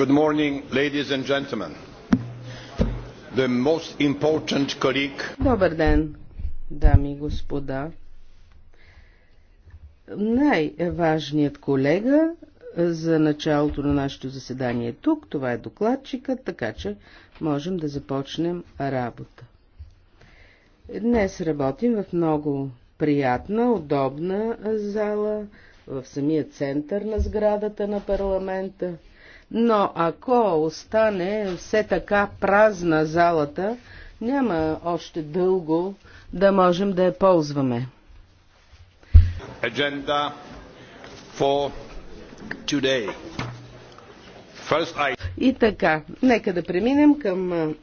Good morning, ladies and gentlemen. The most important colleague... Добър ден, дами и господа. Най-важният колега за началото на нашето заседание е тук. Това е докладчика, така че можем да започнем работа. Днес работим в много приятна, удобна зала в самия център на сградата на парламента. Но ако остане все така празна залата, няма още дълго да можем да я ползваме. Agenda for today. First I... И така, нека да преминем към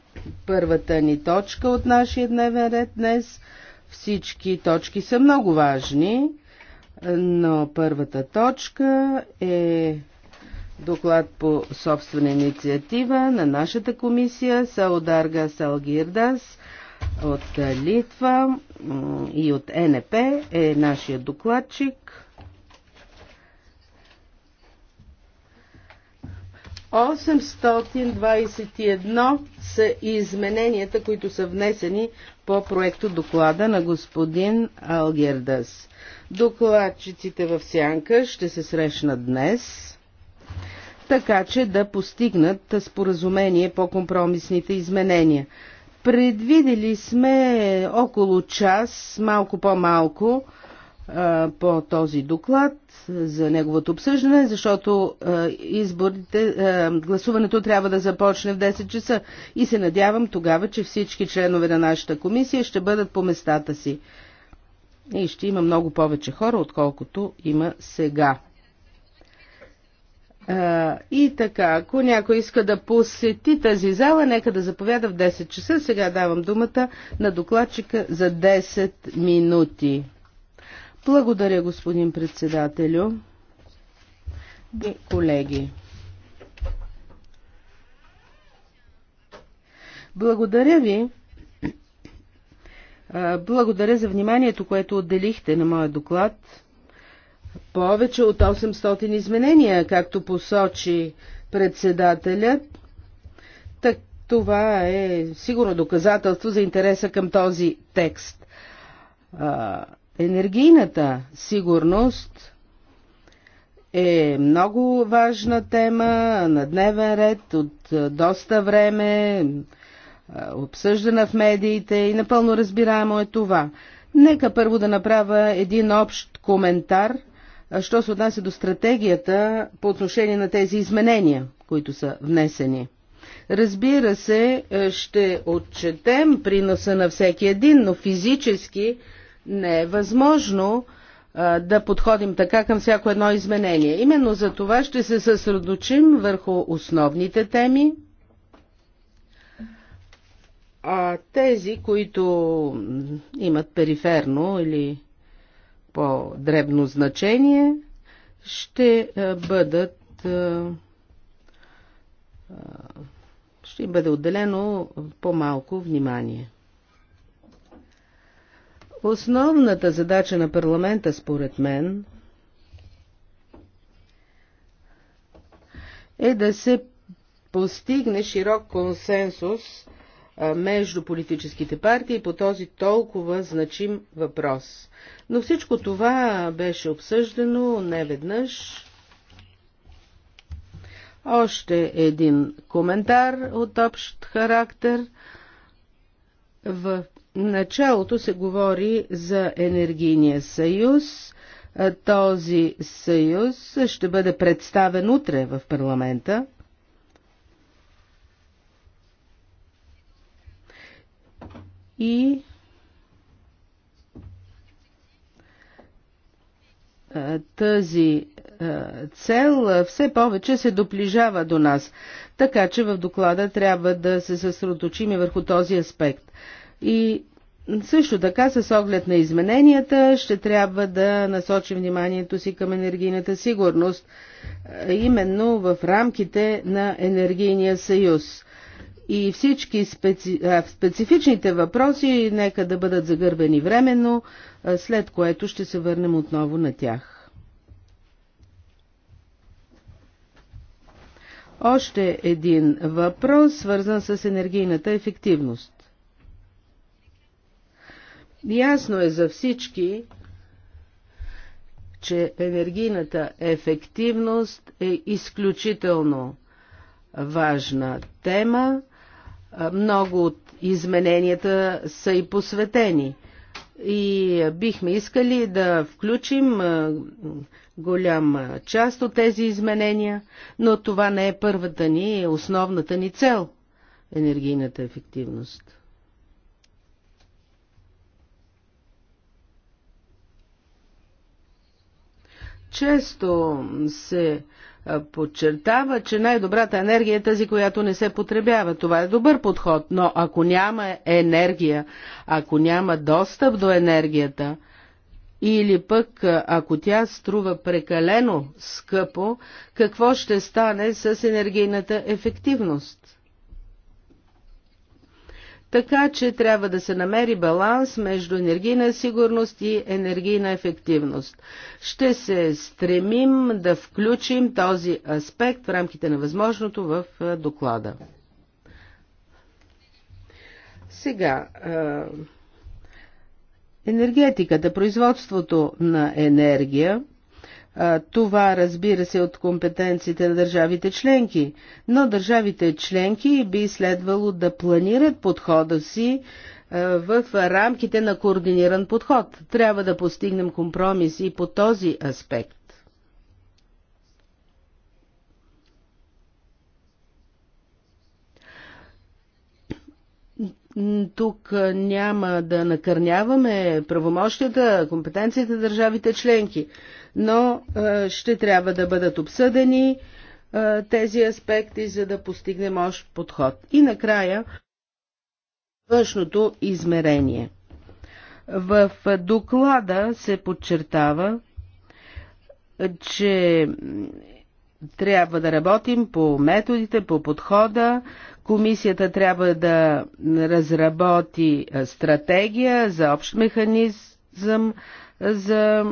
първата ни точка от нашия дневен ред днес. Всички точки са много важни, но първата точка е доклад по собствена инициатива на нашата комисия Саударга Салгирдас от Литва и от НП е нашия докладчик. ...821 са измененията, които са внесени по проекто доклада на господин Алгердас. Докладчиците в Сянка ще се срещнат днес така че да постигнат споразумение по компромисните изменения. Предвидели сме около час, малко по-малко, по този доклад за неговото обсъждане, защото изборите, гласуването трябва да започне в 10 часа и се надявам тогава, че всички членове на нашата комисия ще бъдат по местата си. И ще има много повече хора, отколкото има сега и така, ако някой иска да посети тази зала, нека да заповяда в 10 часа. Сега давам думата на докладчика за 10 минути. Благодаря, господин председателю и колеги. Благодаря ви. Благодаря за вниманието, което отделихте на моя доклад повече от 800 изменения, както посочи председателят. Так, това е сигурно доказателство за интереса към този текст. А, енергийната сигурност е много важна тема на дневен ред от доста време, обсъждана в медиите и напълно разбираемо е това. Нека първо да направя един общ коментар – що се отнася до стратегията по отношение на тези изменения, които са внесени. Разбира се, е, ще отчетем приноса на всеки един, но физически не е възможно е, да подходим така към всяко едно изменение. Именно за това ще се съсредочим върху основните теми, а тези, които имат периферно или по-дребно значение ще е, бъдат е, е, ще им бъде отделено по-малко внимание. Основната задача на парламента, според мен, е да се постигне широк консенсус между политическите партии по този толкова значим въпрос. Но всичко това беше обсъждано не веднъж. Още един коментар от общ характер. В началото се говори за енергийния съюз. Този съюз ще бъде представен утре в парламента. и е, тази е, цел е, все повече се доближава до нас, така че в доклада трябва да се съсредоточим и върху този аспект. И също така, с оглед на измененията, ще трябва да насочим вниманието си към енергийната сигурност, именно в рамките на енергийния съюз и всички специ... специфичните въпроси нека да бъдат загърбени временно, след което ще се върнем отново на тях. Още един въпрос, свързан с енергийната ефективност. Ясно е за всички, че енергийната ефективност е изключително важна тема. Много от измененията са и посветени. И бихме искали да включим голяма част от тези изменения, но това не е първата ни, е основната ни цел – енергийната ефективност. Често се подчертава, че най-добрата енергия е тази, която не се потребява. Това е добър подход, но ако няма енергия, ако няма достъп до енергията, или пък ако тя струва прекалено скъпо, какво ще стане с енергийната ефективност? Така че трябва да се намери баланс между енергийна сигурност и енергийна ефективност. Ще се стремим да включим този аспект в рамките на възможното в доклада. Сега, енергетиката, производството на енергия – това разбира се е от компетенциите на държавите членки, но държавите членки би следвало да планират подхода си в рамките на координиран подход. Трябва да постигнем компромис и по този аспект. Тук няма да накърняваме правомощията, компетенциите на държавите членки но е, ще трябва да бъдат обсъдени е, тези аспекти, за да постигнем още подход. И накрая външното измерение. В доклада се подчертава, че трябва да работим по методите, по подхода. Комисията трябва да разработи е, стратегия за общ механизъм за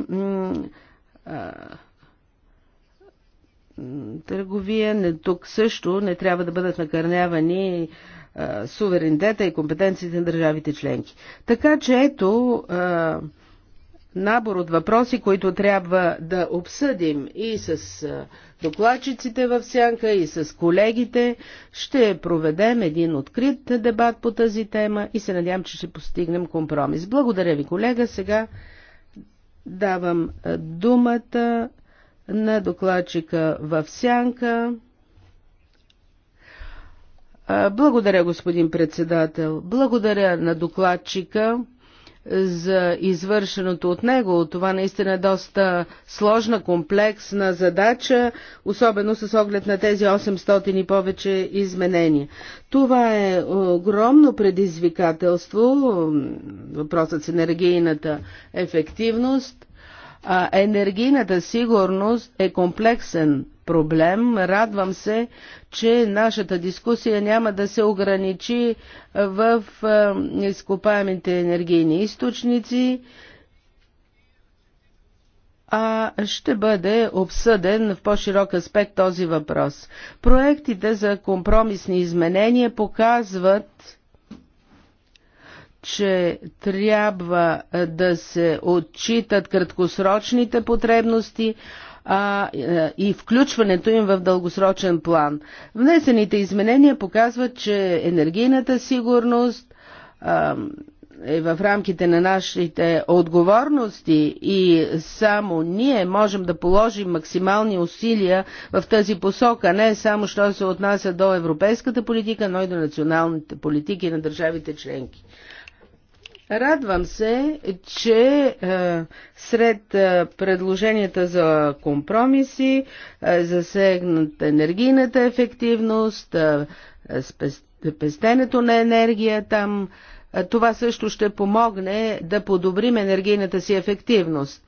търговия. Не, тук също не трябва да бъдат накърнявани суверенитета и компетенциите на държавите членки. Така че ето а, набор от въпроси, които трябва да обсъдим и с докладчиците в сянка, и с колегите. Ще проведем един открит дебат по тази тема и се надявам, че ще постигнем компромис. Благодаря ви, колега. Сега Давам думата на докладчика в сянка. Благодаря, господин председател. Благодаря на докладчика за извършеното от него. Това наистина е доста сложна, комплексна задача, особено с оглед на тези 800 и повече изменения. Това е огромно предизвикателство, въпросът с енергийната ефективност, а енергийната сигурност е комплексен проблем. Радвам се, че нашата дискусия няма да се ограничи в изкопаемите енергийни източници, а ще бъде обсъден в по-широк аспект този въпрос. Проектите за компромисни изменения показват че трябва е, да се отчитат краткосрочните потребности а, е, и включването им в дългосрочен план. Внесените изменения показват, че енергийната сигурност а, е в рамките на нашите отговорности и само ние можем да положим максимални усилия в тази посока, не само що се отнася до европейската политика, но и до националните политики на държавите членки. Радвам се, че е, сред е, предложенията за компромиси е, засегнат енергийната ефективност, пестенето на енергия там. Това също ще помогне да подобрим енергийната си ефективност.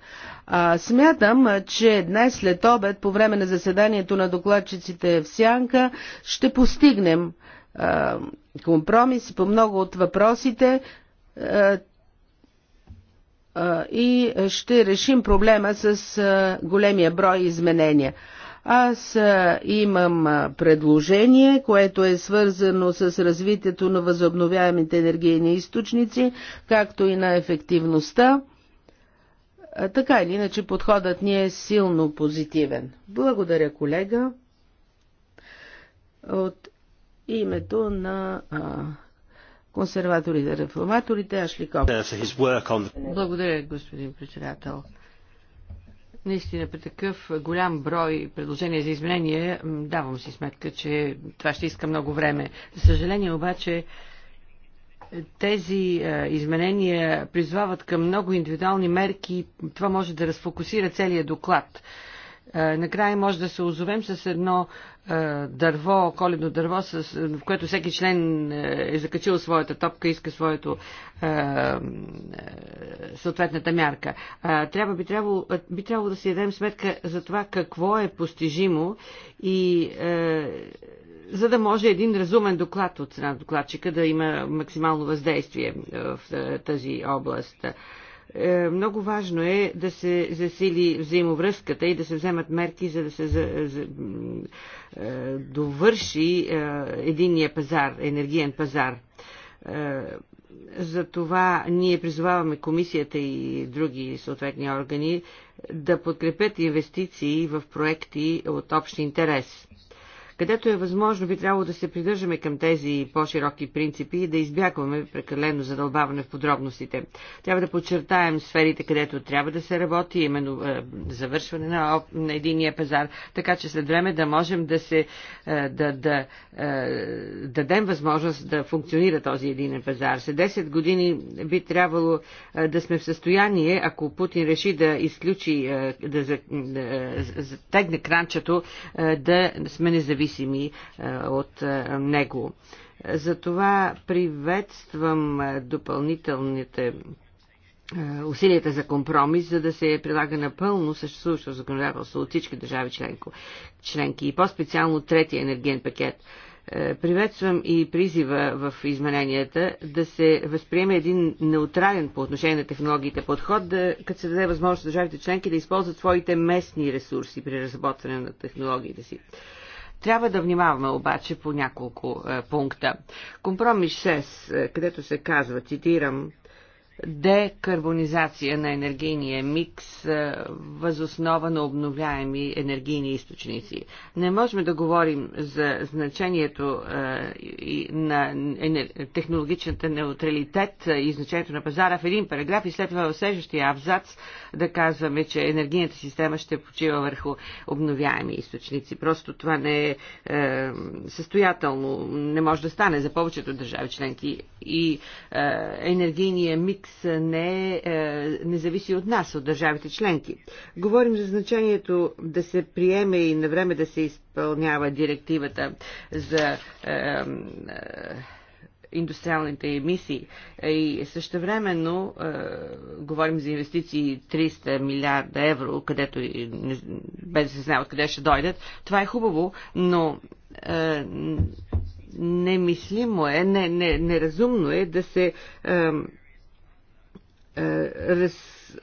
А, смятам, че днес след обед, по време на заседанието на докладчиците в Сянка, ще постигнем е, компромиси по много от въпросите, и ще решим проблема с големия брой изменения. Аз имам предложение, което е свързано с развитието на възобновяемите енергийни източници, както и на ефективността. Така или иначе подходът ни е силно позитивен. Благодаря, колега. От името на консерваторите, реформаторите, Ашликов. Благодаря, господин председател. Наистина, при такъв голям брой предложения за изменение, давам си сметка, че това ще иска много време. За съжаление обаче, тези е, изменения призвават към много индивидуални мерки. Това може да разфокусира целият доклад. Е, накрая може да се озовем с едно е, дърво, коледно дърво, в което всеки член е, е закачил своята топка, и иска своето съответната мярка. Трябва, би, трябвало, би трябвало да си дадем сметка за това какво е постижимо и за да може един разумен доклад от страна докладчика да има максимално въздействие в тази област. Е, много важно е да се засили взаимовръзката и да се вземат мерки, за да се за, за, е, довърши е, единния пазар, енергиен пазар. За това ние призоваваме комисията и други съответни органи да подкрепят инвестиции в проекти от общ интерес – където е възможно, би трябвало да се придържаме към тези по-широки принципи и да избягваме прекалено задълбаване в подробностите. Трябва да подчертаем сферите, където трябва да се работи, именно е, завършване на, на единия пазар, така че след време да можем да се е, да, да е, дадем възможност да функционира този единен пазар. След 10 години би трябвало е, да сме в състояние, ако Путин реши да изключи, е, да, за, да е, затегне кранчето, е, да сме независими зависими е, от е, него. Затова приветствам е, допълнителните усилията за компромис, за да се прилага напълно съществуващо законодателство от всички държави членко, членки и по-специално третия енергиен пакет. Приветствам и призива в измененията да се възприеме един неутрален по отношение на технологиите подход, да, като се даде възможност държавите членки да използват своите местни ресурси при разработване на технологиите си. Трябва да внимаваме обаче по няколко е, пункта. Компромис 6, е, където се казва, цитирам, декарбонизация на енергийния микс е, възоснова на обновяеми енергийни източници. Не можем да говорим за значението е, на технологичната неутралитет и значението на пазара в един параграф и след това в следващия абзац да казваме, че енергийната система ще почива върху обновяеми източници. Просто това не е, е състоятелно, не може да стане за повечето държави членки и енергийния микс Фронтекс не, е, не зависи от нас, от държавите членки. Говорим за значението да се приеме и на време да се изпълнява директивата за е, е, индустриалните емисии. И същевременно е, говорим за инвестиции 300 милиарда евро, където и не, без да се знае откъде ще дойдат. Това е хубаво, но е, немислимо е, не, не, неразумно е да се е, е,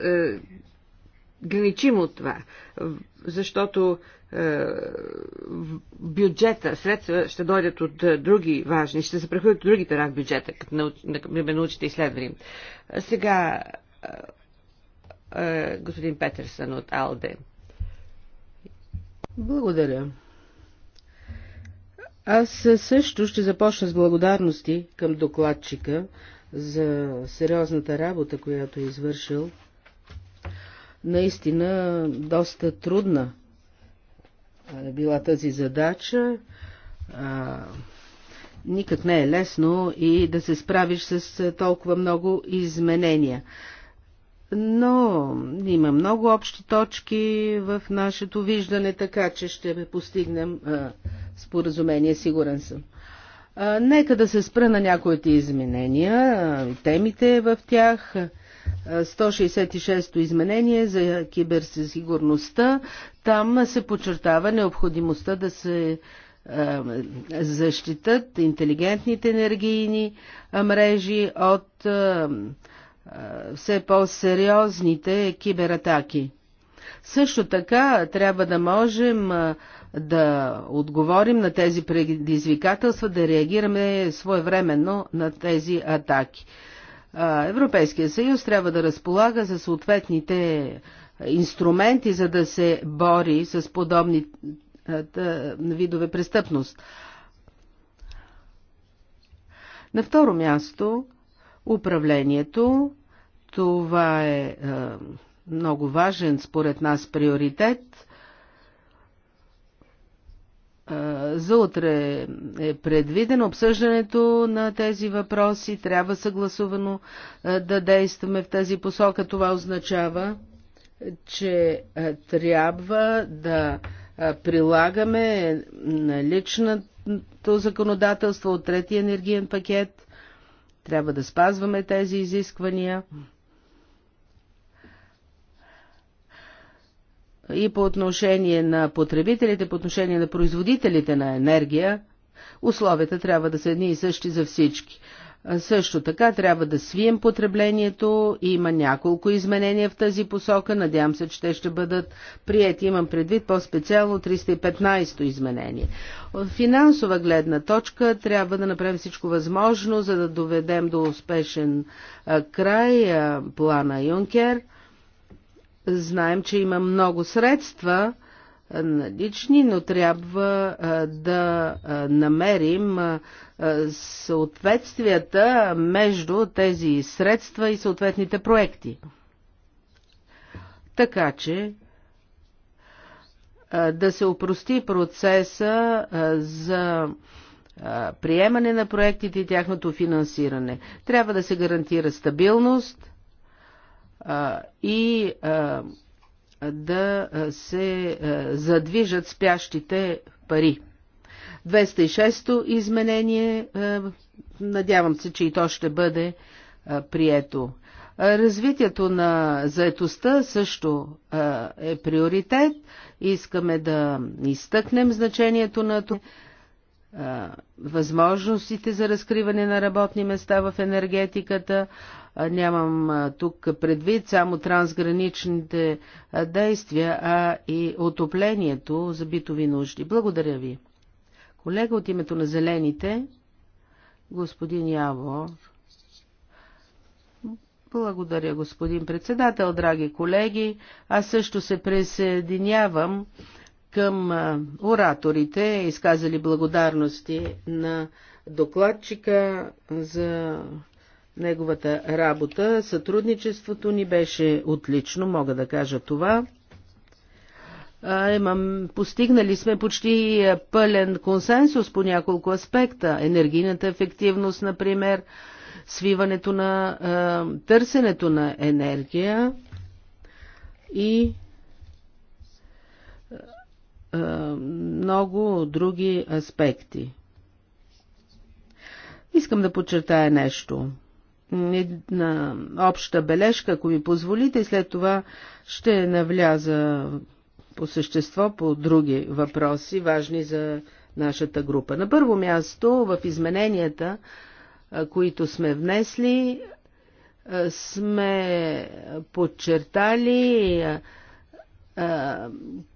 разграничим е, от това, защото е, бюджета, средства ще дойдат от други важни, ще се прехвърлят от другите рак бюджета, като науч, научите изследвания. Сега господин Петерсън от АЛДЕ. Благодаря. Аз също ще започна с благодарности към докладчика за сериозната работа, която е извършил. Наистина доста трудна е била тази задача. А, никак не е лесно и да се справиш с толкова много изменения. Но има много общи точки в нашето виждане, така че ще постигнем а, споразумение, сигурен съм. Нека да се спра на някои от изменения, темите в тях. 166-то изменение за киберсигурността. Там се подчертава необходимостта да се защитат интелигентните енергийни мрежи от все по-сериозните кибератаки. Също така трябва да можем да отговорим на тези предизвикателства, да реагираме своевременно на тези атаки. Европейския съюз трябва да разполага за съответните инструменти, за да се бори с подобни видове престъпност. На второ място, управлението. Това е много важен според нас приоритет за утре е предвидено обсъждането на тези въпроси. Трябва съгласувано да действаме в тази посока. Това означава, че трябва да прилагаме личното законодателство от третия енергиен пакет. Трябва да спазваме тези изисквания. и по отношение на потребителите, по отношение на производителите на енергия, условията трябва да са едни и същи за всички. Също така трябва да свием потреблението. Има няколко изменения в тази посока. Надявам се, че те ще бъдат прияти. Имам предвид по-специално 315-то изменение. От финансова гледна точка трябва да направим всичко възможно, за да доведем до успешен край плана Юнкер – Знаем, че има много средства е, налични, но трябва е, да е, намерим съответствията между тези средства и съответните проекти. Така че да се опрости процеса за приемане на проектите и тяхното финансиране. Трябва да се гарантира стабилност и да се задвижат спящите пари. 206-то изменение, надявам се, че и то ще бъде прието. Развитието на заетостта също е приоритет. Искаме да изтъкнем значението на това възможностите за разкриване на работни места в енергетиката, нямам тук предвид само трансграничните действия, а и отоплението за битови нужди. Благодаря ви. Колега от името на Зелените, господин Явор. Благодаря, господин председател, драги колеги. Аз също се присъединявам към ораторите, изказали благодарности на докладчика за неговата работа. Сътрудничеството ни беше отлично, мога да кажа това. Имам, постигнали сме почти пълен консенсус по няколко аспекта. Енергийната ефективност, например, свиването на търсенето на енергия и много други аспекти. Искам да подчертая нещо една обща бележка, ако ми позволите, и след това ще навляза по същество по други въпроси, важни за нашата група. На първо място, в измененията, които сме внесли, сме подчертали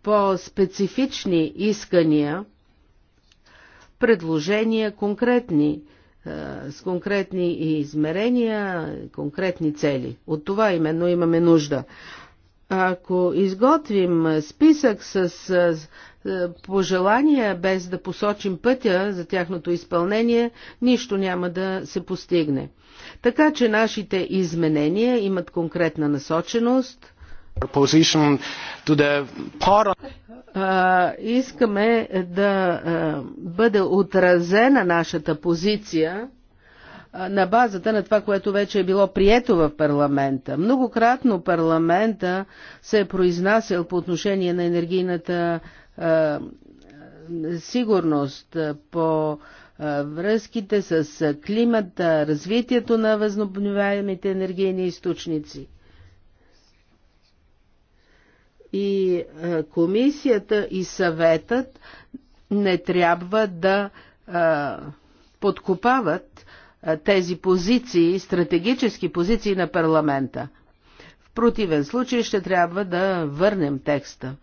по-специфични искания, предложения конкретни е, с конкретни измерения, конкретни цели. От това именно имаме нужда. Ако изготвим списък с е, е, пожелания, без да посочим пътя за тяхното изпълнение, нищо няма да се постигне. Така че нашите изменения имат конкретна насоченост Искаме да бъде отразена нашата позиция на базата на това, което вече е било прието в парламента. Многократно парламента се е произнасял по отношение на енергийната сигурност по връзките с климата, развитието на възобновяемите енергийни източници и е, комисията и съветът не трябва да е, подкопават е, тези позиции, стратегически позиции на парламента. В противен случай ще трябва да върнем текста.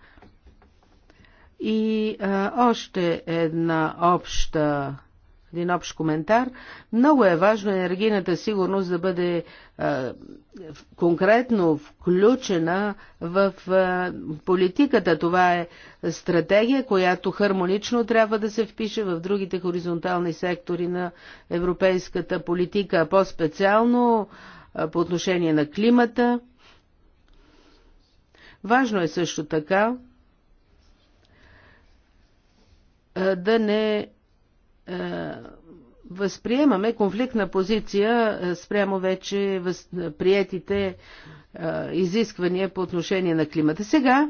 И а, още една обща един общ коментар. Много е важно енергийната сигурност да бъде а, е, конкретно включена в а, е, политиката. Това е стратегия, която хармонично трябва да се впише в другите хоризонтални сектори на европейската политика, по-специално е, по отношение на климата. Важно е също така да не е, възприемаме конфликтна позиция е, спрямо вече приетите е, изисквания по отношение на климата. Сега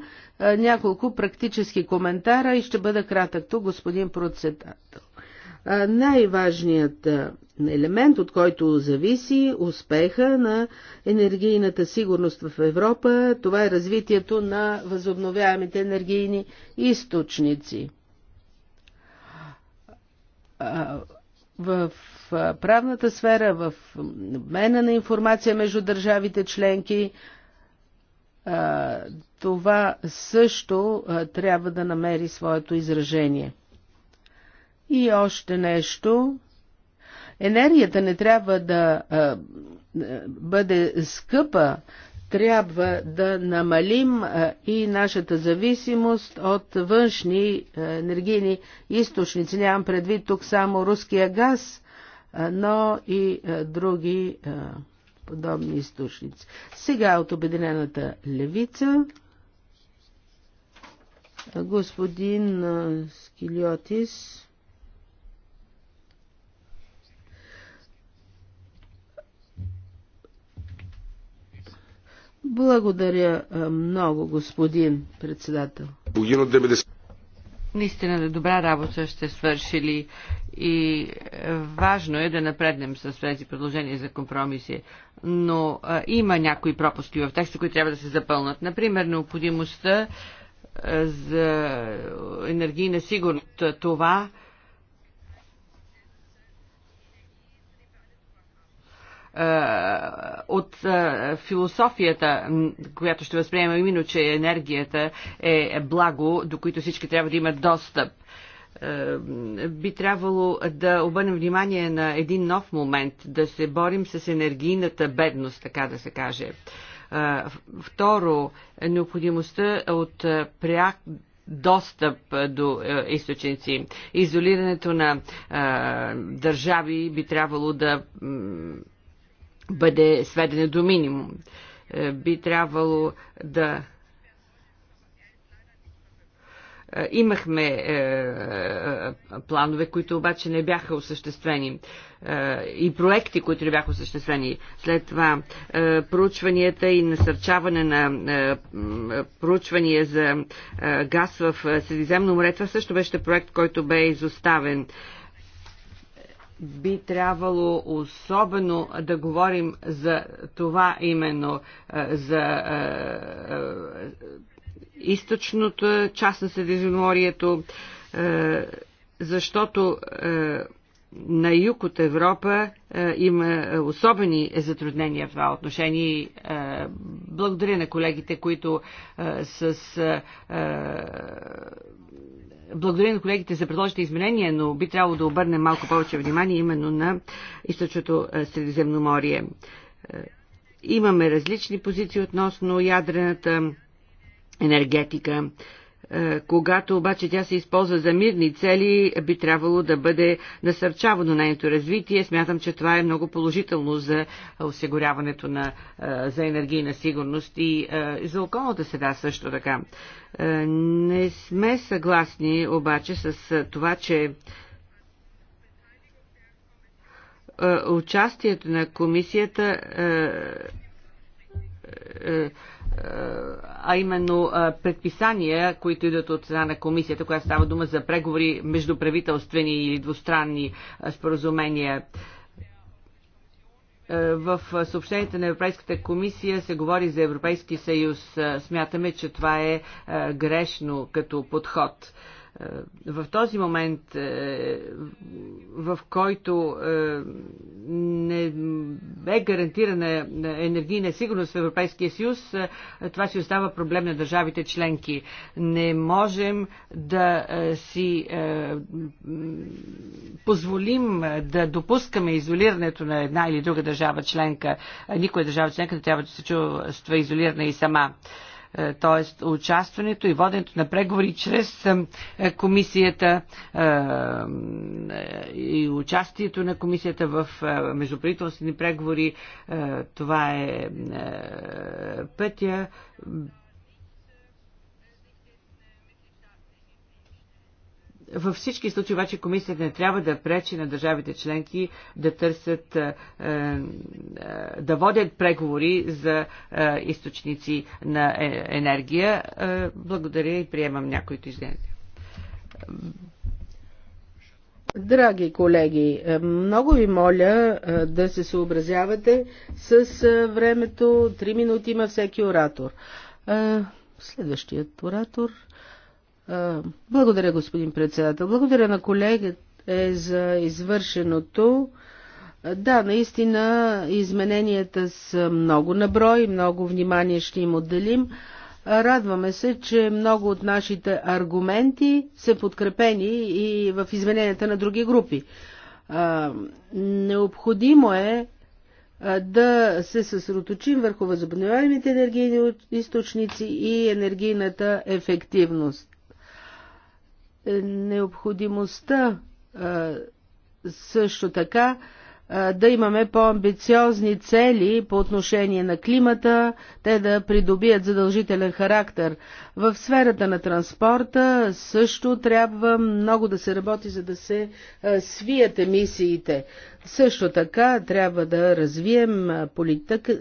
няколко практически коментара и ще бъда кратък тук, господин председател. Най-важният елемент, от който зависи успеха на енергийната сигурност в Европа, това е развитието на възобновяемите енергийни източници в правната сфера, в обмена на информация между държавите членки, това също трябва да намери своето изражение. И още нещо. Енергията не трябва да бъде скъпа трябва да намалим и нашата зависимост от външни енергийни източници. Нямам предвид тук само руския газ, но и други подобни източници. Сега от Обединената левица господин Скилиотис. Благодаря много, господин председател. Наистина добра работа ще свършили и е, важно е да напреднем с тези предложения за компромиси, но а, има някои пропуски в текста, които трябва да се запълнат. Например, необходимостта е, за енергийна сигурност. Това Е, от е, философията, която ще възприема именно, че енергията е благо, до които всички трябва да имат достъп е, би трябвало да обърнем внимание на един нов момент, да се борим с енергийната бедност, така да се каже. Второ, необходимостта от пряк достъп до източници. Изолирането на държави би трябвало да бъде сведена до минимум. Е, би трябвало да е, Имахме е, планове, които обаче не бяха осъществени и проекти, които не бяха осъществени. След това проучванията и насърчаване на проучвания за газ в Средиземно море, това също беше проект, който бе изоставен би трябвало особено да говорим за това именно, е, за е, е, източното част на Средиземноморието, защото на юг от Европа има особени затруднения в това отношение. Благодаря на колегите, които с благодаря на колегите за предложите изменения, но би трябвало да обърнем малко повече внимание именно на източното е, Средиземноморие. Е, имаме различни позиции относно ядрената енергетика. Е, когато обаче тя се използва за мирни цели, би трябвало да бъде насърчавано нейното развитие. Смятам, че това е много положително за осигуряването на, е, за енергийна сигурност е, и за околната среда също така. Не сме съгласни обаче с това, че участието на комисията а именно предписания, които идват от страна на комисията, която става дума за преговори между правителствени или двустранни споразумения. В съобщенията на Европейската комисия се говори за Европейски съюз. Смятаме, че това е грешно като подход. Е, в този момент, е, в който е, не бе гарантирана енергийна сигурност в Европейския съюз, това си остава проблем на държавите членки. Не можем да си позволим да допускаме изолирането на една или друга държава членка. Никоя държава членка не трябва да се чувства изолирана и сама т.е. участването и воденето на преговори чрез е, комисията е, е, и участието на комисията в междуправителствени преговори. Това е пътя Във всички случаи обаче комисията не трябва да пречи на държавите членки да търсят, е, е, да водят преговори за е, източници на енергия. Благодаря и приемам някои изгледания. Драги колеги, много ви моля да се съобразявате с времето. Три минути има всеки оратор. Следващият оратор благодаря, господин председател. Благодаря на колегите за извършеното. Да, наистина измененията са много наброй, много внимание ще им отделим. Радваме се, че много от нашите аргументи са подкрепени и в измененията на други групи. Необходимо е да се съсредоточим върху възобновяемите енергийни източници и енергийната ефективност. Е, необходимостта е, също така е, да имаме по-амбициозни цели по отношение на климата, те да придобият задължителен характер. В сферата на транспорта също трябва много да се работи, за да се свият емисиите. Също така трябва да развием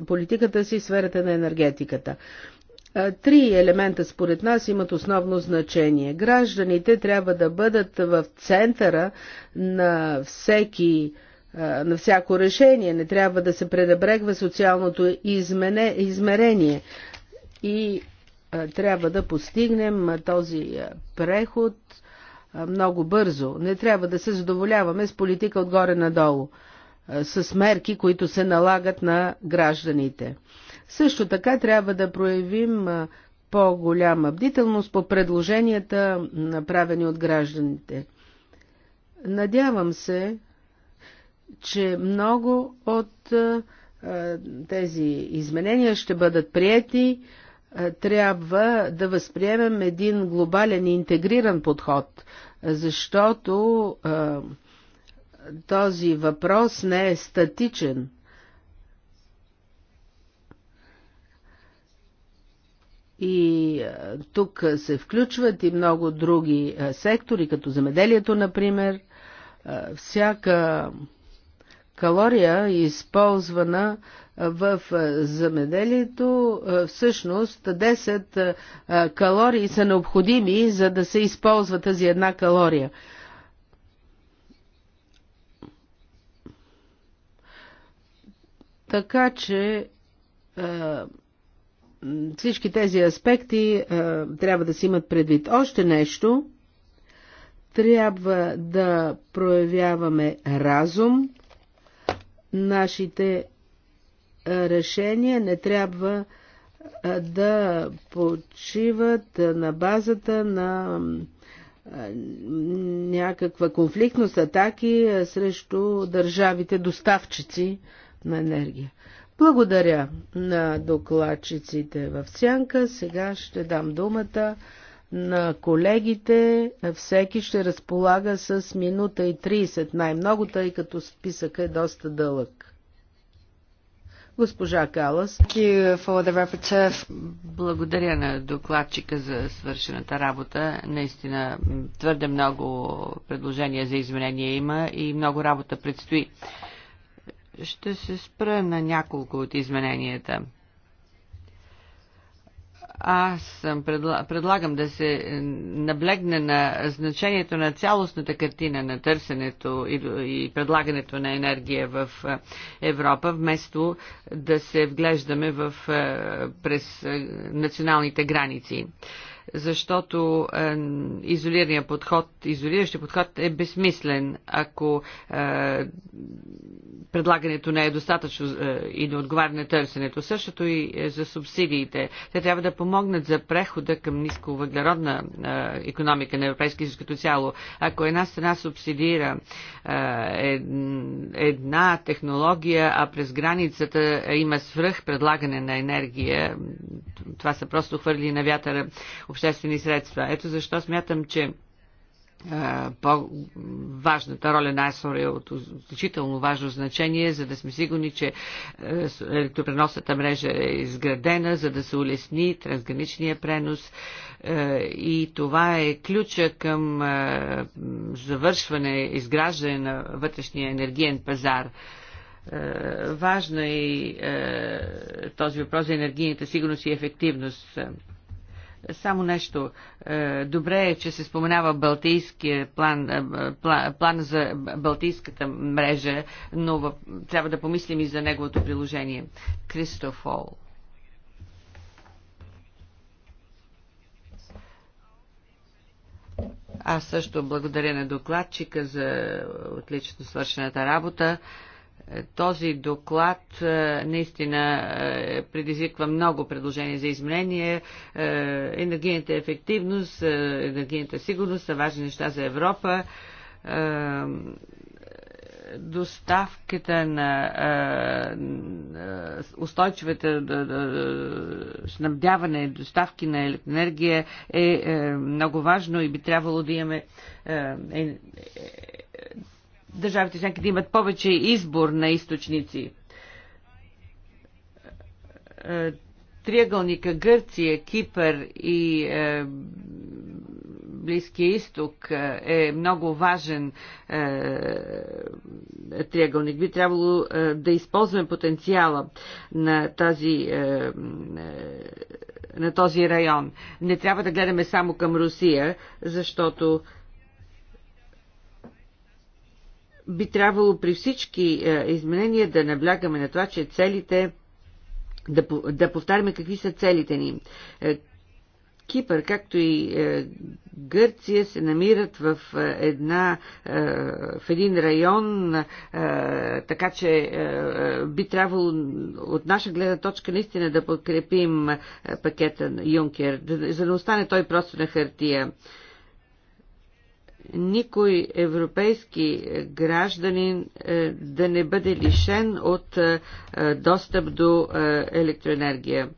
политиката си в сферата на енергетиката. Е, три елемента според нас имат основно значение. Гражданите трябва да бъдат в центъра на всеки е, на всяко решение. Не трябва да се предабрегва социалното измене, измерение. И а, е, трябва да постигнем а, този а, преход много бързо. Не трябва да се задоволяваме с политика отгоре надолу с мерки, които се налагат на гражданите. Също така трябва да проявим по-голяма бдителност по предложенията, направени от гражданите. Надявам се, че много от тези изменения ще бъдат приети. Трябва да възприемем един глобален и интегриран подход, защото този въпрос не е статичен. И е, тук се включват и много други е, сектори, като земеделието, например. Е, всяка калория, използвана в замеделието, всъщност 10 калории са необходими, за да се използва тази една калория. Така че е, всички тези аспекти е, трябва да си имат предвид. Още нещо. Трябва да проявяваме разум. Нашите е, решения не трябва да почиват на базата на някаква конфликтност, атаки срещу държавите доставчици на енергия. Благодаря на докладчиците в Сянка. Сега ще дам думата на колегите. Всеки ще разполага с минута и 30 най-много, тъй като списъка е доста дълъг. Госпожа Калас. Благодаря на докладчика за свършената работа. Наистина твърде много предложения за изменения има и много работа предстои. Ще се спра на няколко от измененията. Аз съм предла... предлагам да се е, наблегне на значението на цялостната картина на търсенето и, предлагането на енергия в е, Европа, вместо да се вглеждаме в... Е, през националните граници защото е, изолирания подход, изолиращия подход е безсмислен, ако е, предлагането не е достатъчно е, и не отговаря на търсенето. Същото и е, за субсидиите. Те трябва да помогнат за прехода към нисковъглеродна е, економика на Европейския съюз като цяло. Ако една страна субсидира е, една технология, а през границата е, има свръх предлагане на енергия, това са просто хвърли на вятъра обществени средства. Ето защо смятам, че по-важната роля на ЕСОР е от значително важно значение, за да сме сигурни, че електропреносната мрежа е изградена, за да се улесни трансграничния пренос и това е ключа към завършване, изграждане на вътрешния енергиен пазар важно е и този въпрос за енергийната сигурност и ефективност. Само нещо. Е, добре е, че се споменава Балтийския план, е, план, план за Балтийската мрежа, но трябва да помислим и за неговото приложение. Кристофол. Аз също благодаря на докладчика за отлично свършената работа. Този доклад е, наистина е, предизвиква много предложения за изменение. Е, енергийната ефективност, енергийната сигурност са важни неща за Европа доставката на устойчивата снабдяване, доставки на електроенергия е, много важно и би трябвало да имаме държавите членки да имат повече избор на източници. Е, триъгълника Гърция, Кипър и е, Близкия изток е, е много важен е, триъгълник. Би трябвало е, да използваме потенциала на тази. Е, на този район. Не трябва да гледаме само към Русия, защото би трябвало при всички е, изменения да наблягаме на това, че целите, да, да повтаряме какви са целите ни. Е, Кипър, както и е, Гърция, се намират в, една, в един район, така че би трябвало от наша гледна точка наистина да подкрепим пакета Юнкер, за да остане той просто на хартия никой европейски гражданин е, да не бъде лишен от е, е, достъп до електроенергия.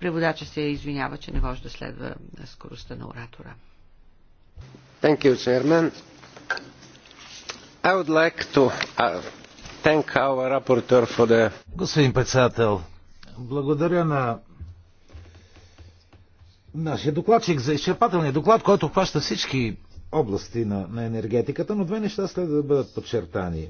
Преводача се извинява, че не може да следва скоростта на оратора. Thank you, Chairman. I would like to uh, thank our rapporteur for the... Господин председател, благодаря на нашия докладчик за изчерпателния доклад, който обхваща всички области на, на енергетиката, но две неща следва да бъдат подчертани.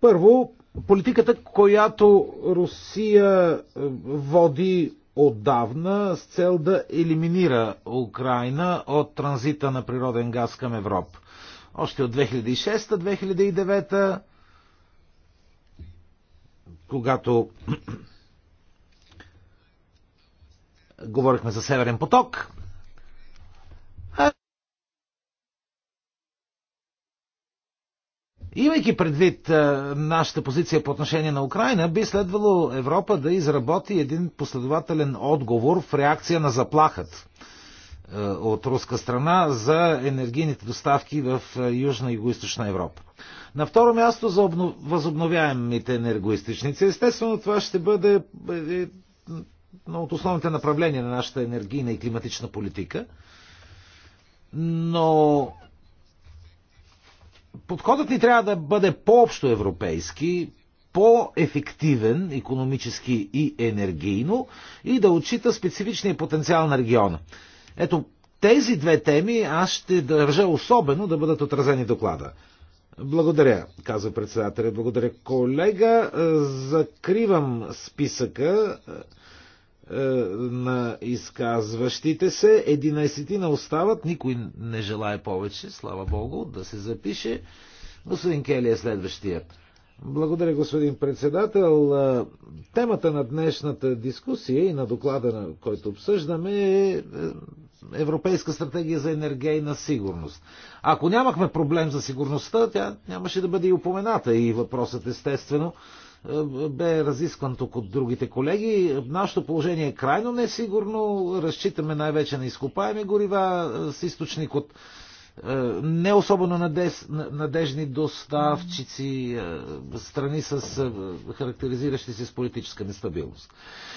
Първо, политиката, която Русия е, води отдавна с цел да елиминира Украина от транзита на природен газ към Европа. Още от 2006-2009, когато говорихме за Северен поток, Имайки предвид нашата позиция по отношение на Украина, би следвало Европа да изработи един последователен отговор в реакция на заплахът от руска страна за енергийните доставки в Южна и Юго-Источна Европа. На второ място за обнов... възобновяемите енергоистичници. Естествено, това ще бъде е, едно от основните направления на нашата енергийна и климатична политика. Но подходът ни трябва да бъде по-общо европейски, по-ефективен економически и енергийно и да отчита специфичния потенциал на региона. Ето, тези две теми аз ще държа особено да бъдат отразени в доклада. Благодаря, казва председателя. Благодаря, колега. Закривам списъка е, на изказващите се. 11 на остават. Никой не желая повече, слава Богу, да се запише. Господин Кели е следващия. Благодаря, господин председател. Е, темата на днешната дискусия и на доклада, който обсъждаме, е, е Европейска стратегия за енергийна сигурност. Ако нямахме проблем за сигурността, тя нямаше да бъде и упомената и въпросът естествено бе разискван тук от другите колеги. Нашето положение е крайно несигурно. Разчитаме най-вече на изкопаеми горива с източник от не особено надежни доставчици, страни с характеризиращи се с политическа нестабилност.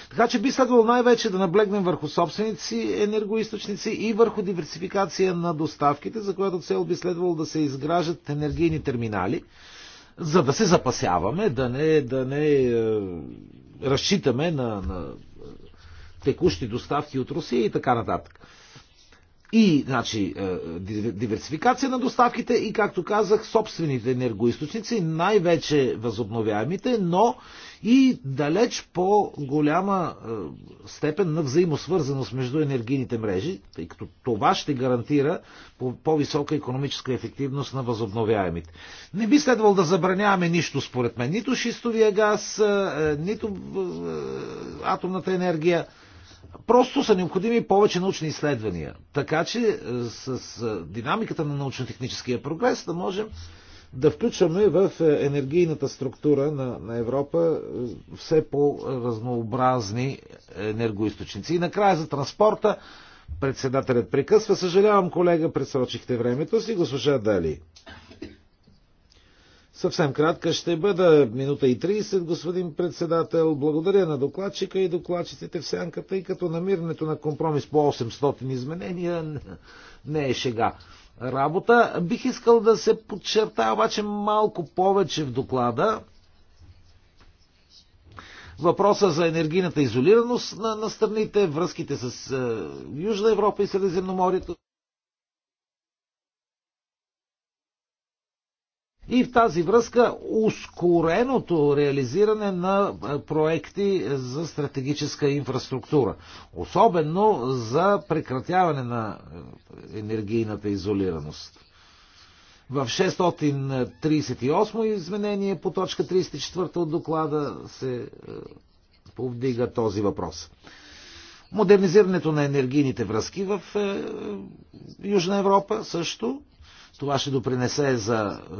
Така че би следвало най-вече да наблегнем върху собственици енергоисточници и върху диверсификация на доставките, за която цел би следвало да се изграждат енергийни терминали, за да се запасяваме, да не, да не е, разчитаме на, на е, текущи доставки от Русия и така нататък. И, значи, е, диверсификация на доставките и, както казах, собствените енергоисточници, най-вече възобновяемите, но и далеч по-голяма е, степен на взаимосвързаност между енергийните мрежи, тъй като това ще гарантира по-висока економическа ефективност на възобновяемите. Не би следвало да забраняваме нищо, според мен, нито шистовия газ, е, е, нито атомната енергия. Просто са необходими повече научни изследвания. Така че с динамиката на научно-техническия прогрес да можем да включваме в е, енергийната структура на, на Европа е, все по-разнообразни енергоисточници. И накрая за транспорта председателят прекъсва. Съжалявам, колега, пресрочихте времето си, госпожа Дали. Съвсем кратка ще бъда, минута и 30, господин председател. Благодаря на докладчика и докладчиците в сянката, и като намирането на компромис по 800 изменения не е шега работа. Бих искал да се подчертая обаче малко повече в доклада въпроса за енергийната изолираност на, на страните, връзките с е, Южна Европа и Средиземноморието. И в тази връзка ускореното реализиране на проекти за стратегическа инфраструктура, особено за прекратяване на енергийната изолираност. В 638 изменение по точка 34 от доклада се повдига този въпрос. Модернизирането на енергийните връзки в Южна Европа също това ще допринесе за е,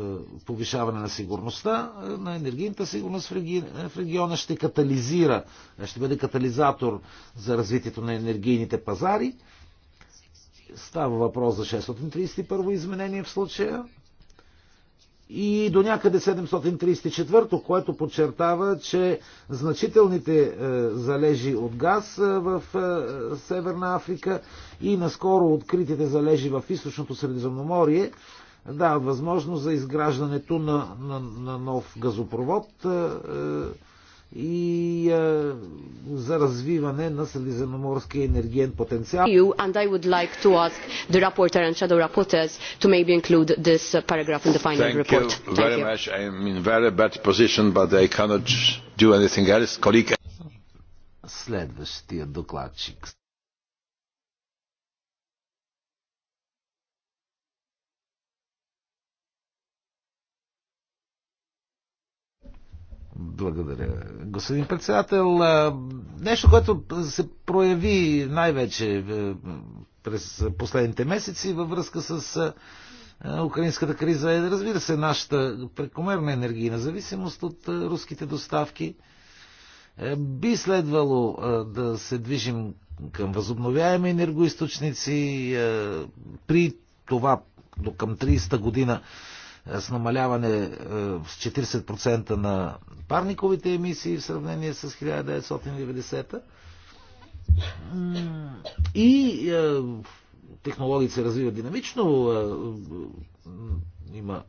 повишаване на сигурността, е, на енергийната сигурност в е, региона, ще катализира, ще бъде катализатор за развитието на енергийните пазари. Става въпрос за 631 изменение в случая и до някъде 734, което подчертава, че значителните е, залежи от газ е, в е, Северна Африка и наскоро откритите залежи в източното Средиземноморие дават възможност за изграждането на, на, на нов газопровод и е, за развиване на средиземноморския енергиен потенциал. You and I would like to ask the rapporteur and shadow rapporteurs to maybe include this paragraph in the final Thank report. You Thank very you. much. I'm in very bad position, but I cannot do anything else. Colleague. Следващия докладчик. Благодаря. Господин председател, нещо, което се прояви най-вече е, през последните месеци във връзка с украинската криза е, разбира се, нашата прекомерна енергийна зависимост от руските доставки. Е, би следвало да се движим към възобновяеми енергоисточници при това до към 30-та година с намаляване е, с 40% на парниковите емисии в сравнение с 1990 и е, технологиите се развиват динамично. Е, е, има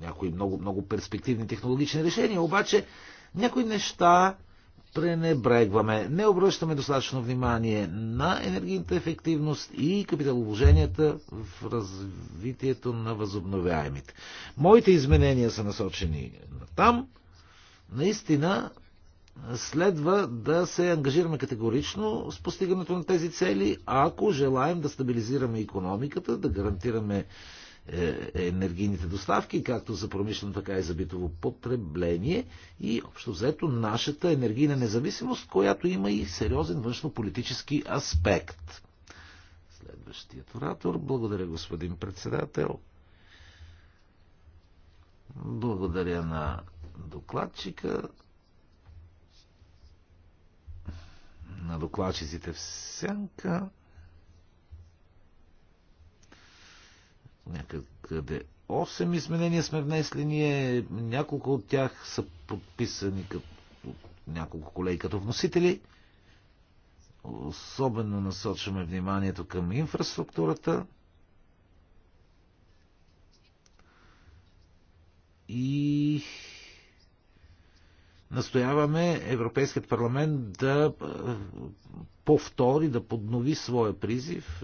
някои много, много перспективни технологични решения, обаче някои неща пренебрегваме. Не обръщаме достатъчно внимание на енергийната ефективност и капиталовложенията в развитието на възобновяемите. Моите изменения са насочени на там. Наистина следва да се ангажираме категорично с постигането на тези цели, ако желаем да стабилизираме економиката, да гарантираме е, е, енергийните доставки, както за промишлено, така и за битово потребление и общо взето нашата енергийна независимост, която има и сериозен външно-политически аспект. Следващият оратор. Благодаря, господин председател. Благодаря на докладчика, на докладчиците в сянка. някъде 8 изменения сме внесли ние, няколко от тях са подписани като няколко колеги като вносители. Особено насочваме вниманието към инфраструктурата и настояваме Европейският парламент да повтори, да поднови своя призив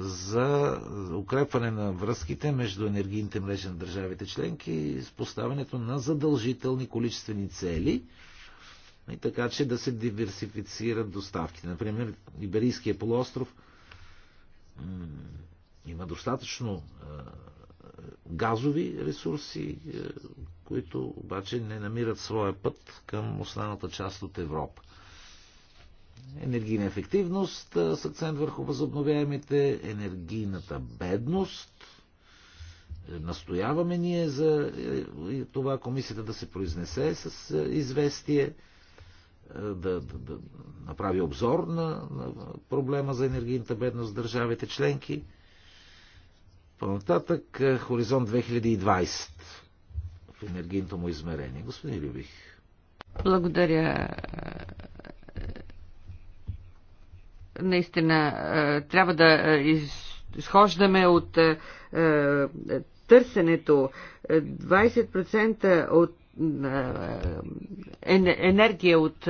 за укрепване на връзките между енергийните мрежи на държавите членки и с поставянето на задължителни количествени цели, и така че да се диверсифицират доставките. Например, Иберийския полуостров има достатъчно газови ресурси, които обаче не намират своя път към останалата част от Европа енергийна ефективност с акцент върху възобновяемите, енергийната бедност. Е, настояваме ние за е, това комисията да се произнесе с е, известие, да, да, да направи обзор на, на проблема за енергийната бедност в държавите членки. По-нататък Хоризонт 2020 в енергийното му измерение. Господин Любих. Благодаря, наистина е, трябва да е, изхождаме от е, търсенето. 20% от енергия от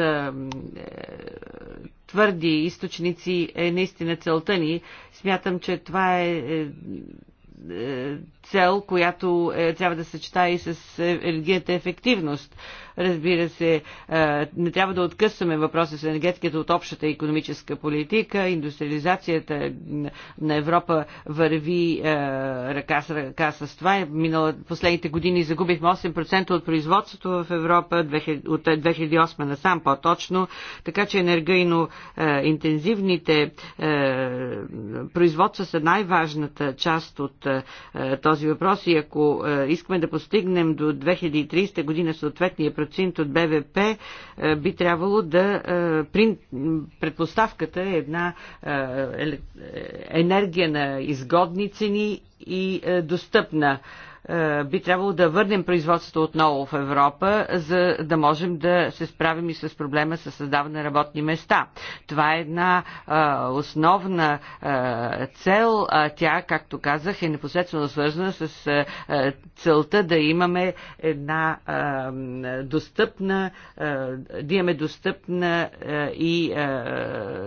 твърди източници е наистина целта ни. Смятам, че това е цел, която е, трябва да съчетае и с е, енергийната ефективност. Разбира се, е, не трябва да откъсваме въпроса с енергетиката от общата економическа политика. Индустриализацията на Европа върви е, ръка с ръка с това. Минала, последните години загубихме 8% от производството в Европа, 2000, от 2008 е, насам по-точно. Така че енергийно е, интензивните е, производства са най-важната част от е, този този въпрос и ако е, искаме да постигнем до 2030 година съответния процент от БВП, е, би трябвало да е, предпоставката е една енергия на изгодни цени и достъпна е, би трябвало да върнем производството отново в Европа, за да можем да се справим и с проблема с създаване на работни места. Това е една е, основна е, цел, а тя, както казах, е непосредствено свързана с целта да имаме една достъпна, да имаме достъпна и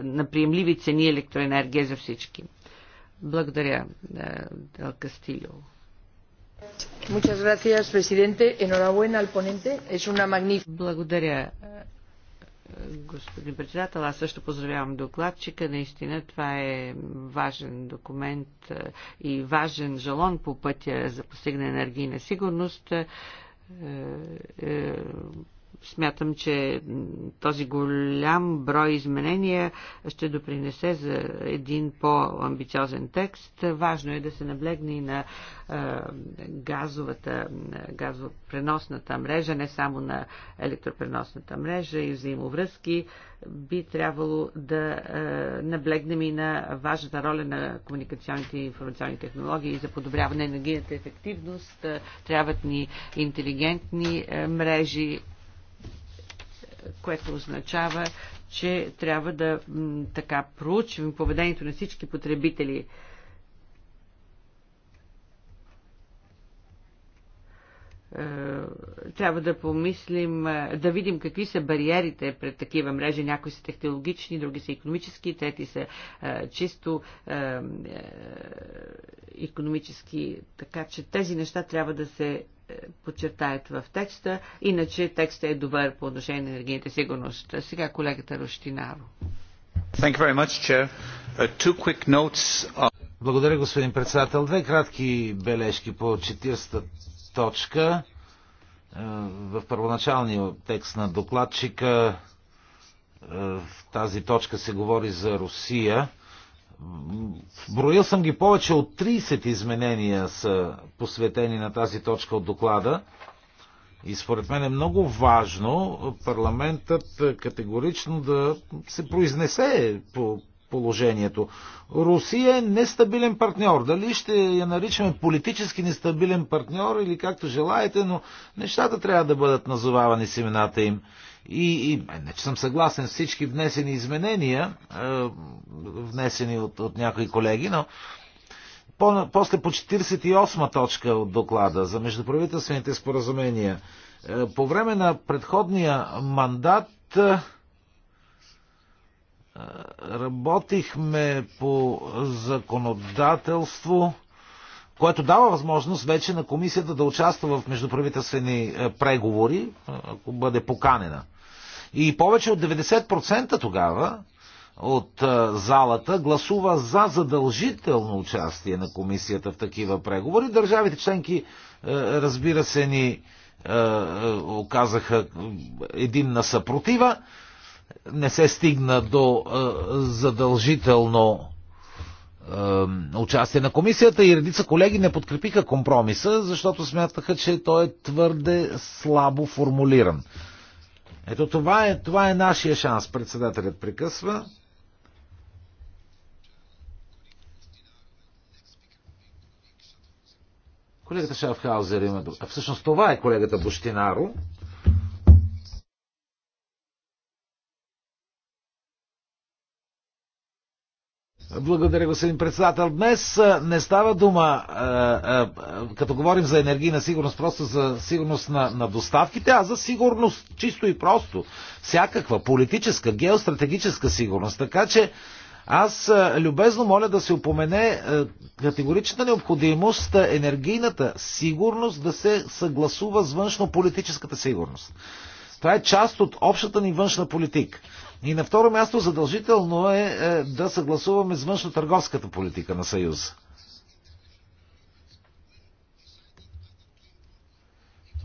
на приемливи цени електроенергия за всички. Благодаря, Дел Кастилио. Благодаря, господин председател. Аз също поздравявам докладчика. Наистина това е важен документ е, и важен жалон по пътя за постигане на енергийна сигурност е, е, Смятам, че този голям брой изменения ще допринесе за един по-амбициозен текст. Важно е да се наблегне и на газовата, газопреносната мрежа, не само на електропреносната мрежа и взаимовръзки. Би трябвало да наблегнем и на важната роля на комуникационните и информационни технологии за подобряване на енергийната ефективност. Трябват ни интелигентни мрежи, което означава, че трябва да така проучим поведението на всички потребители. Е, трябва да помислим, е, да видим какви са бариерите пред такива мрежи. Някои са технологични, други са економически, трети са е, чисто е, е економически. Така че тези неща трябва да се подчертаят в текста, иначе текста е добър по отношение на енергийната сигурност. Сега колегата Рощинаро. Благодаря, господин председател. Две кратки бележки по 40-та точка. Е, в първоначалния текст на докладчика е, в тази точка се говори за Русия Броил съм ги повече от 30 изменения са посветени на тази точка от доклада. И според мен е много важно парламентът категорично да се произнесе по, положението. Русия е нестабилен партньор. Дали ще я наричаме политически нестабилен партньор или както желаете, но нещата трябва да бъдат назовавани с имената им. И, и е, не, че съм съгласен с всички внесени изменения, е, внесени от, от някои колеги, но по, после по 48 точка от доклада за междуправителствените споразумения. Е, по време на предходния мандат е, работихме по законодателство, което дава възможност вече на комисията да участва в междуправителствени е, преговори, е, ако бъде поканена. И повече от 90% тогава от е, залата гласува за задължително участие на комисията в такива преговори. Държавите членки, разбира се, ни оказаха единна съпротива не се стигна до е, задължително е, участие на комисията и редица колеги не подкрепиха компромиса, защото смятаха, че той е твърде слабо формулиран. Ето това е, това е нашия шанс, председателят прекъсва. Колегата Шафхаузер има... Всъщност това е колегата Буштинаро. Благодаря, господин председател. Днес не става дума, като говорим за енергийна сигурност, просто за сигурност на, на доставките, а за сигурност чисто и просто. Всякаква политическа, геостратегическа сигурност. Така че аз любезно моля да се упомене категоричната необходимост енергийната сигурност да се съгласува с външно-политическата сигурност. Това е част от общата ни външна политика. И на второ място задължително е, е да съгласуваме с външно-търговската политика на Съюза.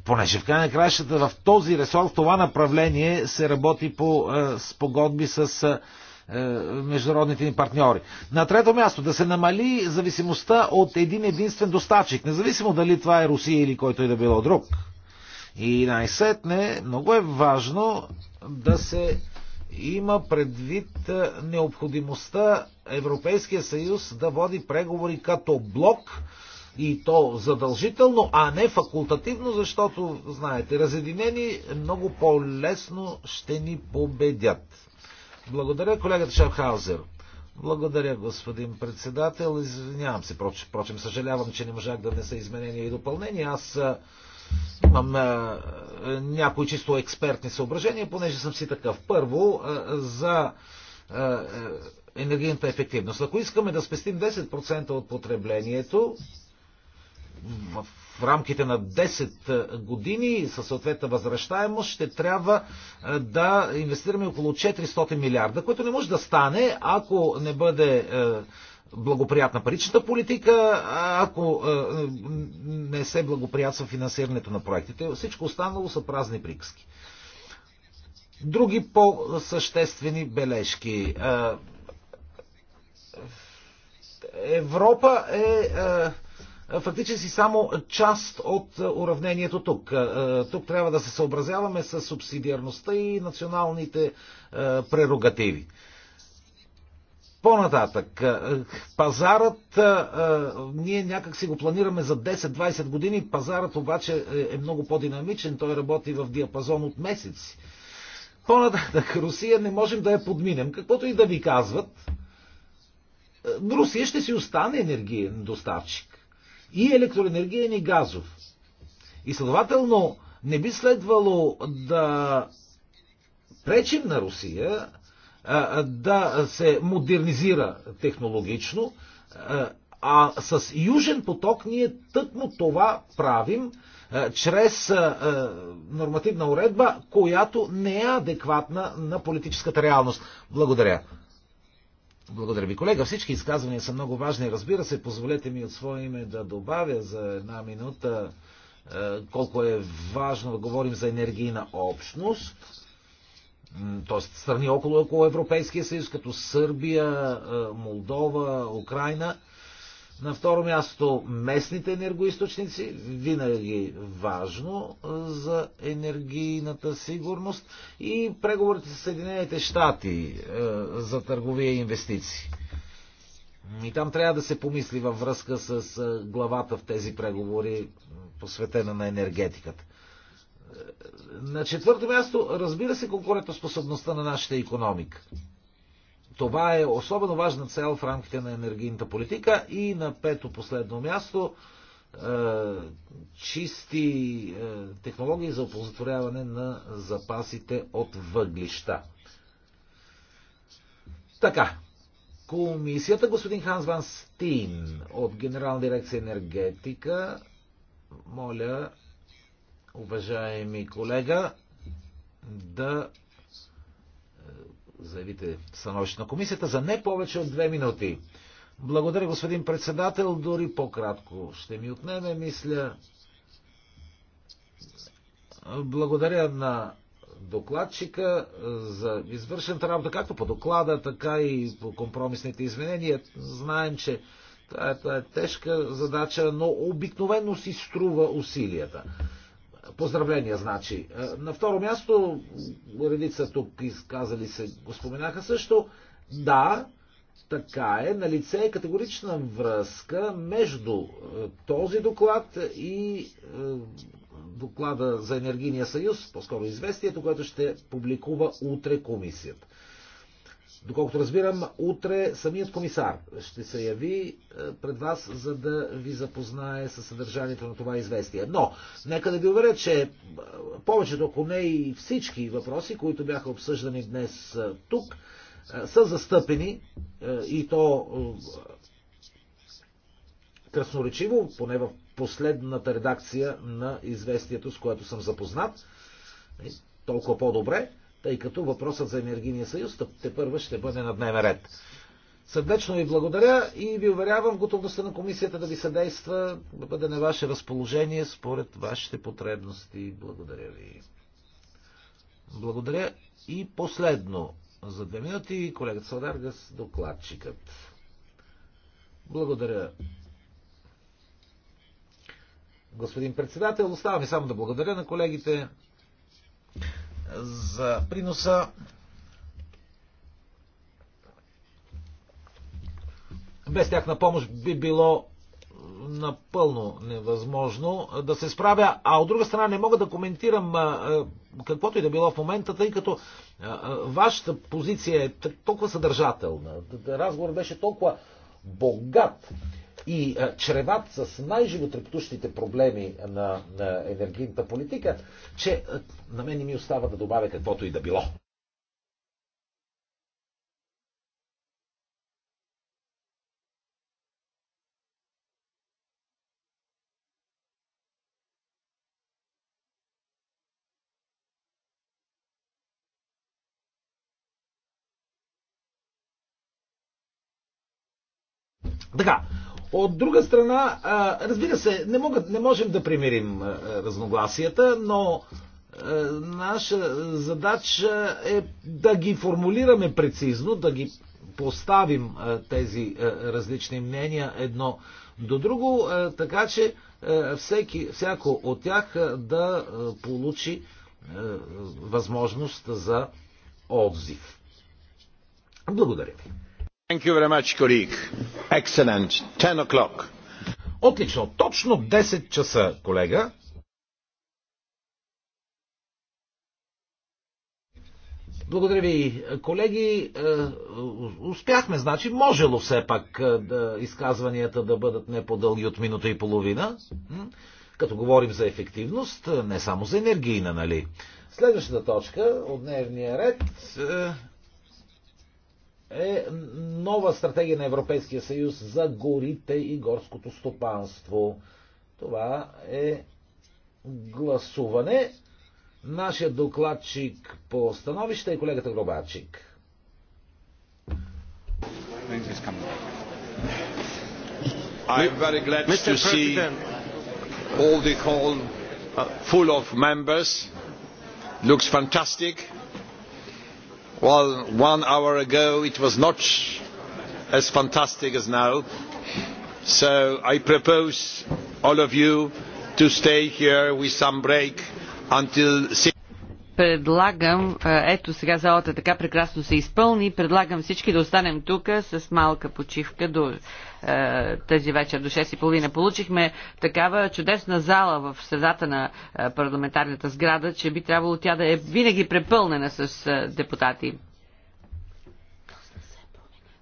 понеже в край на краищата в този ресор, в това направление се работи по е, спогодби с е, е, международните ни партньори. На трето място, да се намали зависимостта от един единствен доставчик, независимо дали това е Русия или който и да било друг. И най-сетне много е важно да се има предвид е, необходимостта Европейския съюз да води преговори като блок и то задължително, а не факултативно, защото, знаете, разединени много по-лесно ще ни победят. Благодаря, колегата Шафхаузер. Благодаря, господин председател. Извинявам се, прочим, съжалявам, че не можах да внеса изменения и допълнения. Аз е, Имам е, е, някои чисто експертни съображения, понеже съм си такъв. Първо, е, за енергийната ефективност. Ако искаме да спестим 10% от потреблението, в рамките на 10 години със съответна възвръщаемост ще трябва да инвестираме около 400 милиарда, което не може да стане, ако не бъде благоприятна паричната политика, ако не се благоприятства финансирането на проектите, всичко останало са празни приказки. Други по-съществени бележки. Европа е фактически само част от уравнението тук. Тук трябва да се съобразяваме с субсидиарността и националните прерогативи. По-нататък, е, пазарът, е, е, ние някак си го планираме за 10-20 години, пазарът обаче е много по-динамичен, той работи в диапазон от месеци. По-нататък, Русия не можем да я подминем, каквото и да ви казват. Русия ще си остане енергиен доставчик. И електроенергиен, и газов. И следователно, не би следвало да пречим на Русия да се модернизира технологично, а с Южен поток ние тъкмо това правим чрез нормативна уредба, която не е адекватна на политическата реалност. Благодаря. Благодаря ви, колега. Всички изказвания са много важни. Разбира се, позволете ми от свое име да добавя за една минута колко е важно да говорим за енергийна общност т.е. страни около, около Европейския съюз, като Сърбия, е, Молдова, Украина. На второ място местните енергоисточници, винаги е важно е, за енергийната сигурност и преговорите с Съединените щати за търговия и инвестиции. И там трябва да се помисли във връзка с главата в тези преговори, посветена на енергетиката. На четвърто място, разбира се, конкурентоспособността на нашата економика. Това е особено важна цел в рамките на енергийната политика и на пето последно място е, чисти е, технологии за оползотворяване на запасите от въглища. Така, комисията господин Ханс Ван Стин от Генерална дирекция енергетика моля уважаеми колега, да е, заявите становище на комисията за не повече от две минути. Благодаря, господин председател. Дори по-кратко ще ми отнеме, мисля. Благодаря на докладчика е, за извършената работа, както по доклада, така и по компромисните изменения. Знаем, че това е, това е тежка задача, но обикновено си струва усилията. Поздравления, значи. Е, на второ място, редица тук изказали се, го споменаха също. Да, така е, на лице е категорична връзка между е, този доклад и е, доклада за енергийния съюз, по-скоро известието, което ще публикува утре комисията. Доколкото разбирам, утре самият комисар ще се яви е, пред вас, за да ви запознае със съдържанието на това известие. Но, нека да ви уверя, че е, повечето, ако не и всички въпроси, които бяха обсъждани днес е, тук, са застъпени и то красноречиво, поне в последната редакция на известието, с което съм запознат. Толкова по-добре тъй като въпросът за енергийния съюз те първа ще бъде на дневен ред. Сърдечно ви благодаря и ви уверявам в готовността на комисията да ви съдейства, да бъде на ваше разположение според вашите потребности. Благодаря ви. Благодаря. И последно, за две минути, колегата Салдаргас, докладчикът. Благодаря. Господин председател, остава ми само да благодаря на колегите за приноса. Без тяхна помощ би било напълно невъзможно да се справя, а от друга страна не мога да коментирам каквото и да било в момента, тъй като вашата позиция е толкова съдържателна. Разговор беше толкова богат и чреват с най-животрептущите проблеми на, на енергийната политика, че на мен не ми остава да добавя каквото и да било. Така, от друга страна, разбира се, не, могат, не можем да примирим разногласията, но наша задача е да ги формулираме прецизно, да ги поставим тези различни мнения едно до друго, така че всеки, всяко от тях да получи възможност за отзив. Благодаря ви. Отлично. Точно 10 часа, колега. Благодаря ви, колеги. Е, успяхме, значи, можело все пак е, да изказванията да бъдат не по-дълги от минута и половина. Като говорим за ефективност, е, не само за енергийна, нали? Следващата точка от дневния ред е нова стратегия на Европейския съюз за горите и горското стопанство. Това е гласуване. Нашия докладчик по становище е колегата Гробачик. I'm very glad Mr. to see all the hall uh, full of members. Looks fantastic well one hour ago it was not as fantastic as now so i propose all of you to stay here with some break until Предлагам, е, ето сега залата така прекрасно се изпълни, предлагам всички да останем тук с малка почивка до е, тази вечер до 6 и половина. Получихме такава чудесна зала в средата на е, парламентарната сграда, че би трябвало тя да е винаги препълнена с е, депутати.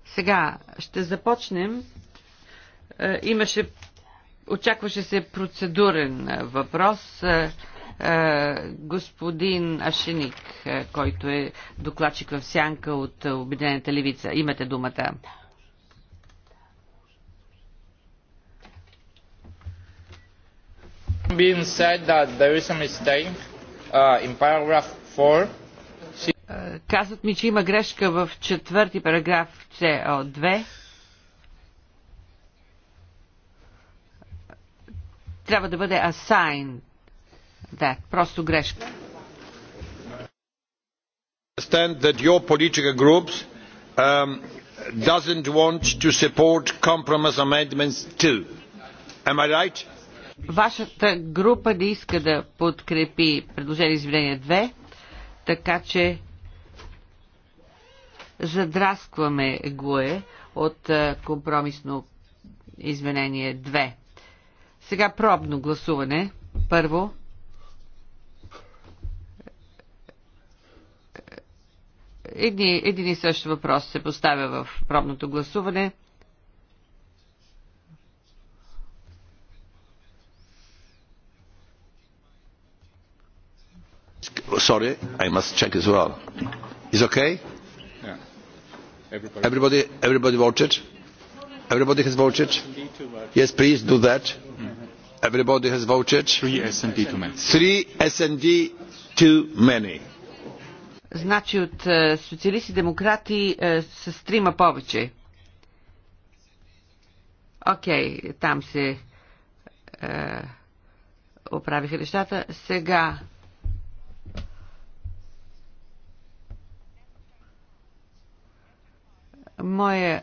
Сега ще започнем. Имаше, очакваше се процедурен въпрос. Господин Ашеник, който е докладчик в Сянка от Обединената левица. Имате думата. Being said that there is a mistake uh, in paragraph 4. Uh, казват ми, че има грешка в четвърти параграф CO2. Трябва да бъде assigned. Да, просто грешка. Understand that your political groups um, doesn't want to support compromise amendments too. Am I right? Вашата група не иска да подкрепи предложение изменение 2, така че задраскваме ГУЕ от компромисно изменение 2. Сега пробно гласуване. Първо. един и същ въпрос се поставя в пробното гласуване. sorry, I must check as well. Is okay? Yeah. Everybody. Everybody, everybody voted? Everybody has voted? Yes, please do that. Mm-hmm. Everybody has voted? Three S&D too many. Three S&D too many. Значи от социалисти демократи с трима повече. Окей, okay, там се оправиха нещата. Сега Моя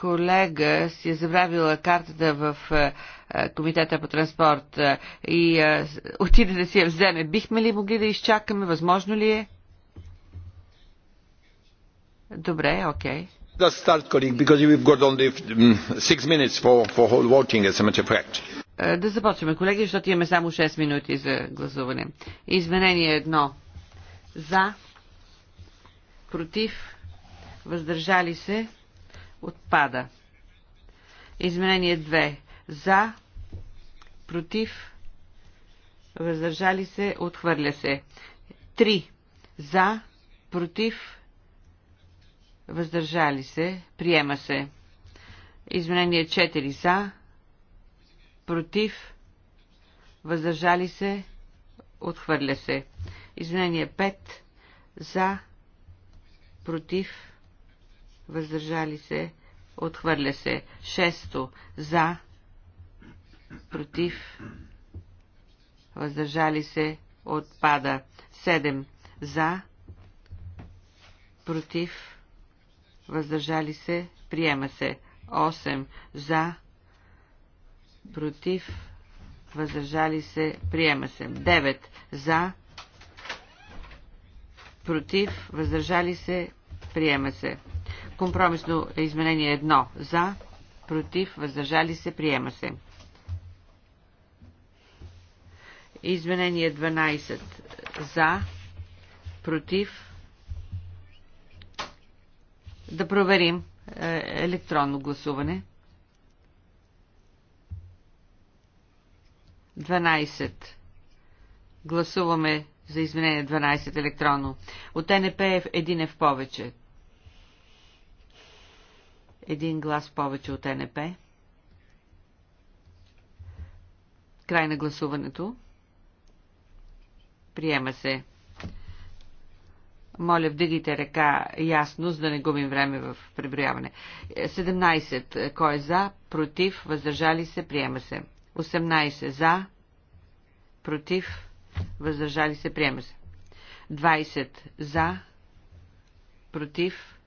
колега си е забравила картата в е, е, Комитета по транспорт е, и отиде да си я вземе. Бихме ли могли да изчакаме? Възможно ли е? Добре, окей. start, colleague, because we've got only six minutes for, for whole voting, as a matter of fact. Да започваме, колеги, защото имаме само 6 минути за гласуване. Изменение едно. За. Против въздържали се, отпада. Изменение 2. За, против, въздържали се, отхвърля се. 3. За, против, въздържали се, приема се. Изменение 4. За, против, въздържали се, отхвърля се. Изменение 5. За, против, въздържали се, отхвърля се. Шесто за, против, въздържали се, отпада. Седем за, против, въздържали се, приема се. Осем за, против, въздържали се, приема се. Девет за, против, въздържали се, приема се. Компромисно изменение 1 за, против, въздържали се, приема се. Изменение 12 за, против. Да проверим е, електронно гласуване. 12. Гласуваме за изменение 12 електронно. От НП един е в повече. Един глас повече от НП. Край на гласуването. Приема се. Моля, вдигайте ръка ясно, за да не губим време в преброяване. 17. Кой е за? Против? Въздържали се? Приема се. 18. За? Против? Въздържали се? Приема се. 20. За? Против?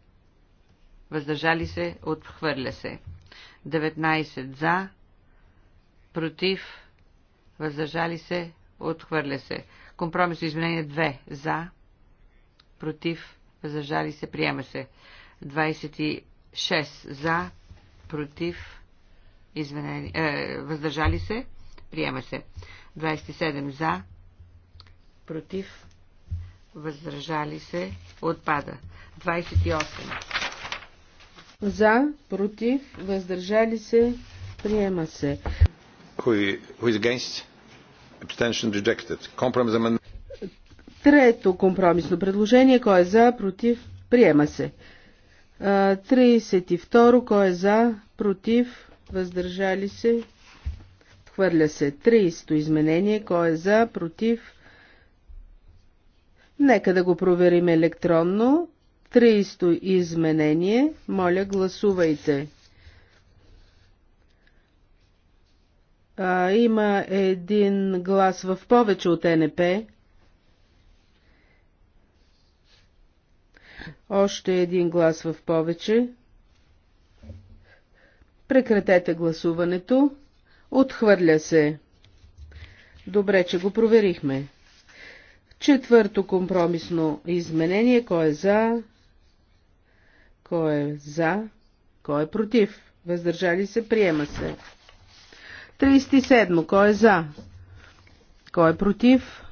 въздържали се, отхвърля се. 19 за, против, въздържали се, отхвърля се. Компромис изменение 2 за, против, въздържали се, приема се. 26 за, против, извинени, е, въздържали се, приема се. 27 за, против, въздържали се, отпада. 28 за, против, въздържали се, приема се. Who, against? Abstention rejected. Compromise amendment. Трето компромисно предложение. Кой е за, против, приема се. 32. Кой е за, против, въздържали се, хвърля се. 30. Изменение. Кой е за, против, Нека да го проверим електронно. Тристо изменение. Моля, гласувайте. А, има един глас в повече от НП. Още един глас в повече. Прекратете гласуването. Отхвърля се. Добре, че го проверихме. Четвърто компромисно изменение. Кой е за? Кой е за? Кой е против? Въздържали се, приема се. 37. Кой е за? Кой е против?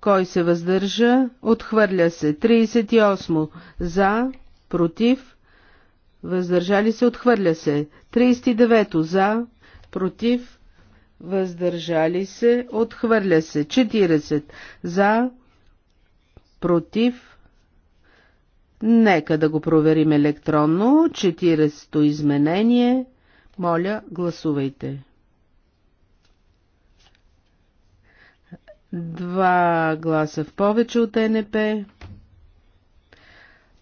Кой се въздържа? Отхвърля се. 38. За, против, въздържали се, отхвърля се. 39. За, против, въздържали се, отхвърля се. 40. За, против, Нека да го проверим електронно. 40-то изменение. Моля, гласувайте. Два гласа в повече от НП.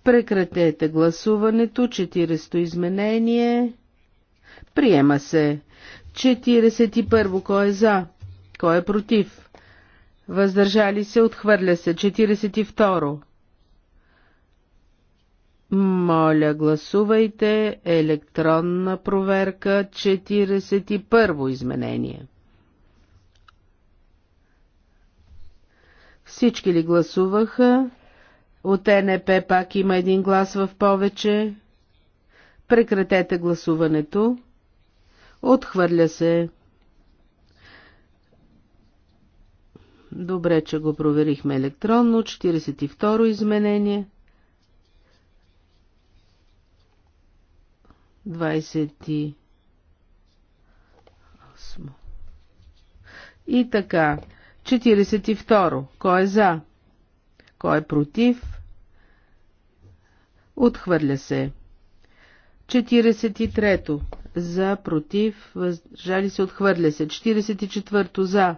Прекратете гласуването. 40-то изменение. Приема се. 41. Кой е за? Кой е против? Въздържали се, отхвърля се. 42. Моля, гласувайте електронна проверка 41 изменение. Всички ли гласуваха? От НП пак има един глас в повече. Прекратете гласуването. Отхвърля се. Добре, че го проверихме електронно. 42 изменение. 28. И така. 42. Кой е за? Кой е против? Отхвърля се. 43. За, против, въздържали се, отхвърля се. 44. За,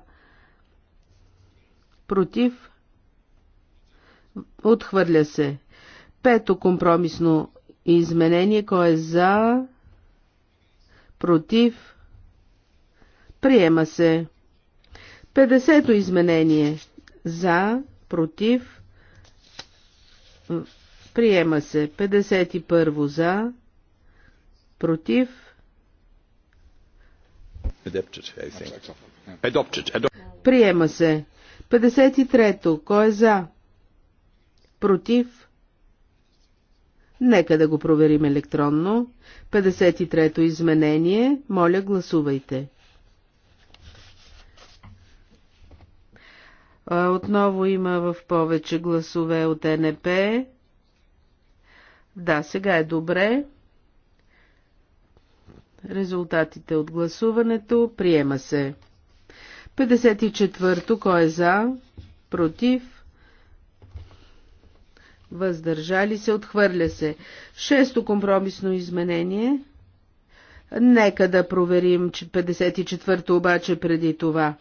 против, отхвърля се. Пето компромисно изменение, кой е за, против, приема се. 50-то изменение, за, против, приема се. 51-во за, против, Приема се. 53-то. Кой е за? Против? Нека да го проверим електронно. 53-то изменение. Моля, гласувайте. Отново има в повече гласове от НП. Да, сега е добре. Резултатите от гласуването приема се. 54-то, кой е за? Против? въздържали се, отхвърля се. Шесто компромисно изменение. Нека да проверим 54-то обаче преди това.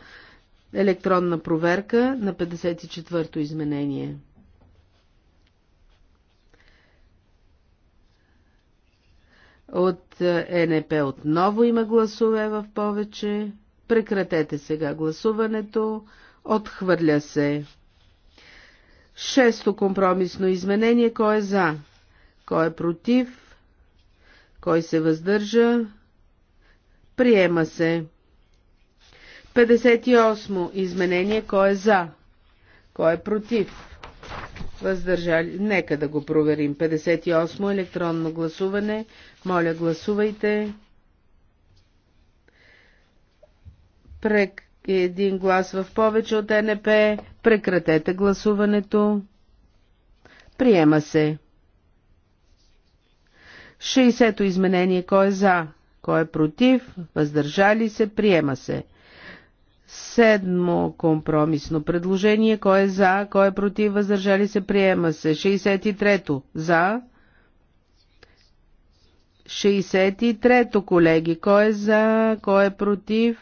Електронна проверка на 54-то изменение. От е, НП отново има гласове в повече. Прекратете сега гласуването. Отхвърля се. Шесто компромисно изменение. Кой е за? Кой е против? Кой се въздържа? Приема се. 58. Изменение. Кой е за? Кой е против? Въздържали. Нека да го проверим. 58. Електронно гласуване. Моля, гласувайте. Прек един глас в повече от НП. Прекратете гласуването. Приема се. 60-то изменение. Кой е за? Кой е против? Въздържали се? Приема се. Седмо компромисно предложение. Кой е за? Кой е против? Въздържали се? Приема се. 63-то. За? 63-то, колеги. Кой е за? Кой е против?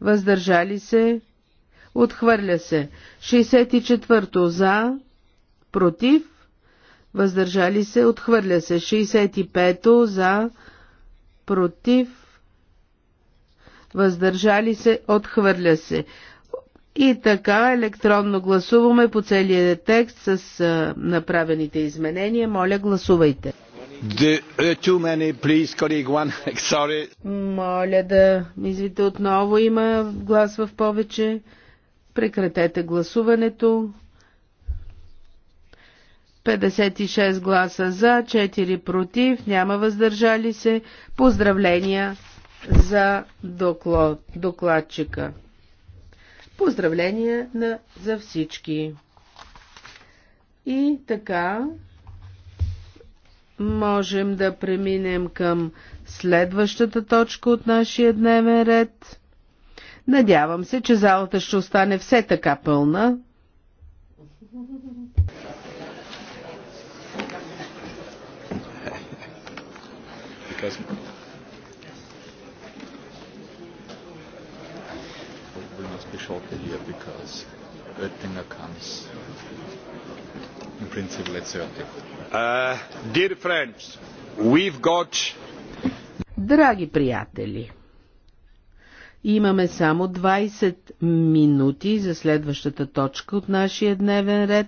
Въздържали се? Отхвърля се. 64-то за, против, въздържали се. Отхвърля се. 65-то за, против, въздържали се. Отхвърля се. И така електронно гласуваме по целия текст с а, направените изменения. Моля, гласувайте. The, uh, many, please, да извите отново има глас в повече. Прекратете гласуването. 56 гласа за, 4 против, няма въздържали се. Поздравления за доклад, докладчика. Поздравления на, за всички. И така, можем да преминем към следващата точка от нашия дневен ред. Надявам се, че залата ще остане все така пълна. Драги приятели, Имаме само 20 минути за следващата точка от нашия дневен ред.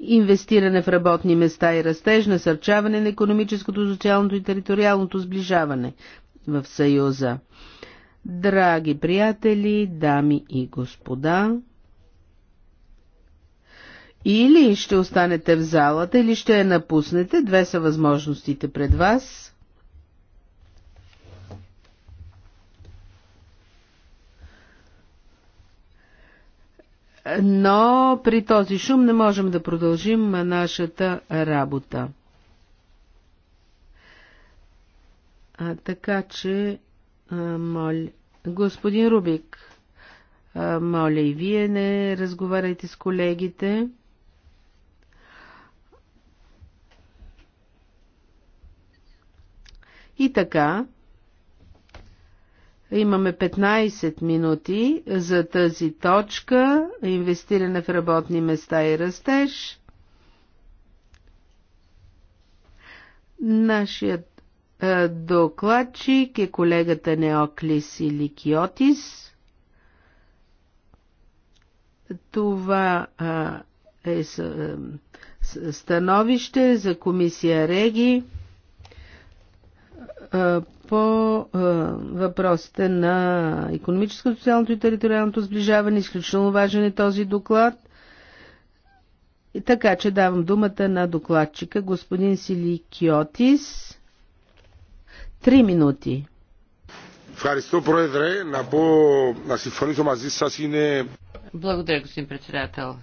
Инвестиране в работни места и растеж, насърчаване на економическото, социалното и териториалното сближаване в Съюза. Драги приятели, дами и господа, или ще останете в залата, или ще я напуснете. Две са възможностите пред вас. но при този шум не можем да продължим нашата работа. А, така че, а, моля, господин Рубик, а, моля и вие не разговаряйте с колегите. И така, Имаме 15 минути за тази точка инвестиране в работни места и растеж. Нашият е, докладчик е колегата Неоклис Иликиотис. Това е, е, е становище за комисия Реги по въпросите на економическо, социалното и териториалното сближаване. Изключително важен е този доклад. И така, че давам думата на докладчика, господин Сили Киотис. Три минути. Благодаря, господин председател.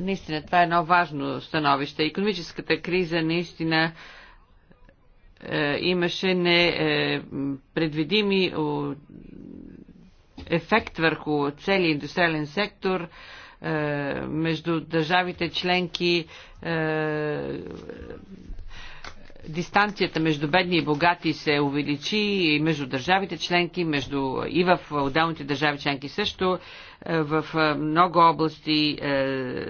Наистина, това е едно важно становище. Економическата криза наистина е, имаше непредвидими е, ефект върху целия индустриален сектор е, между държавите членки. Е, дистанцията между бедни и богати се увеличи и между държавите членки, между, и в отделните държави членки също. Е, в е, много области е,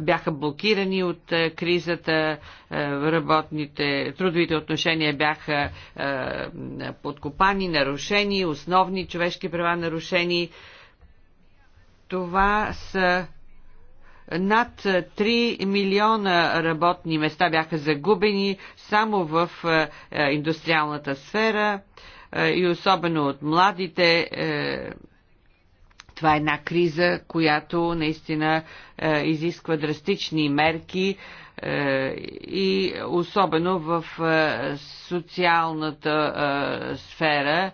бяха блокирани от кризата, работните, трудовите отношения бяха подкопани, нарушени, основни човешки права нарушени. Това са над 3 милиона работни места бяха загубени само в индустриалната сфера и особено от младите това е една криза, която наистина е, изисква драстични мерки е, и особено в е, социалната е, сфера.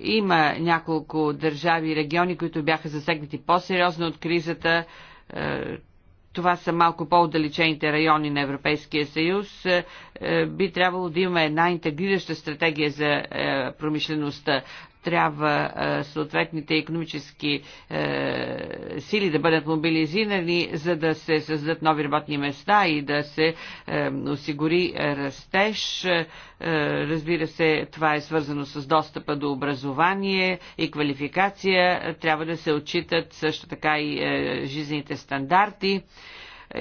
Има няколко държави и региони, които бяха засегнати по-сериозно от кризата. Е, това са малко по-отдалечените райони на Европейския съюз, е, е, би трябвало да има една интегрираща стратегия за е, промишлеността трябва е, съответните економически е, сили да бъдат мобилизирани, за да се създадат нови работни места и да се е, осигури растеж. Разбира се, това е свързано с достъпа до образование и квалификация. Трябва да се отчитат също така и жизнените стандарти.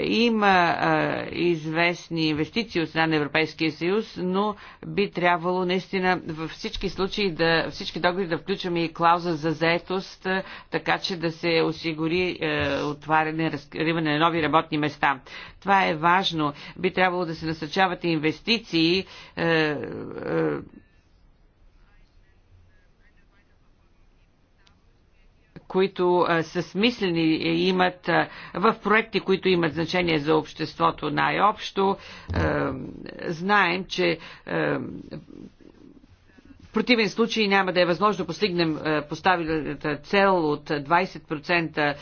Има а, известни инвестиции от страна на Европейския съюз, но би трябвало наистина във всички случаи да, всички договори да включваме и клауза за заетост, така че да се осигури е, отваряне, разкриване на нови работни места. Това е важно. Би трябвало да се насъчават инвестиции. Е, е, които са смислени имат в проекти, които имат значение за обществото най-общо. Знаем, че в противен случай няма да е възможно да постигнем поставената цел от 20%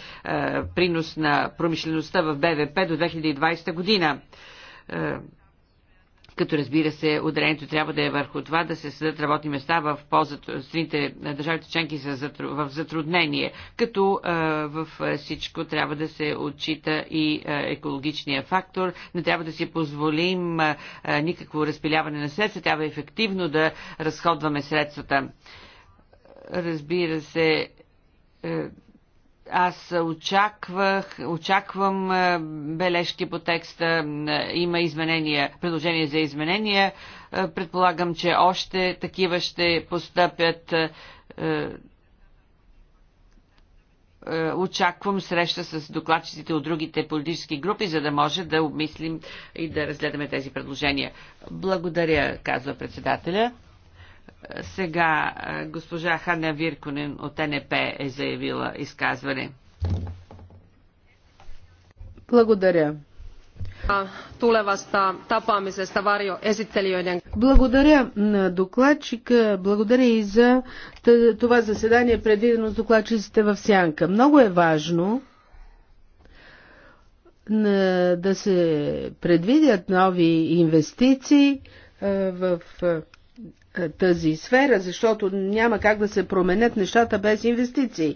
принос на промишлеността в БВП до 2020 година като разбира се, ударението трябва да е върху това да се създадат работни места в по-затрудните на държавите членки са в затруднение, като в всичко трябва да се отчита и екологичния фактор. Не трябва да си позволим никакво разпиляване на средства, трябва ефективно да разходваме средствата. Разбира се, е, аз очаквах, очаквам е, бележки по текста, е, има изменения, предложения за изменения. Е, предполагам, че още такива ще постъпят. Очаквам среща с докладчиците от другите политически групи, за да може да обмислим и да разгледаме тези предложения. Благодаря, казва председателя. Сега госпожа Хана Вирконен от НП е заявила изказване. Благодаря. Благодаря на докладчика, благодаря и за това заседание, предвидено с докладчиците в Сянка. Много е важно да се предвидят нови инвестиции в е, тази сфера, защото няма как да се променят нещата без инвестиции. Е,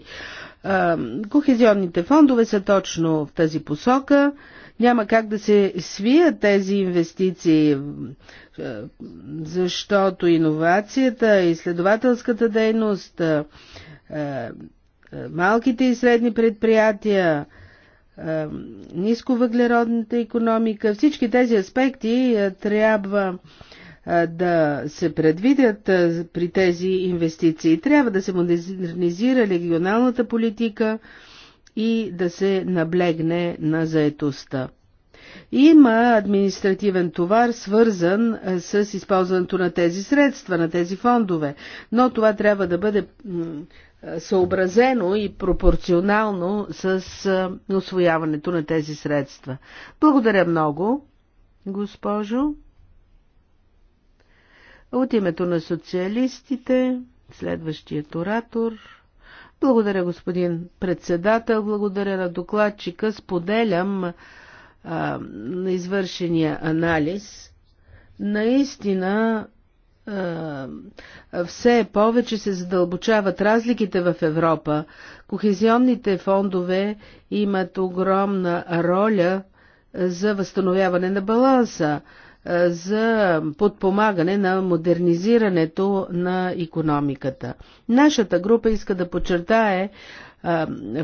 кохезионните фондове са точно в тази посока. Няма как да се свият тези инвестиции, е, защото иновацията, изследователската дейност, малките и средни предприятия, нисковъглеродната економика, всички тези аспекти трябва да се предвидят при тези инвестиции. Трябва да се модернизира регионалната политика и да се наблегне на заетостта. Има административен товар, свързан с използването на тези средства, на тези фондове, но това трябва да бъде съобразено и пропорционално с освояването на тези средства. Благодаря много, госпожо. От името на социалистите, следващият оратор. Благодаря, господин председател, благодаря на докладчика. Споделям а, на извършения анализ. Наистина, а, все повече се задълбочават разликите в Европа. Кохезионните фондове имат огромна роля за възстановяване на баланса е, за подпомагане на модернизирането на економиката. Нашата група иска да подчертае е,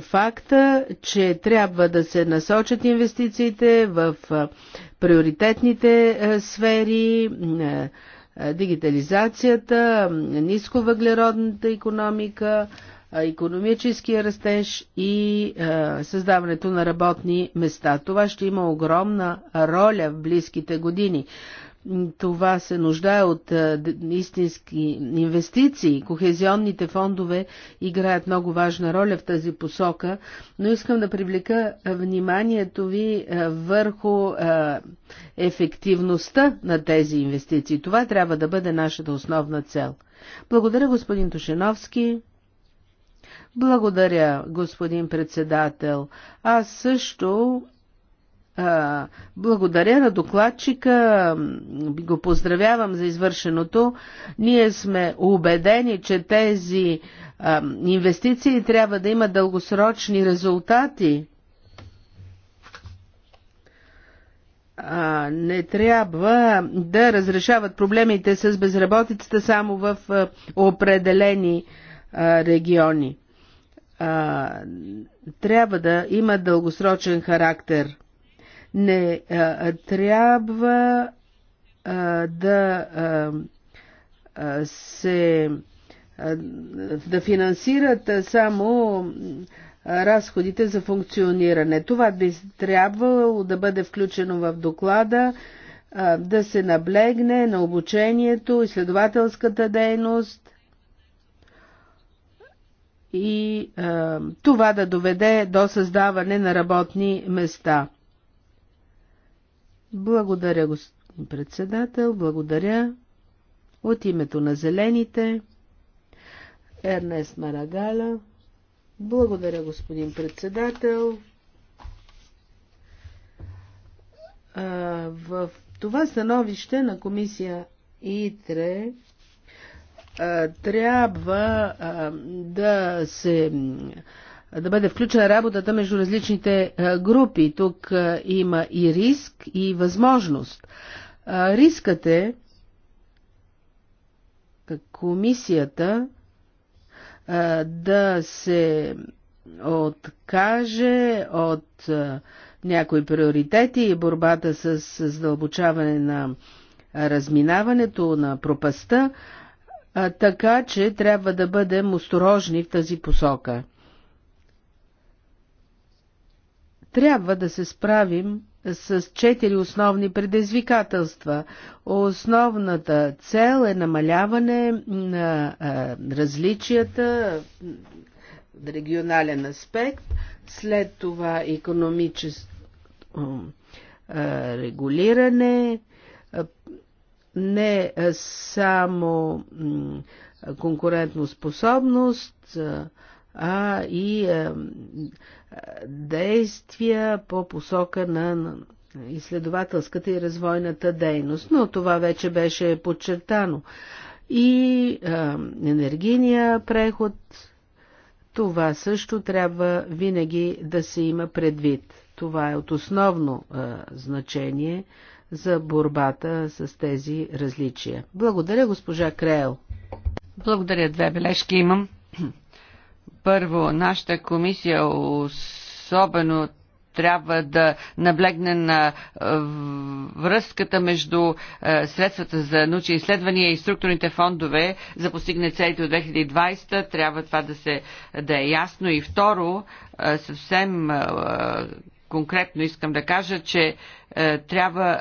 факта, че трябва да се насочат инвестициите в е, приоритетните сфери, дигитализацията, нисковъглеродната економика, економическия растеж и създаването на работни места. Това ще има огромна роля в близките години. Това се нуждае от истински инвестиции. Кохезионните фондове играят много важна роля в тази посока, но искам да привлека вниманието ви върху ефективността на тези инвестиции. Това трябва да бъде нашата основна цел. Благодаря, господин Тушеновски. Благодаря, господин председател. Аз също а, благодаря на докладчика, го поздравявам за извършеното. Ние сме убедени, че тези а, инвестиции трябва да имат дългосрочни резултати. а, не трябва да разрешават проблемите с безработицата само в определени региони а, трябва да има дългосрочен характер. Не а, трябва а, да а, се а, да финансират само разходите за функциониране. Това би трябвало да бъде включено в доклада, да се наблегне на обучението, изследователската дейност, и е, това да доведе до създаване на работни места. Благодаря, господин председател, благодаря. От името на зелените, Ернест Марагаля. Благодаря, господин председател. А, е, в това становище на комисия ИТРЕ трябва да се да бъде включена работата между различните групи. Тук има и риск, и възможност. Рискът е комисията да се откаже от някои приоритети и борбата с задълбочаване на разминаването на пропаста, а, така че трябва да бъдем осторожни в тази посока. Трябва да се справим с четири основни предизвикателства. Основната цел е намаляване на а, различията в регионален аспект, след това економическо регулиране, не само конкурентно способност, а и действия по посока на изследователската и развойната дейност. Но това вече беше подчертано. И енергийния преход, това също трябва винаги да се има предвид. Това е от основно значение за борбата с тези различия. Благодаря, госпожа Креел. Благодаря, две бележки имам. Първо, нашата комисия особено трябва да наблегне на връзката между средствата за научни изследвания и структурните фондове за постигне целите от 2020. Трябва това да, се, да е ясно. И второ, съвсем конкретно искам да кажа, че трябва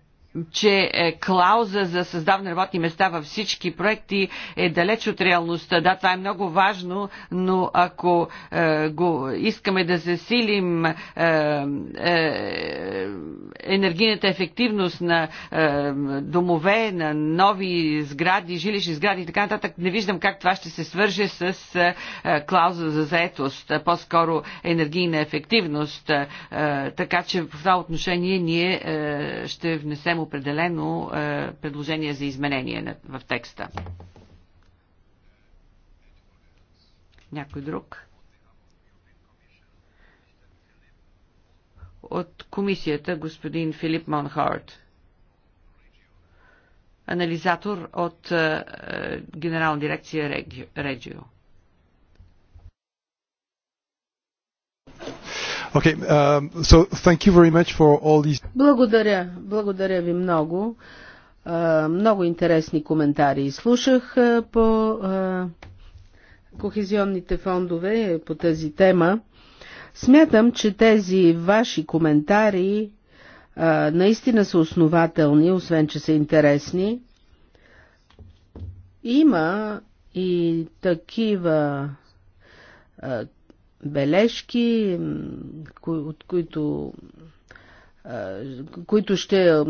че е, клауза за създаване работни места във всички проекти е далеч от реалността. Да, това е много важно, но ако е, го, искаме да засилим е, е, енергийната ефективност на е, домове, на нови сгради, жилищни сгради и така нататък, не виждам как това ще се свърже с е, клауза за заетост, по-скоро енергийна ефективност. Е, така че в това отношение ние е, ще внесем определено е, предложение за изменение в текста. Някой друг? От комисията господин Филип Монхарт, анализатор от е, е, Генерална дирекция Регио. Okay, um, so thank you very much for all these... Благодаря, благодаря ви много. Uh, много интересни коментари слушах uh, по uh, кохезионните фондове по тази тема. Смятам, че тези ваши коментари наистина са основателни, освен че са интересни. Има и такива бележки, от които които ще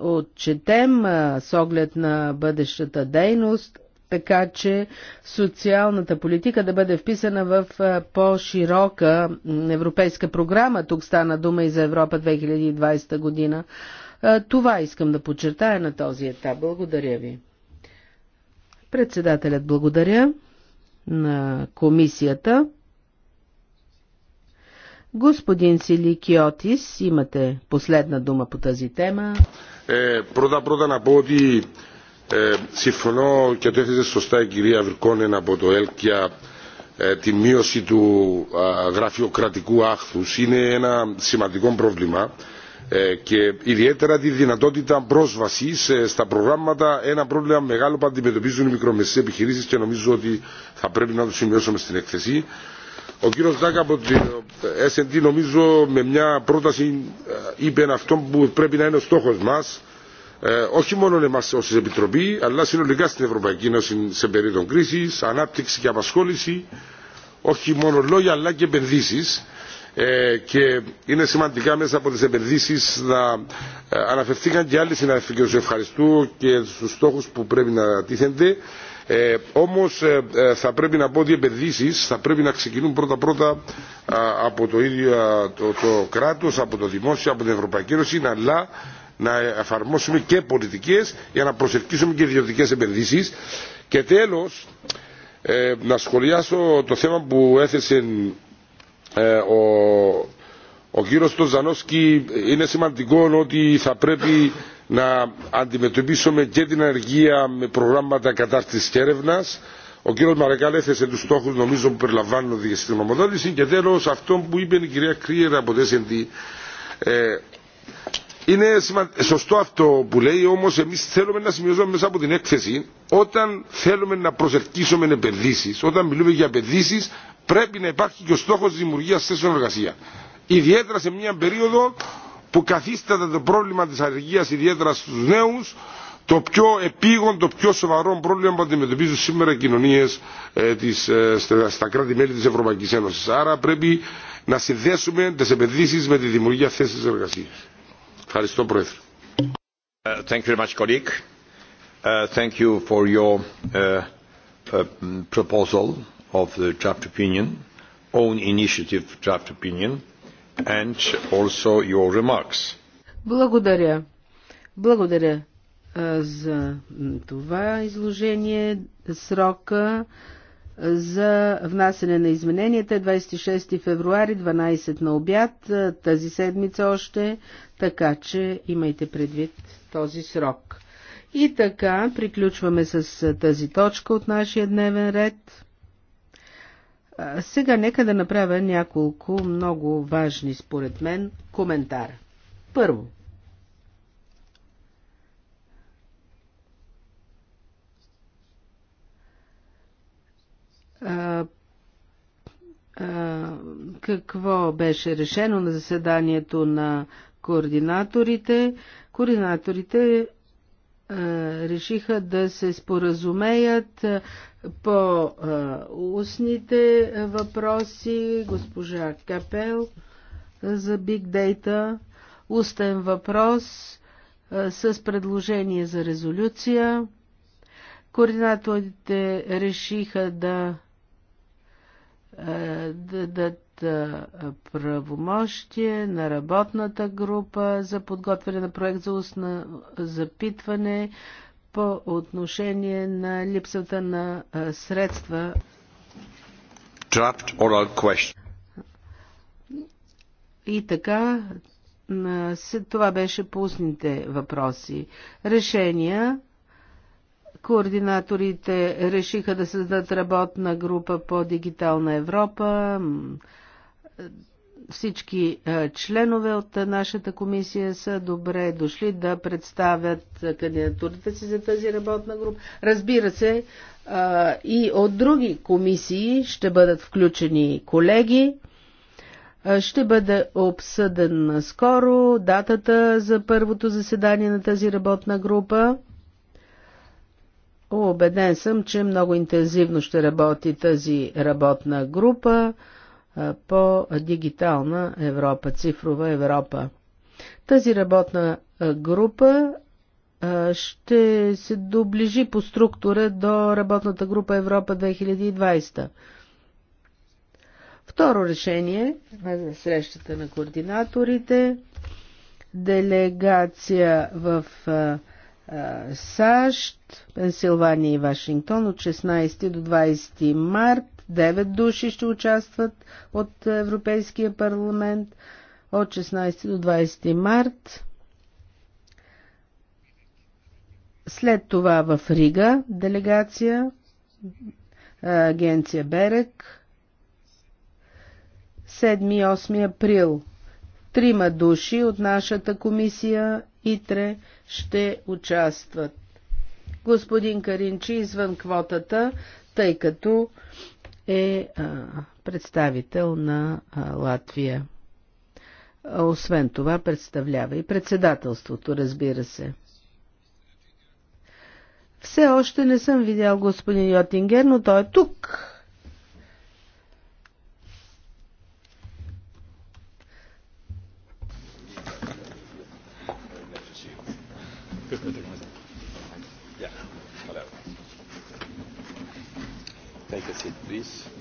отчетем с оглед на бъдещата дейност, така че социалната политика да бъде вписана в по-широка европейска програма. Тук стана дума и за Европа 2020 година. Това искам да подчертая на този етап. Благодаря ви. Председателят благодаря на комисията. Господин Силикиотис, имате последна дума по тази тема. Е, πρώτα πρώτα να πω ότι συμφωνώ και το έθεσε σωστά η κυρία Βρικόνεν από το ΕΛΚ για ε, τη μείωση του ε, γραφειοκρατικού άχθους. Είναι ένα σημαντικό πρόβλημα και ιδιαίτερα τη δυνατότητα πρόσβαση στα προγράμματα, ένα πρόβλημα μεγάλο που αντιμετωπίζουν οι μικρομεσαίε επιχειρήσει και νομίζω ότι θα πρέπει να το σημειώσουμε στην εκθεσή. Ο κύριος Ζάκα από την S&D νομίζω με μια πρόταση είπε αυτό που πρέπει να είναι ο στόχος μας όχι μόνο εμάς ως Επιτροπή αλλά συνολικά στην Ευρωπαϊκή Ένωση σε περίοδο κρίσης, ανάπτυξη και απασχόληση όχι μόνο λόγια αλλά και Ε, και είναι σημαντικά μέσα από τις επενδύσεις να αναφερθήκαν και άλλοι συναδελφοί και τους ευχαριστώ και στους στόχους που πρέπει να τίθενται όμως θα πρέπει να πω ότι οι επενδύσεις θα πρέπει να ξεκινούν πρώτα πρώτα από το ίδιο το, το κράτος, από το δημόσιο, από την Ευρωπαϊκή Ένωση αλλά να εφαρμόσουμε και πολιτικές για να προσελκύσουμε και ιδιωτικέ επενδύσεις και τέλος να σχολιάσω το θέμα που έθεσε ο Ο κύριος Τζανόσκι είναι σημαντικό ότι θα πρέπει να αντιμετωπίσουμε και την αργία με προγράμματα κατάρτισης και έρευνας. Ο κύριο Μαρακάλ έθεσε του στόχου νομίζω που περιλαμβάνονται στην νομοδότηση. Και τέλο αυτό που είπε η κυρία Κρίερ από το SND. Ε, είναι σωστό αυτό που λέει, όμω εμεί θέλουμε να σημειώσουμε μέσα από την έκθεση όταν θέλουμε να προσελκύσουμε επενδύσει, όταν μιλούμε για επενδύσει, πρέπει να υπάρχει και ο στόχο δημιουργία θέσεων εργασία ιδιαίτερα σε μια περίοδο που καθίσταται το πρόβλημα της ανεργίας ιδιαίτερα στους νέους το πιο επίγον, το πιο σοβαρό πρόβλημα που αντιμετωπίζουν σήμερα οι κοινωνίες ε, της, ε, στα κράτη-μέλη της Ευρωπαϊκής Ένωσης. Άρα πρέπει να συνδέσουμε τις επενδύσεις με τη δημιουργία θέσης εργασίας. Ευχαριστώ Πρόεδρε. thank you very much, colleague. Uh, thank you for your uh, uh, proposal of the draft opinion, own initiative draft opinion and also your remarks. Благодаря. Благодаря за това изложение. Срока за внасене на измененията 26 февруари 12 на обяд тази седмица още, така че имайте предвид този срок. И така приключваме с тази точка от нашия дневен ред. Сега нека да направя няколко много важни, според мен, коментара. Първо. А, а, какво беше решено на заседанието на координаторите? Координаторите решиха да се споразумеят по устните въпроси. Госпожа Капел за Big Data, устен въпрос с предложение за резолюция. Координаторите решиха да дадат правомощие на работната група за подготвяне на проект за устна запитване по отношение на липсата на средства. И така, това беше по устните въпроси. Решения Координаторите решиха да създадат работна група по дигитална Европа всички е, членове от нашата комисия са добре дошли да представят кандидатурата си за тази работна група. Разбира се, е, и от други комисии ще бъдат включени колеги. Е, ще бъде обсъден скоро датата за първото заседание на тази работна група. Обеден съм, че много интензивно ще работи тази работна група по-дигитална Европа, цифрова Европа. Тази работна група ще се доближи по структура до работната група Европа 2020. Второ решение на срещата на координаторите делегация в САЩ, Пенсилвания и Вашингтон от 16 до 20 март 9 души ще участват от Европейския парламент от 16 до 20 март. След това в Рига делегация, агенция Берек, 7-8 април. Трима души от нашата комисия ИТРЕ ще участват. Господин Каринчи извън квотата, тъй като е представител на Латвия. Освен това представлява и председателството, разбира се. Все още не съм видял господин Йотингер, но той е тук.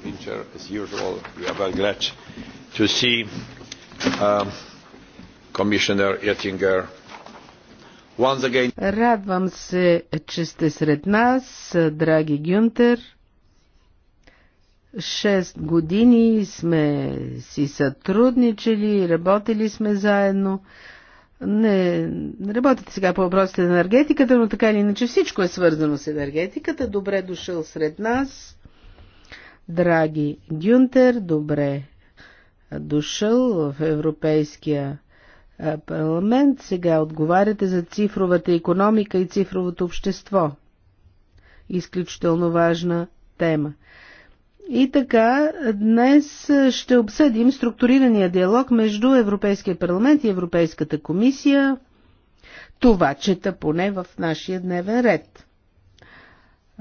Pincher. As usual, we are very glad to see um, Commissioner Oettinger once again. Радвам се, че сте сред нас, драги Гюнтер. Шест години сме си сътрудничали, работили сме заедно. Не, не работите сега по въпросите на енергетиката, но така или иначе всичко е свързано с енергетиката. Добре дошъл сред нас. Драги Гюнтер, добре дошъл в Европейския парламент. Сега отговаряте за цифровата економика и цифровото общество. Изключително важна тема. И така, днес ще обсъдим структурирания диалог между Европейския парламент и Европейската комисия. Това чета поне в нашия дневен ред.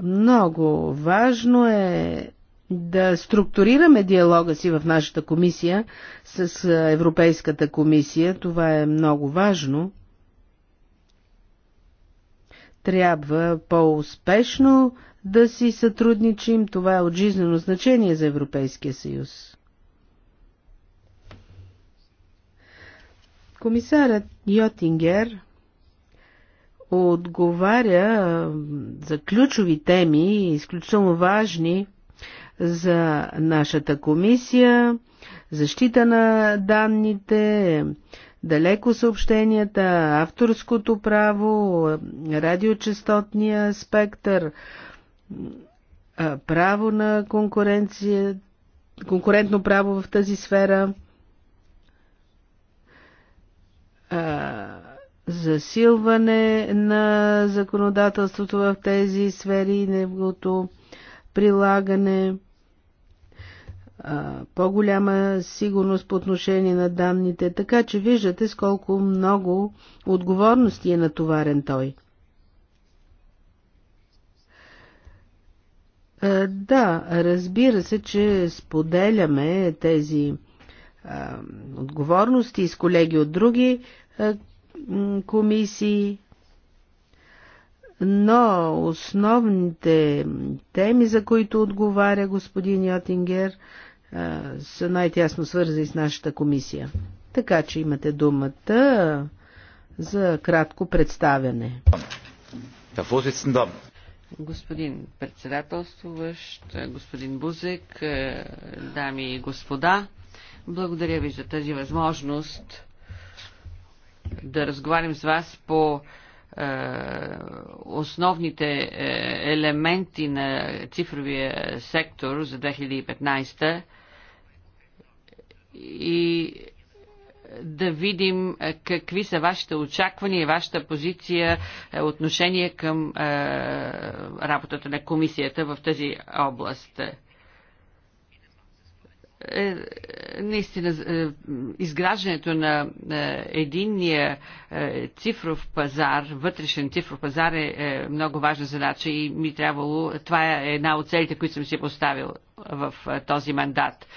Много важно е да структурираме диалога си в нашата комисия с Европейската комисия. Това е много важно. Трябва по-успешно да си сътрудничим. Това е от жизнено значение за Европейския съюз. Комисарът Йотингер отговаря за ключови теми, изключително важни за нашата комисия, защита на данните, далеко съобщенията, авторското право, радиочастотния спектър, право на конкуренция, конкурентно право в тази сфера, засилване на законодателството в тези сфери и неговото прилагане – по-голяма сигурност по отношение на данните, така че виждате с колко много отговорности е натоварен той. Да, разбира се, че споделяме тези отговорности с колеги от други комисии, но основните теми, за които отговаря господин Йотингер, са най-тясно свързани с нашата комисия. Така че имате думата за кратко представяне. Господин председателствуващ, господин Бузек, дами и господа, благодаря ви за тази възможност да разговарям с вас по основните елементи на цифровия сектор за 2015 и да видим е, какви са вашите очаквания, и вашата позиция, е, отношение към е, работата на комисията в тази област. наистина, изграждането на единния цифров пазар, вътрешен цифров пазар е много важна задача и ми трябвало, това е една от целите, които съм си поставил в този мандат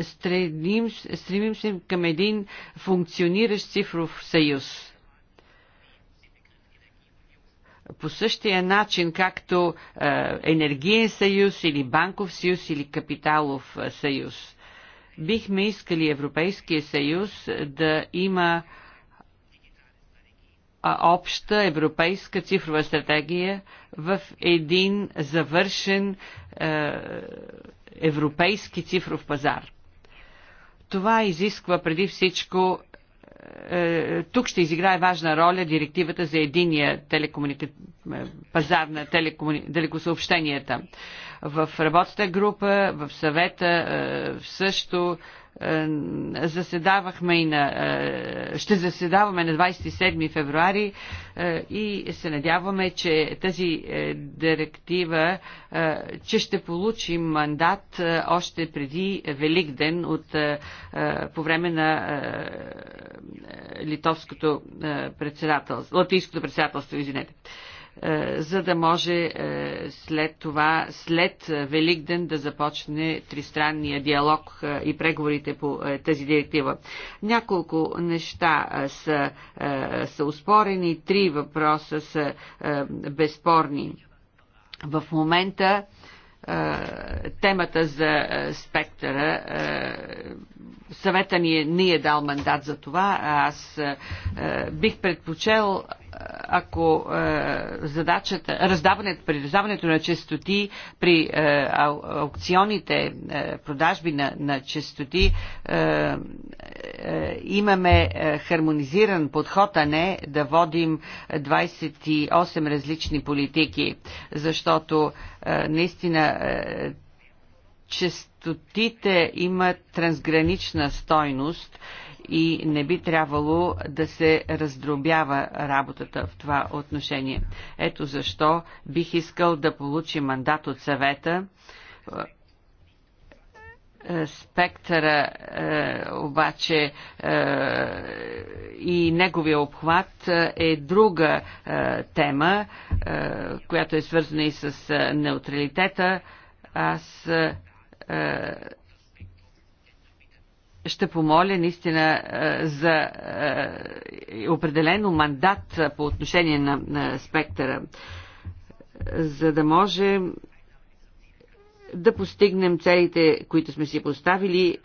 стремим, стремим се към един функциониращ цифров съюз по същия начин, както е, енергиен съюз или банков съюз или капиталов е, съюз. Бихме искали Европейския съюз да има обща европейска цифрова стратегия в един завършен е, европейски цифров пазар. Това изисква преди всичко е, тук ще изиграе важна роля директивата за единия телекомуника... Е, пазар на телекомуни... далекосъобщенията. В работната група, в съвета е, също е, заседавахме и на, е, ще заседаваме на 27 февруари е, и се надяваме, че тази директива, че ще получим мандат още преди Велик ден от, по време на литовското председателство, латвийското председателство, извинете. Е, за да може е, след това, след е, Великден да започне тристранния диалог и преговорите по тази директива. Няколко неща са, са успорени, три въпроса са безспорни. В момента темата за спектъра съвета ни е, ни е дал мандат за това. Аз е, е бих предпочел, е, ако е, задачата, раздаването, при раздаването на честоти, при е, аукционите, е, продажби на, на честоти, е, е, имаме е, хармонизиран подход, а не да водим 28 различни политики, защото е, наистина е, чест честотите имат трансгранична стойност и не би трябвало да се раздробява работата в това отношение. Ето защо бих искал да получи мандат от съвета. Е, спектъра е, обаче е, и неговия обхват е друга тема, която е свързана и с неутралитета. Аз е, ще помоля наистина е, за е, определено мандат по отношение на, на спектъра, за да може да постигнем целите, които сме си поставили,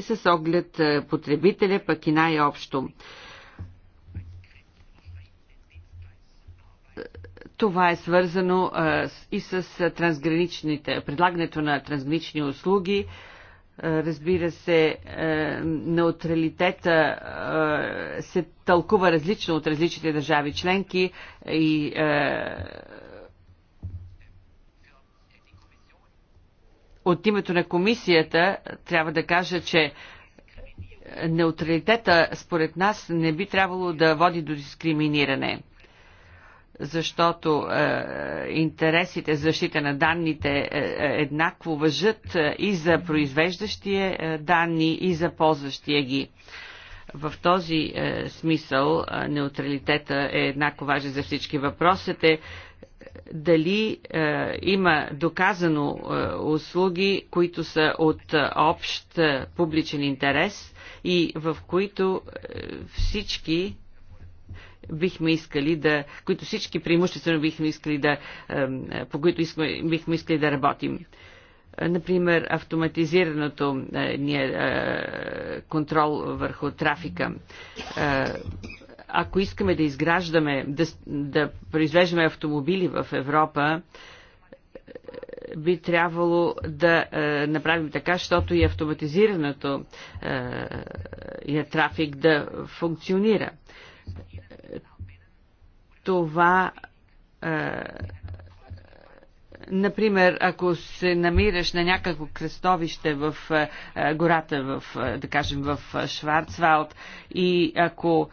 с оглед потребителя, пък и най-общо. Това е свързано и с трансграничните, предлагането на трансгранични услуги. Разбира се, неутралитета се тълкува различно от различните държави членки и от името на комисията трябва да кажа, че неутралитета според нас не би трябвало да води до дискриминиране защото е, интересите за защита на данните е, е, еднакво въжат и за произвеждащия данни, и за ползващия ги. В този е, смисъл е, неутралитета е еднакво важен за всички. въпросите. е дали е, има доказано е, услуги, които са от е, общ е, публичен интерес и в които е, всички бихме искали да, които всички преимуществено бихме искали да, е, по които бихме искали да работим. Е, например, автоматизираното е, ние, контрол върху трафика ако искаме да изграждаме, да, да произвеждаме автомобили в Европа, би трябвало да е, направим така, защото и автоматизираното е, е, трафик да функционира. Е, това е, например, ако се намираш на някакво кръстовище в е, гората, в, е, да кажем, в Шварцвалд и ако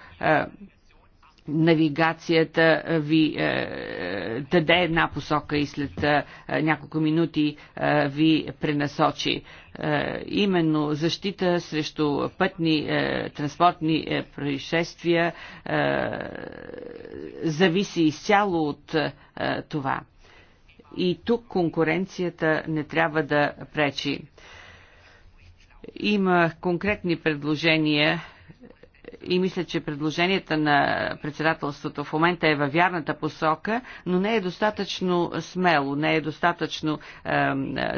навигацията ви даде една посока и след няколко минути ви пренасочи. Именно защита срещу пътни транспортни происшествия зависи изцяло от това. И тук конкуренцията не трябва да пречи. Има конкретни предложения и мисля, че предложенията на председателството в момента е във вярната посока, но не е достатъчно смело, не е достатъчно е,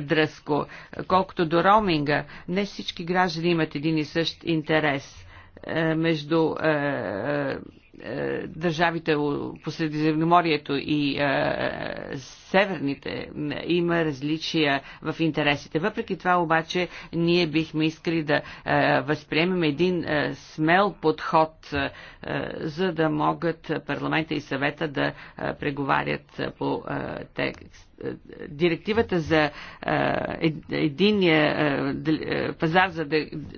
дръско. Колкото до роуминга, не всички граждани имат един и същ интерес е, между. Е, е, е държавите по Средиземноморието и е, северните има различия в интересите. Въпреки това обаче ние бихме искали да е, възприемем един е, смел подход, е, за да могат парламента и съвета да преговарят по текст директивата за единния пазар за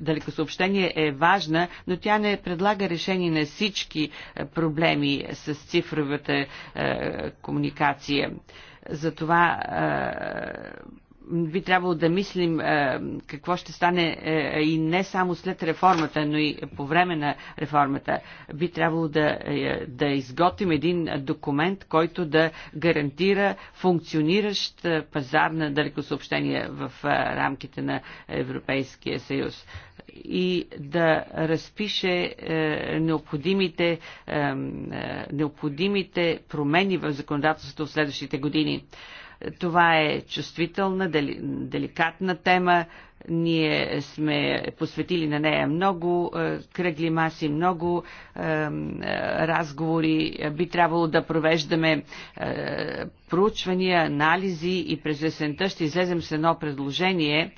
далекосъобщение е важна, но тя не предлага решение на всички проблеми с цифровата комуникация. За това би трябвало да мислим какво ще стане и не само след реформата, но и по време на реформата. Би трябвало да, е, да изготвим един документ, който да гарантира функциониращ пазар на далекосъобщения в рамките на Европейския съюз и да разпише е, необходимите, е, е, необходимите промени в законодателството в следващите години. Това е чувствителна, деликатна тема. Ние сме посветили на нея много е, кръгли маси, много е, разговори. Би трябвало да провеждаме проучвания, анализи и през есента ще излезем с едно предложение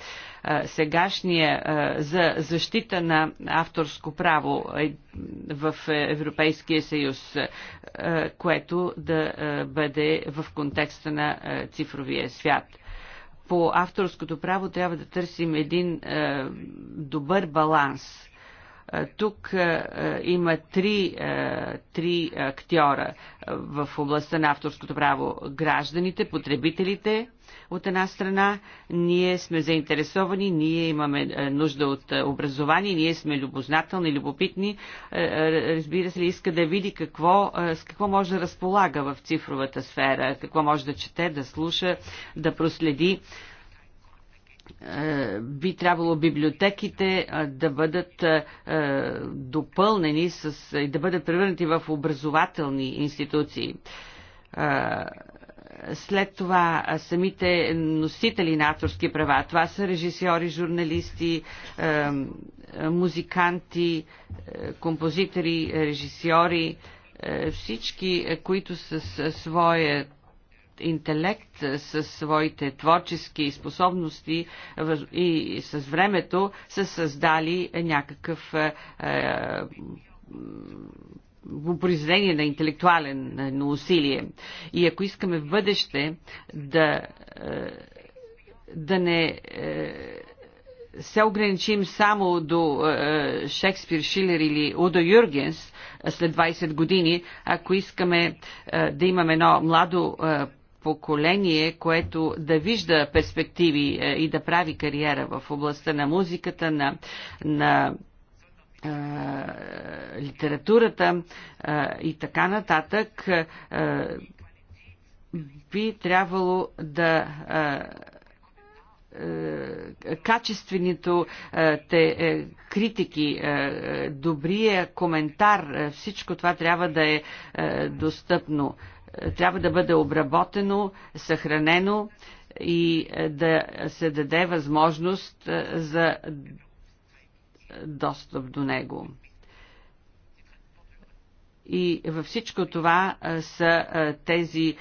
сегашния за защита на авторско право в е, Европейския съюз, което да бъде в контекста на цифровия свят по авторското право трябва да търсим един добър баланс. тук има три, три актьора в областта на авторското право гражданите, потребителите от една страна, ние сме заинтересовани, ние имаме е, нужда от е, образование, ние сме любознателни, любопитни. Е, разбира се, иска да види какво, с какво може да разполага в цифровата сфера, какво може да чете, да слуша, да проследи би трябвало библиотеките да бъдат допълнени с, и да бъдат превърнати в образователни институции след това самите носители на авторски права. Това са режисьори, журналисти, музиканти, е, композитори, режисьори, е, всички, е, които с своя интелект, със своите творчески способности и с времето са създали някакъв произведение на интелектуален на усилие. И ако искаме в бъдеще да, е, да не е, се ограничим само до е, Шекспир, Шилер или Удо Юргенс след 20 години, ако искаме да имаме едно младо поколение, което да вижда перспективи и да прави кариера в областта на музиката, на, на литературата и така нататък, би трябвало да качествените те, е, критики, е, добрия коментар, всичко това трябва да е достъпно. Трябва да бъде обработено, съхранено и да се даде възможност за достъп до него. И във всичко това са тези,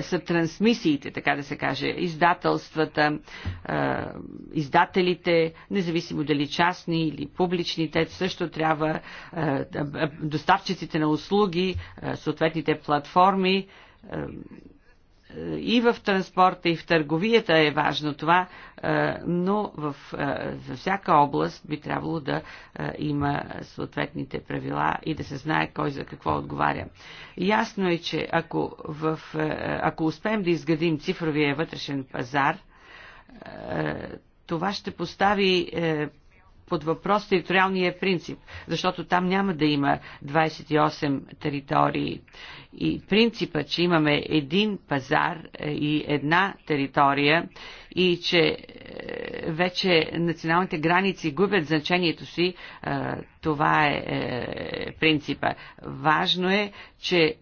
са трансмисиите, така да се каже, издателствата, издателите, независимо дали частни или публични, те също трябва, доставчиците на услуги, съответните платформи, и в транспорта, и в търговията е важно това, е, но в, във е, всяка област би трябвало да е, има съответните правила и да се знае кой за какво отговаря. Ясно е, че ако, в, ако успеем да изградим цифровия вътрешен пазар, това ще постави под въпрос териториалния принцип, защото там няма да има 28 територии. И принципа, че имаме един пазар е, и една територия и че е, вече националните граници губят значението си, е, това е принципа. Важно е, че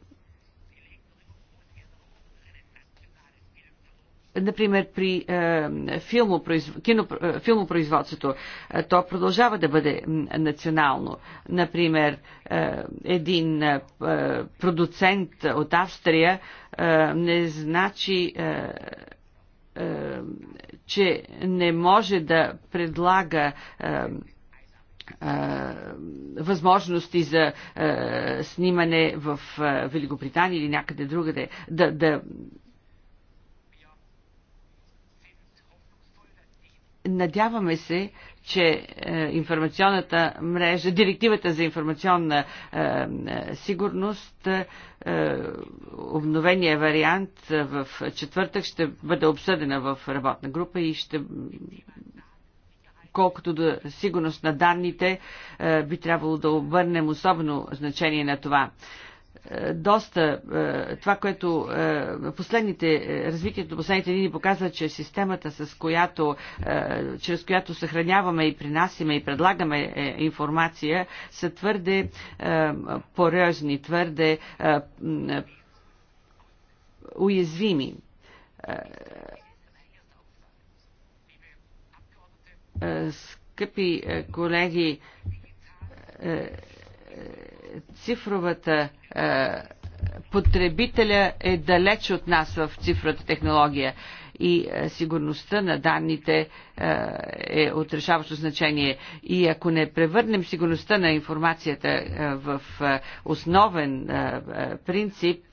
например при е, филмопроизв... кино... Е, филмопроизводството. Е, то продължава да бъде национално. Например, един продуцент от Австрия не значи че не може да предлага възможности за снимане в Великобритания или някъде другаде, да, да Надяваме се, че е, информационната мрежа, директивата за информационна е, е, сигурност, обновения вариант в четвъртък ще бъде обсъдена в работна група и ще колкото до сигурност на данните, би трябвало да обърнем особено значение на това. Е, доста е, това, което е, последните, развитието последните дни показва, че системата, с която, чрез която съхраняваме и принасяме и предлагаме информация, са твърде порезни, твърде уязвими. Скъпи колеги, цифровата е, потребителя е далеч от нас в цифровата технология и е, сигурността на данните е, е от решаващо значение. И ако не превърнем сигурността на информацията в основен принцип,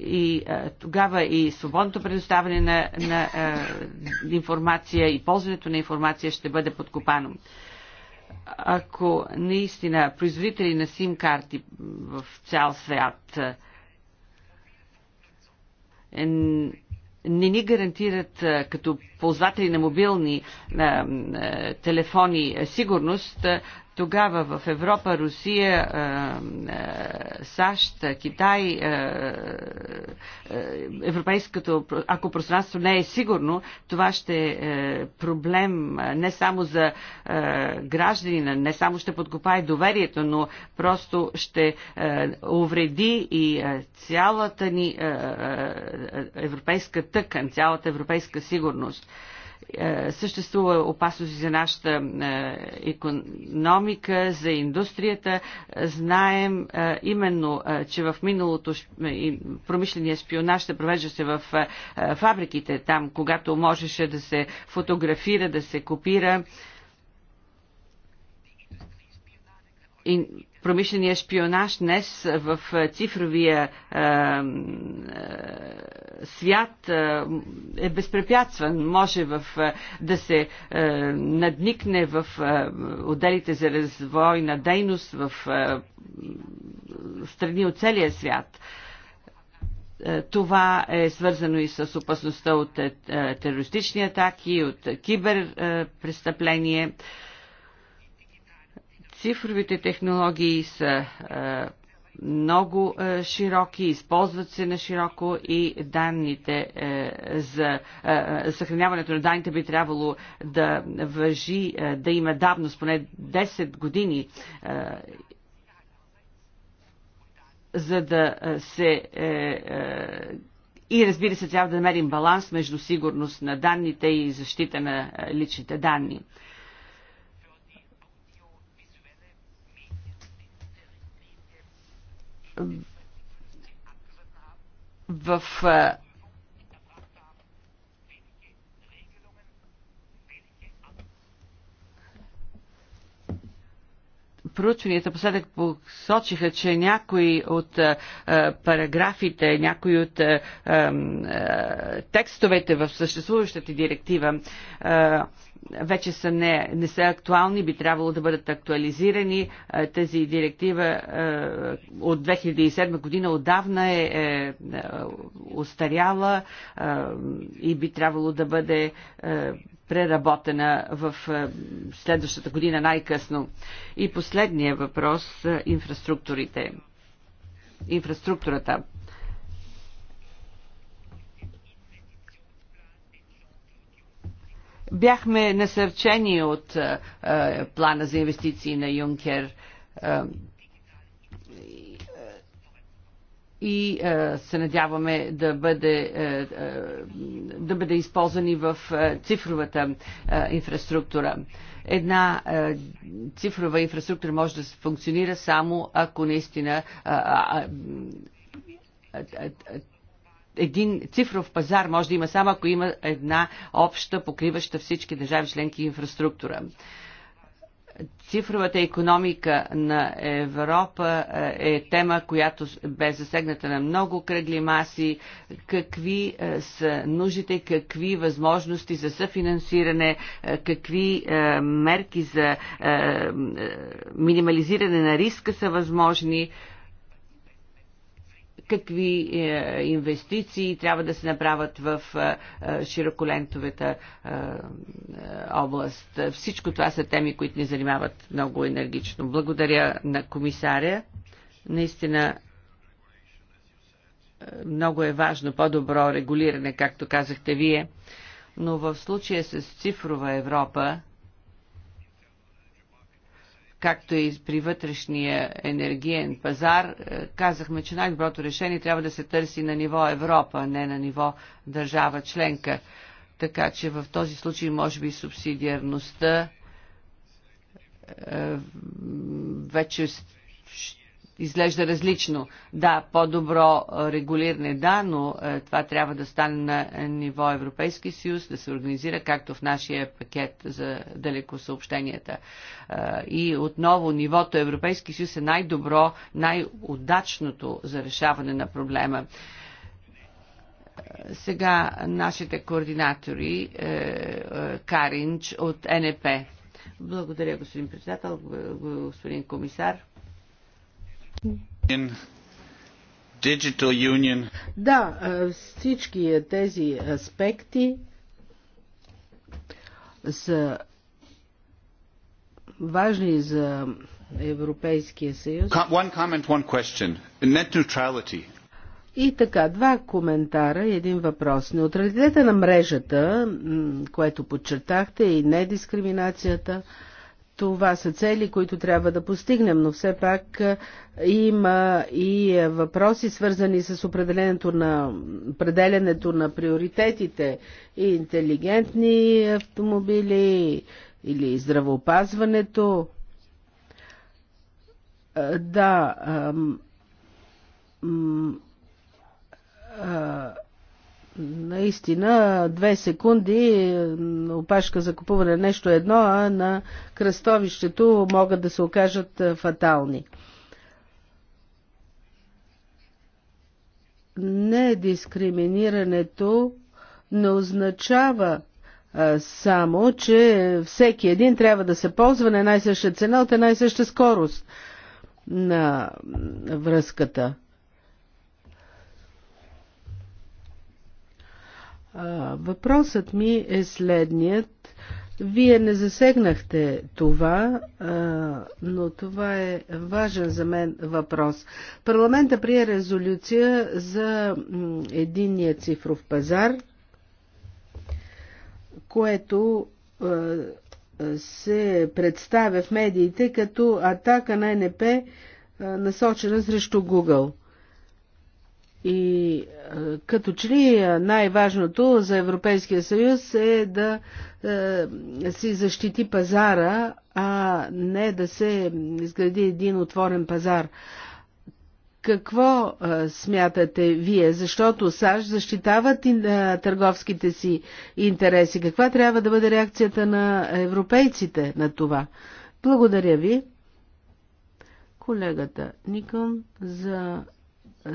и тогава и свободното предоставяне на, на информация и ползването на информация ще бъде подкопано ако наистина производители на сим-карти в цял свят е, не ни гарантират е, като ползватели на мобилни е, телефони сигурност, тогава в Европа, Русия, е, е, САЩ, Китай, е, европейското, ако пространство не е сигурно, това ще е проблем не само за гражданина, не само ще подкопае доверието, но просто ще увреди и цялата ни европейска тъкан, цялата европейска сигурност. Е, съществува опасност за нашата економика, за индустрията. Знаем е, именно, е, че в миналото промишления шпионаж ще провежда се в фабриките, там когато можеше да се фотографира, да се копира. И промишления шпионаж днес в цифровия е, е, свят е безпрепятстван. Може в, да се е, надникне в отделите за развой на дейност в страни от целия свят. Това е свързано и с опасността от е, терористични атаки, от киберпрестъпление. Цифровите технологии са много широки, използват се на широко и данните за съхраняването на данните би трябвало да въжи, да има давност поне 10 години, за да се. Е, е, и разбира се, трябва да намерим баланс между сигурност на данните и защита на личните данни. в проучванията последък посочиха, че някои от параграфите, някои от текстовете в съществуващата директива вече са не, не са актуални, би трябвало да бъдат актуализирани. Тази директива от 2007 година отдавна е, е, е устаряла и би трябвало да бъде преработена в е, следващата година най-късно. И последния въпрос е, – инфраструктурите. Инфраструктурата. Бяхме насърчени от а, е, плана за инвестиции на Юнкер. А, и а, е, се надяваме да бъде, е, е, да бъде използвани в е, цифровата а, инфраструктура. Една а, цифрова инфраструктура може да функционира само ако наистина а, а, а, а, един цифров пазар може да има само ако има една обща, покриваща всички държави членки инфраструктура. Цифровата економика на Европа е, е тема, която бе засегната на много кръгли маси. Какви е, са нуждите, какви възможности за съфинансиране, е, какви мерки за минимализиране на риска са възможни какви е, инвестиции трябва да се направят в е, е, широколентовата област. Всичко това са теми, които ни занимават много енергично. Благодаря на комисаря. Наистина много е важно по-добро регулиране, както казахте вие, но в случая с цифрова Европа както и при вътрешния енергиен пазар, е, казахме, че най-доброто решение трябва да се търси на ниво Европа, а не на ниво държава членка. Така че в този случай, може би, субсидиарността е, вече изглежда различно. Да, по-добро регулиране, да, но това трябва да стане на ниво Европейски съюз, да се организира както в нашия пакет за далеко съобщенията. И отново нивото Европейски съюз е най-добро, най-удачното за решаване на проблема. Сега нашите координатори е, е, Каринч от НП. Благодаря, господин председател, господин комисар. Да, всички тези аспекти са важни за Европейския съюз. One comment, one question. Net neutrality. И така, два коментара и един въпрос. Неутралитета на мрежата, което подчертахте, и недискриминацията, дискриминацията това са цели, които трябва да постигнем, но все пак има и въпроси, свързани с определенето на, определенето на приоритетите и интелигентни автомобили или здравеопазването. Да, ам, ам, а, наистина две секунди опашка за купуване на нещо едно, а на кръстовището могат да се окажат фатални. Не дискриминирането не означава а, само, че всеки един трябва да се ползва на една и съща цена от една и съща скорост на връзката. Въпросът ми е следният. Вие не засегнахте това, но това е важен за мен въпрос. Парламента прие резолюция за единния цифров пазар, което се представя в медиите като атака на НП, насочена срещу Google – и е, като че ли е, най-важното за Европейския съюз е да е, си защити пазара, а не да се изгради един отворен пазар. Какво е, смятате вие? Защото САЩ защитават и, е, търговските си интереси. Каква трябва да бъде реакцията на европейците на това? Благодаря ви. Колегата Никъм за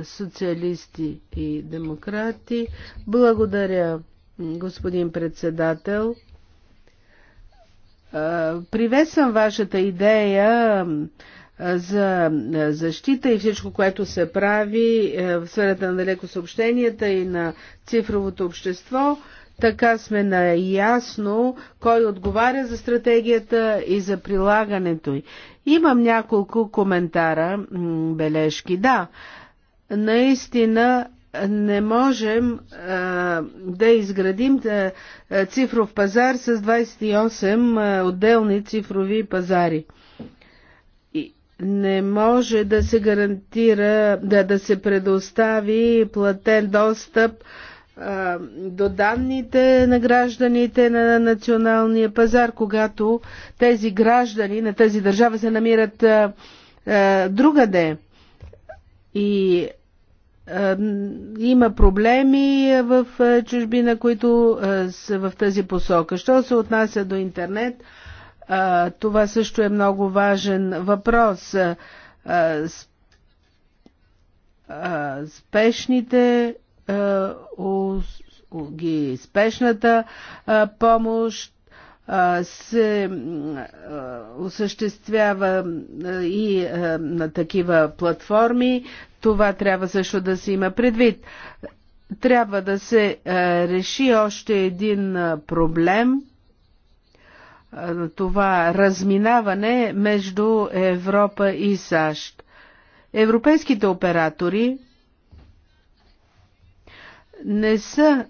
социалисти и демократи. Благодаря, господин председател. Привесвам вашата идея за защита и всичко, което се прави е, в сферата на далеко съобщенията и на цифровото общество. Така сме наясно кой отговаря за стратегията и за прилагането й. Имам няколко коментара, бележки. Да, наистина не можем а, да изградим а, цифров пазар с 28 а, отделни цифрови пазари. И не може да се гарантира, да, да се предостави платен достъп а, до данните на гражданите на националния пазар, когато тези граждани на тази държава се намират а, а, другаде. И има проблеми е, в е, чужбина, които е, са в тази посока. Що се отнася до интернет, това също е много важен въпрос. Спешните услуги, спешната помощ се осъществява и на такива платформи. Това трябва също да се има предвид. Трябва да се реши още един проблем. Това разминаване между Европа и САЩ. Европейските оператори не са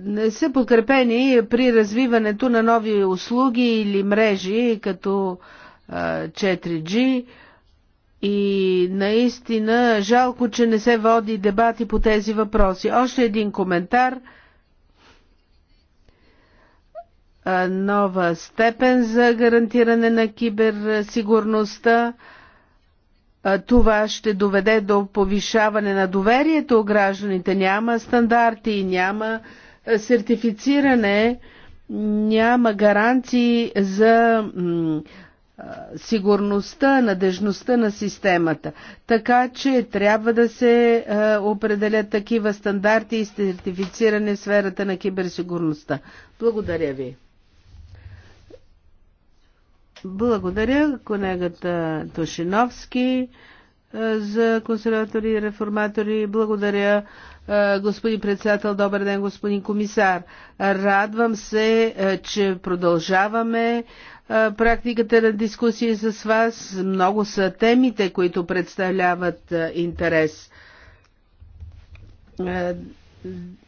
не са подкрепени при развиването на нови услуги или мрежи, като 4G. И наистина жалко, че не се води дебати по тези въпроси. Още един коментар. Нова степен за гарантиране на киберсигурността това ще доведе до повишаване на доверието у гражданите. Няма стандарти, няма сертифициране, няма гаранции за сигурността, надежността на системата. Така че трябва да се определят такива стандарти и сертифициране в сферата на киберсигурността. Благодаря ви. Благодаря колегата Тошиновски е, за консерватори и реформатори. Благодаря, е, господин председател. Добър ден, господин комисар. Радвам се, е, че продължаваме практиката на дискусии с вас. Много са темите, които представляват интерес.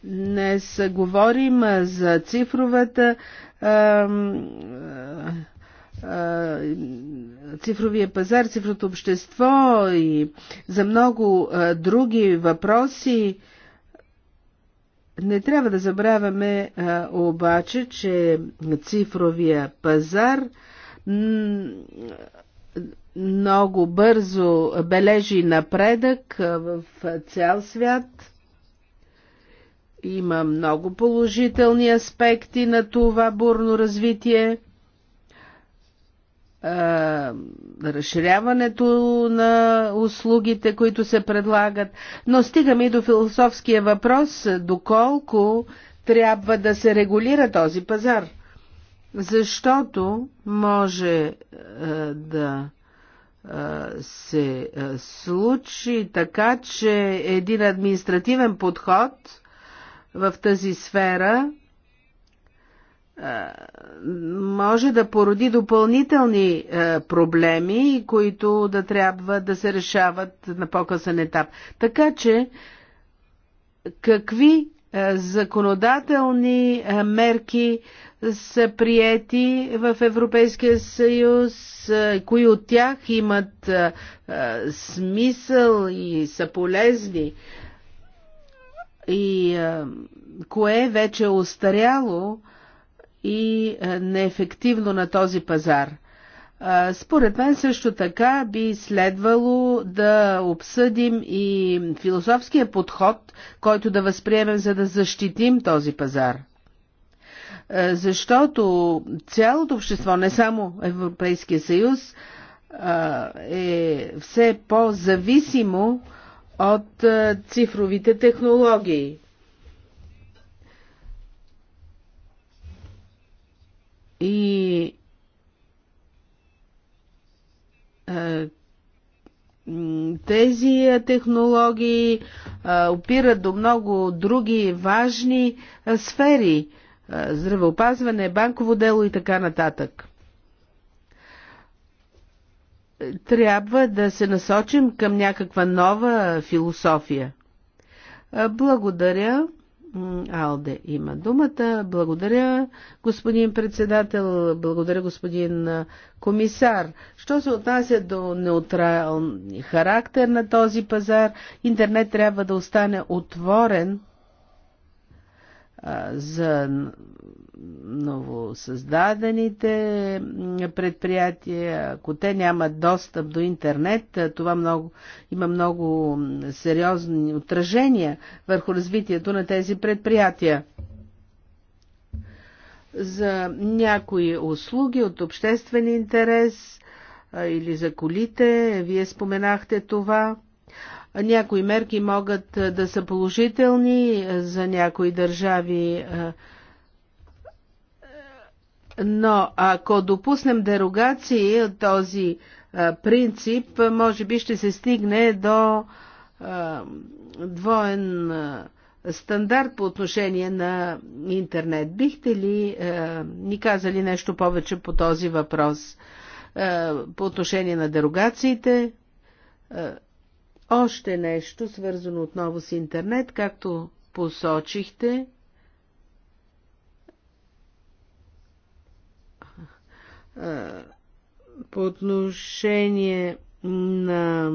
Днес говорим за цифровата цифровия пазар, цифрото общество и за много други въпроси. Не трябва да забравяме обаче, че цифровия пазар много бързо бележи напредък в цял свят. Има много положителни аспекти на това бурно развитие разширяването на услугите, които се предлагат, но стигаме и до философския въпрос, доколко трябва да се регулира този пазар. Защото може да се случи така, че един административен подход в тази сфера е, може да породи допълнителни е, проблеми, които да трябва да се решават на по-късен етап. Така че, какви е, законодателни мерки са приети в Европейския съюз, кои от тях имат смисъл и са полезни и кое вече е устаряло, и е, неефективно на този пазар. Е, според мен също така би следвало да обсъдим и философския подход, който да възприемем, за да защитим този пазар. Е, защото цялото общество, не само Европейския съюз, е все по-зависимо от цифровите технологии. И тези технологии опират до много други важни сфери здравеопазване, банково дело и така нататък. Трябва да се насочим към някаква нова философия. Благодаря. Алде има думата. Благодаря, господин председател, благодаря, господин комисар. Що се отнася до неутрален характер на този пазар, интернет трябва да остане отворен а, за новосъздадените предприятия, ако те нямат достъп до интернет, това много, има много сериозни отражения върху развитието на тези предприятия. За някои услуги от обществен интерес или за колите, вие споменахте това. Някои мерки могат да са положителни за някои държави но ако допуснем дерогации от този принцип, може би ще се стигне до двоен стандарт по отношение на интернет. Бихте ли ни казали нещо повече по този въпрос? По отношение на дерогациите, още нещо, свързано отново с интернет, както посочихте – по отношение на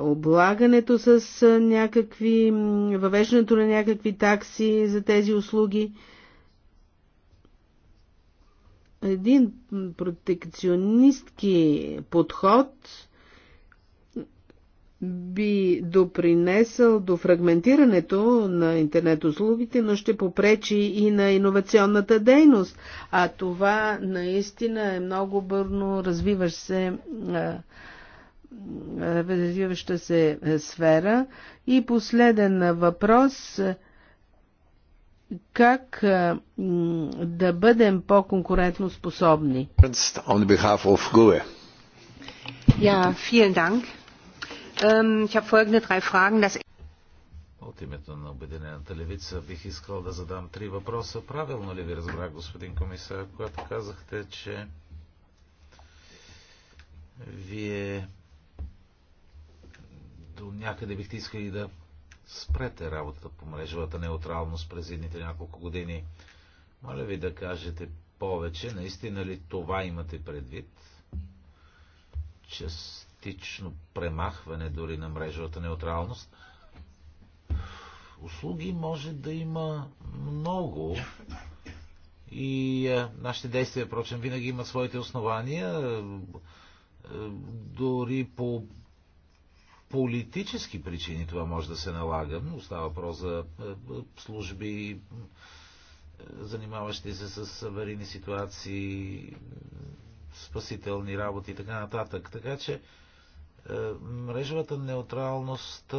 облагането с някакви, въвеждането на някакви такси за тези услуги. Един протекционистки подход би допринесъл до фрагментирането на интернет услугите, но ще попречи и на иновационната дейност. А това наистина е много бърно развиващ се развиваща се сфера. И последен въпрос как да бъдем по-конкурентно способни. Ja, vielen Dank. Ich habe folgende drei Fragen. Das от името на Обединената левица бих искал да задам три въпроса. Правилно ли ви разбрах, господин комисар, когато казахте, че вие до някъде бихте искали да спрете работата по мрежовата неутралност през едните няколко години. Моля ви да кажете повече, наистина ли това имате предвид? Част драстично премахване дори на мрежовата неутралност. Услуги може да има много и а, е, нашите действия, впрочем, винаги имат своите основания, е, е, дори по политически причини това може да се налага. Остава въпрос за служби, занимаващи се с аварийни ситуации, спасителни работи и така нататък. Така че е, мрежовата неутралност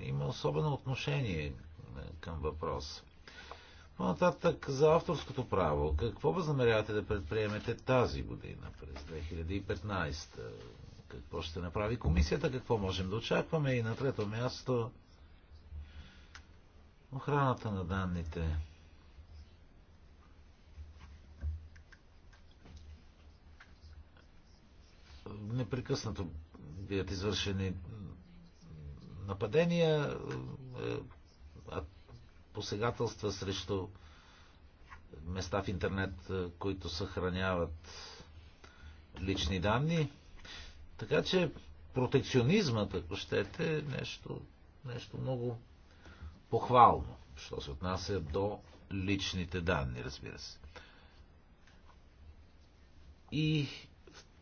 има особено отношение е, към въпроса. По-нататък за авторското право. Какво възнамерявате да предприемете тази година, през 2015? Какво ще направи комисията? Какво можем да очакваме? И на трето място охраната на данните. непрекъснато бият извършени нападения, е, посегателства срещу места в интернет, е, които съхраняват лични данни. Така че протекционизмът, ако щете, е нещо, нещо много похвално, що се отнася до личните данни, разбира се. И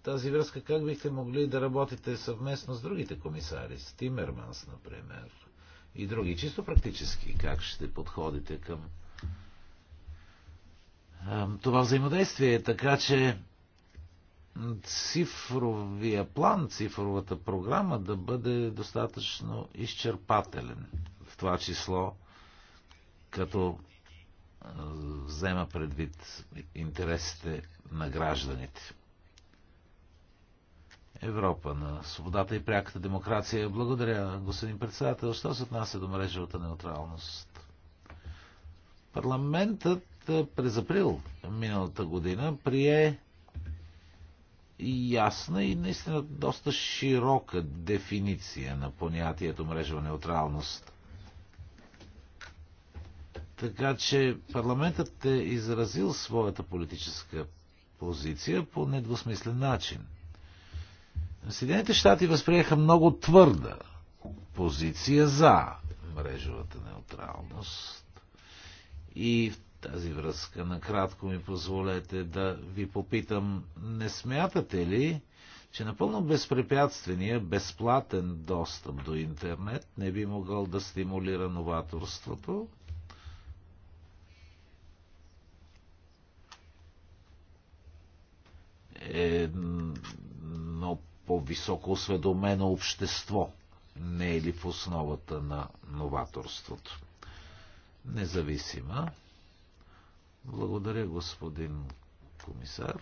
тази връзка как бихте могли да работите съвместно с другите комисари, с Тимерманс, например, и други, чисто практически, как ще подходите към това взаимодействие, така че цифровия план, цифровата програма да бъде достатъчно изчерпателен. В това число, като взема предвид интересите на гражданите. Европа на свободата и пряката демокрация. Благодаря, господин председател. Що се отнася до мрежевата неутралност? Парламентът през април миналата година прие ясна и наистина доста широка дефиниция на понятието мрежева неутралност. Така че парламентът е изразил своята политическа позиция по недвусмислен начин. Съединените щати възприеха много твърда позиция за мрежовата неутралност. И в тази връзка накратко ми позволете да ви попитам, не смятате ли, че напълно безпрепятствения, безплатен достъп до интернет не би могъл да стимулира новаторството? Е, по-високо осведомено общество не е ли в основата на новаторството? Независима. Благодаря, господин комисар.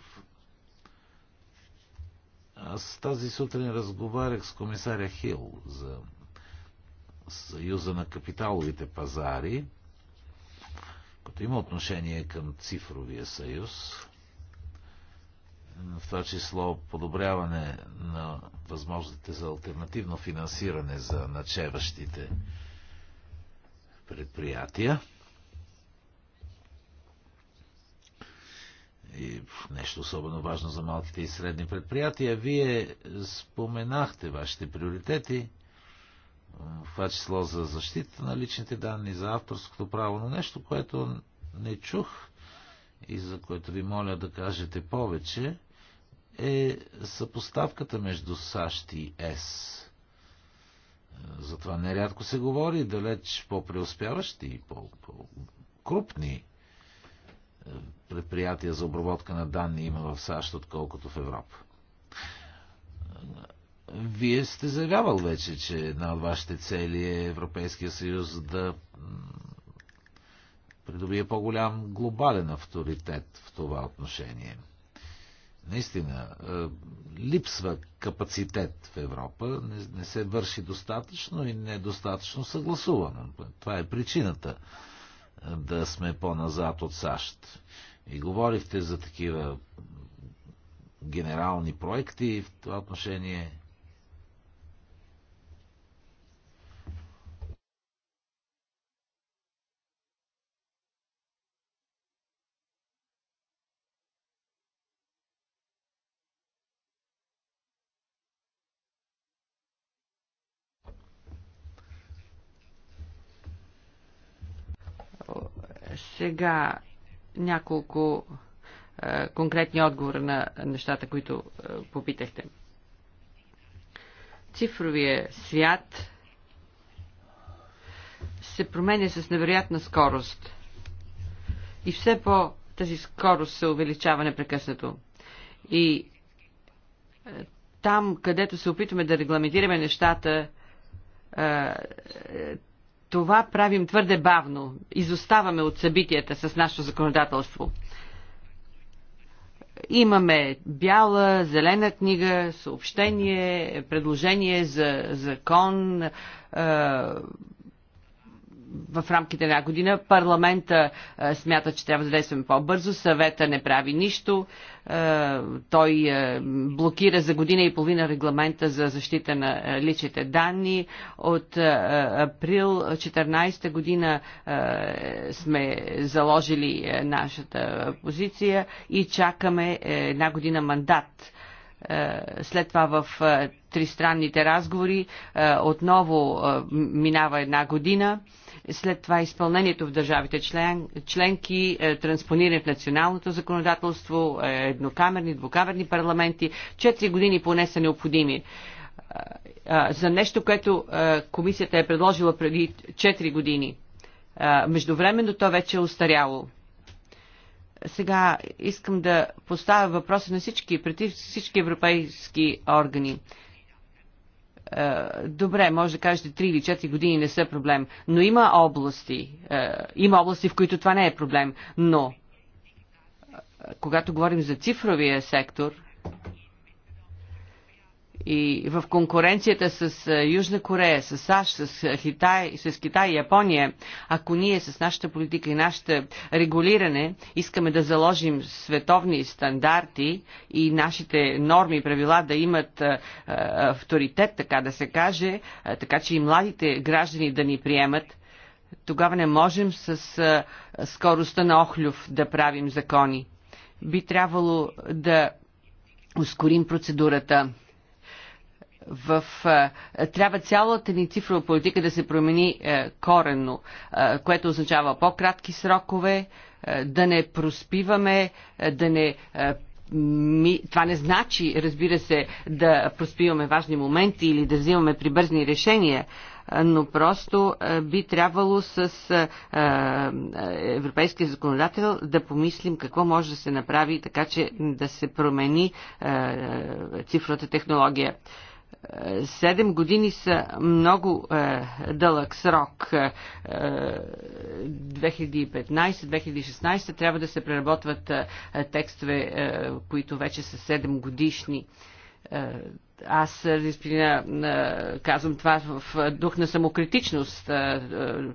Аз тази сутрин разговарях с комисаря Хил за Съюза на капиталовите пазари, като има отношение към цифровия съюз в това число подобряване на възможностите за альтернативно финансиране за начеващите предприятия. И нещо особено важно за малките и средни предприятия. Вие споменахте вашите приоритети, в това число за защита на личните данни, за авторското право, но нещо, което не чух и за което ви моля да кажете повече – е съпоставката между САЩ и ЕС. Затова нерядко се говори далеч по-преуспяващи и по-крупни -по е, предприятия за обработка на данни има в САЩ, отколкото в Европа. Вие сте заявявал вече, че една от вашите цели е Европейския съюз да придобие по-голям глобален авторитет в това отношение – Наистина, е, липсва капацитет в Европа, не, не се върши достатъчно и недостатъчно съгласувано. Това е причината е, да сме по-назад от САЩ. И говорихте за такива генерални проекти в това отношение. Сега няколко е, конкретни отговора на нещата, които е, попитахте. Цифровия свят се променя с невероятна скорост. И все по тази скорост се увеличава непрекъснато. И е, там, където се опитваме да регламентираме нещата, е, е, това правим твърде бавно. Изоставаме от събитията с нашето законодателство. Имаме бяла, зелена книга, съобщение, предложение за закон, е, в рамките на една година. Парламента а, е, смята, че трябва да действаме по-бързо, съвета не прави нищо. А, е, той а, е, блокира за година и половина регламента за защита на личните данни. От а, април 14 година а, сме заложили нашата позиция и чакаме една година мандат след това в тристранните разговори отново минава една година след това изпълнението в държавите член, членки, е, транспониране в националното законодателство, е, еднокамерни, двукамерни парламенти. 4 години поне са необходими е, за нещо, което комисията е предложила преди 4 години. Междувременно то вече е устаряло. Сега искам да поставя въпроса на всички, преди всички европейски органи. Е, добре, може да кажете 3 или 4 години не са проблем, но има области, е, има области, в които това не е проблем, но е, когато говорим за цифровия сектор, и в конкуренцията с е, Южна Корея, с САЩ, с е, Китай, с Китай и Япония, ако ние с нашата политика и нашата регулиране искаме да заложим световни стандарти и нашите норми и правила да имат е, авторитет, така да се каже, така че и младите граждани да ни приемат, тогава не можем с скоростта на Охлюв да правим закони. Би трябвало да ускорим процедурата в, трябва цялата ни цифрова политика да се промени коренно, което означава по-кратки срокове, да не проспиваме, да не ми, това не значи, разбира се, да проспиваме важни моменти или да взимаме прибързни решения, но просто би трябвало с европейския законодател да помислим какво може да се направи така, че да се промени цифровата технология. Седем години са много е, дълъг срок. Е, 2015-2016 трябва да се преработват е, текстове, е, които вече са 7 годишни. Е, аз наистина е, е, казвам това в дух на самокритичност. Е,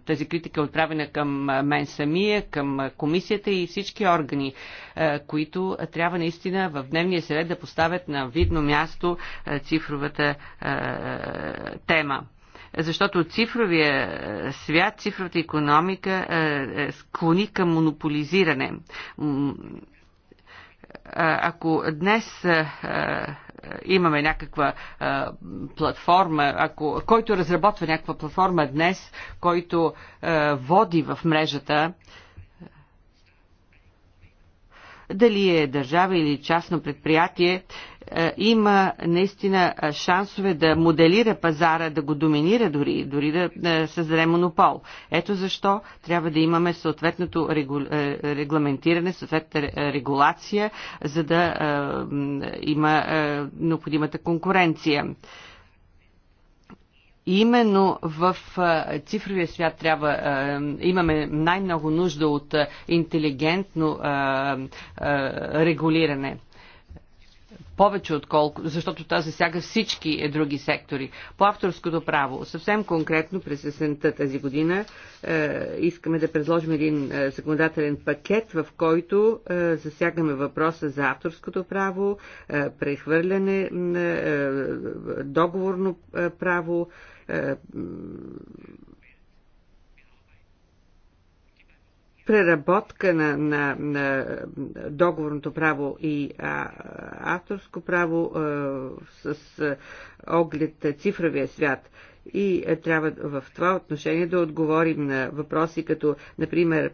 тази критика е отправена към мен самия, към комисията и всички органи, които трябва наистина в дневния съвет да поставят на видно място цифровата тема защото цифровия свят, цифровата економика склони към монополизиране ако днес имаме някаква а, платформа, ако, който разработва някаква платформа днес, който а, води в мрежата, дали е държава или частно предприятие, е, има наистина шансове да моделира пазара, да го доминира дори, дори да е, създаде монопол. Ето защо трябва да имаме съответното е, регламентиране, съответната регулация, за да има необходимата конкуренция именно в цифровия свят трябва, имаме най-много нужда от интелигентно регулиране повече отколкото, защото това засяга всички е други сектори. По авторското право, съвсем конкретно през есента тази година е, искаме да предложим един е, законодателен пакет, в който е, засягаме въпроса за авторското право, е, прехвърляне, е, договорно е, право, е, преработка на, на, на договорното право и а, авторско право а, с а, оглед цифровия свят и трябва в това отношение да отговорим на въпроси като, например,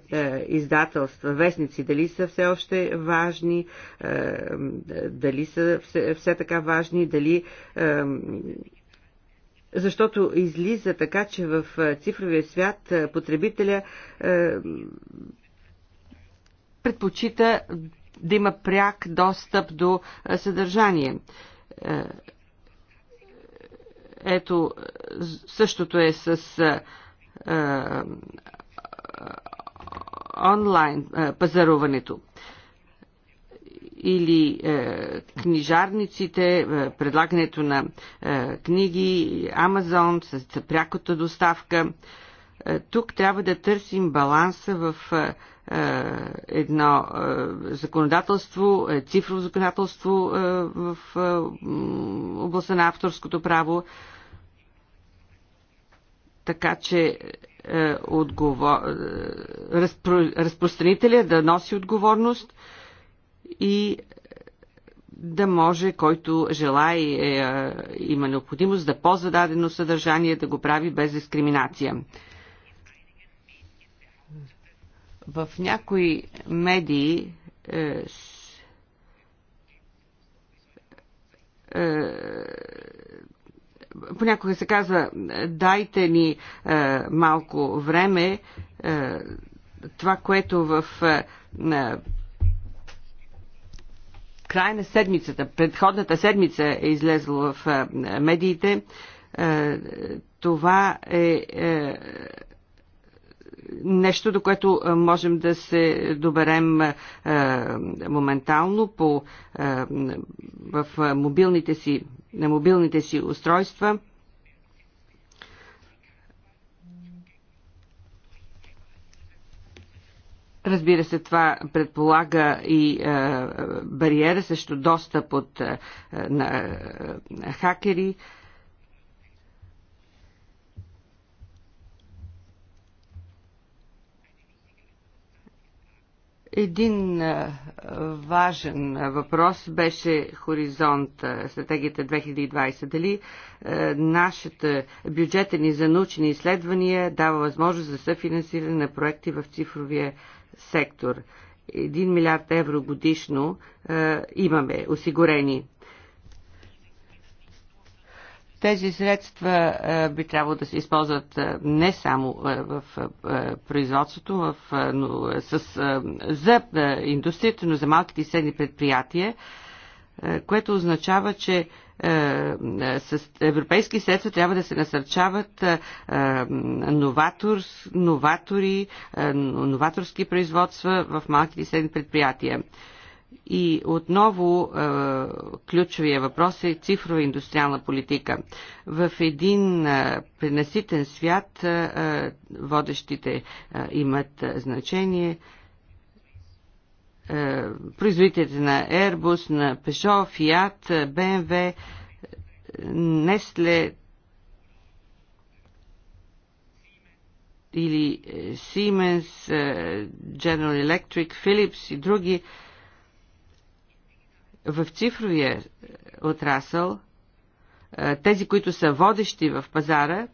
издателства, вестници, дали са все още важни, дали са все, все така важни, дали защото излиза така, че в цифровия свят потребителя предпочита да има пряк достъп до съдържание. Ето, същото е с онлайн пазаруването или е, книжарниците, е, предлагането на е, книги, Амазон с, пряката доставка. Е, тук трябва да търсим баланса в е, е едно е, законодателство, е, цифрово законодателство в областта на авторското право, така че отговор... разпро... разпространителя да носи отговорност и да може, който желая и е, е, има необходимост да ползва дадено съдържание, да го прави без дискриминация. В някои медии е, е, понякога се казва, дайте ни е, малко време, е, това, което в е, края на седмицата, предходната седмица е излезло в е, медиите. Е, това е, е нещо, до което можем да се доберем моментално по, в мобилните си, на мобилните си устройства – Разбира се, това предполага и е, е, бариера срещу достъп от е, на, на е, хакери. Един е, важен въпрос беше хоризонт стратегията 2020. Дали нашата бюджета ни за научни изследвания дава възможност за съфинансиране на проекти в цифровия сектор. 1 милиард евро годишно е, имаме осигурени. Тези средства е, би трябвало да се използват е, не само е, в е, производството, в, е, но, е, с, е, за е, индустрията, но за малките и средни предприятия, е, което означава, че е, е, е, с европейски средства трябва да се насърчават е, новатори, новаторски производства в малките и средни предприятия. И отново ключовия въпрос е цифрова индустриална политика. В един пренаситен свят водещите имат значение. Е, производителите на Airbus, на Peugeot, Fiat, BMW, Nestle или е, Siemens, е, General Electric, Philips и други. В цифровия отрасъл тези, които са водещи в пазара,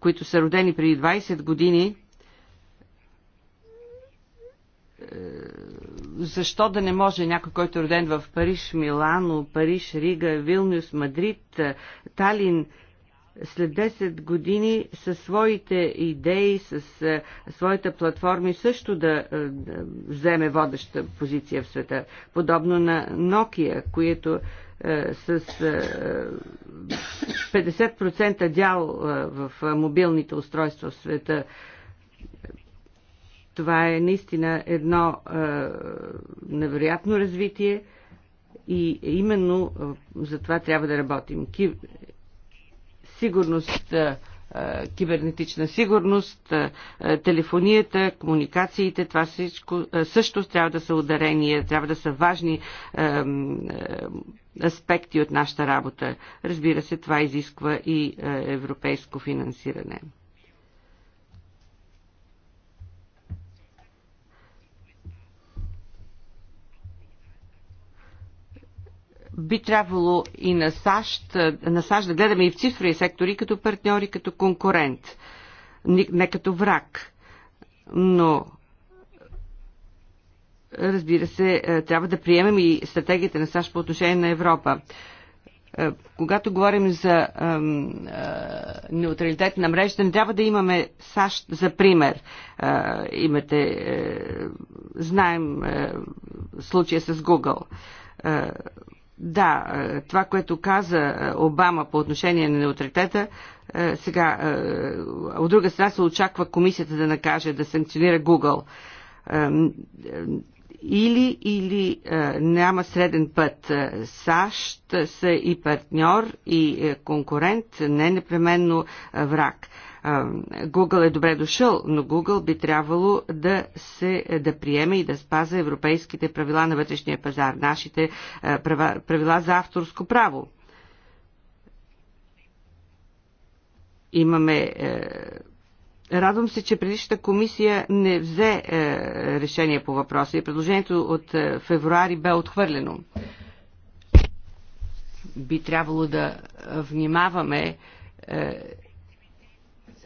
които са родени преди 20 години, защо да не може някой, който е роден в Париж, Милано, Париж, Рига, Вилнюс, Мадрид, е, Талин, след 10 години със своите идеи, с е, своите платформи също да, е, да вземе водеща позиция в света. Подобно на Nokia, които с 50% дял в мобилните устройства в света това е наистина едно е, невероятно развитие и именно е, за това трябва да работим. Ки... Сигурност, е, кибернетична сигурност, е, телефонията, комуникациите, това всичко е, също трябва да са ударения, трябва да са важни е, е, аспекти от нашата работа. Разбира се, това изисква и е, европейско финансиране. би трябвало и на САЩ, на САЩ да гледаме и в цифрови сектори като партньори, като конкурент, не като враг. Но разбира се, е, трябва да приемем и стратегията на САЩ по отношение на Европа. Е, когато говорим за е, неутралитет на мрежата, не трябва да имаме САЩ за пример. Имате, знаем случая с Google. Да, е, това, което каза е, Обама по отношение на неутралитета, е, сега, от друга страна се очаква комисията да накаже, да санкционира Google. Или, или няма среден път. САЩ са и партньор, и конкурент, не непременно враг. Google е добре дошъл, но Google би трябвало да се да приеме и да спаза европейските правила на вътрешния пазар, нашите е, права, правила за авторско право. Имаме е, Радвам се, че предишната комисия не взе е, решение по въпроса и предложението от февруари бе отхвърлено. Би трябвало да внимаваме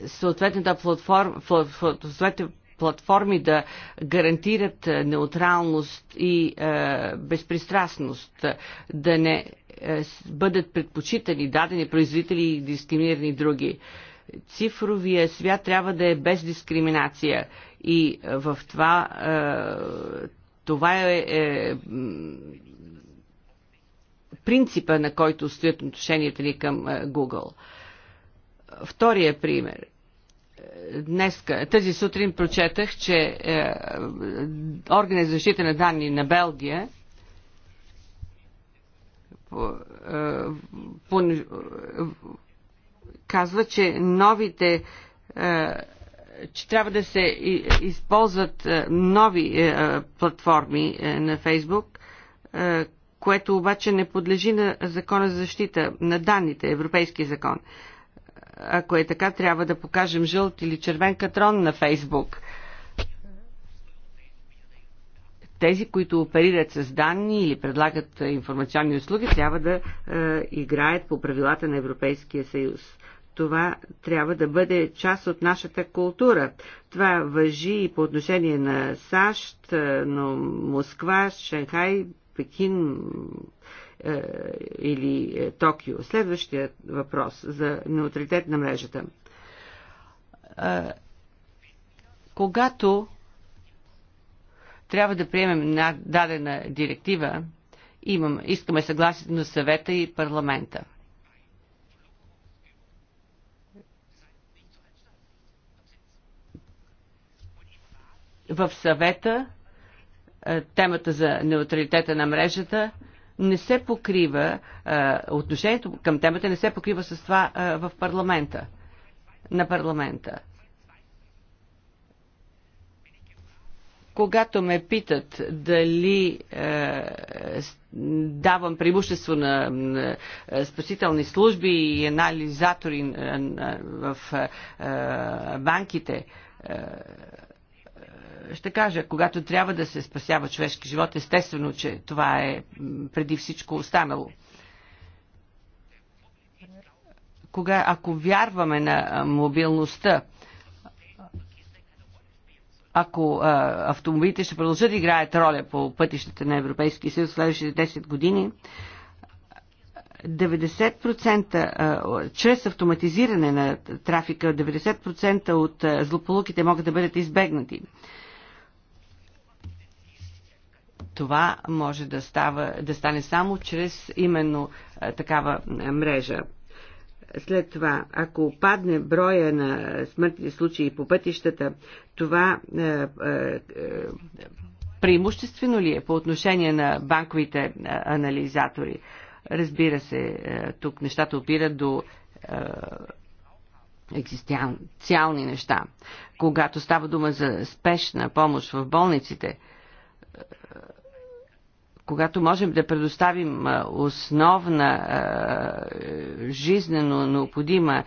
съответната платформа, платформи да гарантират е, неутралност и е, безпристрастност, да не е, бъдат предпочитани дадени производители и дискриминирани други. Цифровия свят трябва да е без дискриминация и е, в това е, това е, е принципа, на който стоят отношенията ни към е, Google. Втория пример – днеска, тази сутрин прочетах, че е, органът за защита на данни на Белгия по, е, по, е, казва, че новите е, че трябва да се използват е, нови е, платформи е, на Фейсбук, е, което обаче не подлежи на закона за защита на данните, европейски закон. Е, ако е така, трябва да покажем жълт или червен катрон на Фейсбук. Тези, които оперират с данни или предлагат информационни услуги, трябва да е, играят по правилата на Европейския съюз. Това трябва да бъде част от нашата култура. Това въжи и по отношение на САЩ, е, но Москва, Шанхай, Пекин, е, или е, Токио. Следващия въпрос за неутралитет на мрежата. Е, когато трябва да приемем дадена директива, имам, искаме съгласието на съвета и парламента. В съвета темата за неутралитета на мрежата не се покрива, отношението към темата не се покрива с това в парламента, на парламента. когато ме питат дали е, давам преимущество на, на спасителни служби и анализатори в е, банките, е, ще кажа, когато трябва да се спасява човешки живот, естествено, че това е преди всичко останало. Кога, ако вярваме на мобилността, ако а, автомобилите ще продължат да играят роля по пътищата на Европейския съюз в следващите 10 години, 90% чрез автоматизиране на трафика, 90% от злополуките могат да бъдат избегнати. Това може да, става, да стане само чрез именно такава мрежа. След това, ако падне броя на смъртни случаи по пътищата, това преимуществено ли е по отношение на банковите анализатори? Разбира се, тук нещата опират до екзистенциални неща. Когато става дума за спешна помощ в болниците, когато можем да предоставим основна жизнено необходима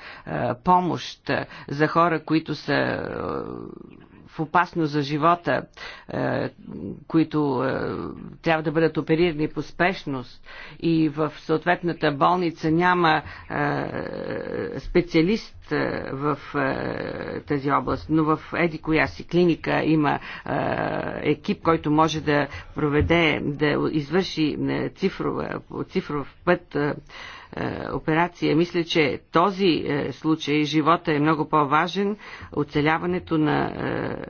помощ за хора, които са в опасност за живота, е, които е, трябва да бъдат оперирани по спешност и в съответната болница няма е, специалист в тази област, но в еди коя си клиника има екип, който може да проведе, да извърши цифрова, цифров път е, операция. Мисля, че този е, случай, живота е много по-важен. Оцеляването на е,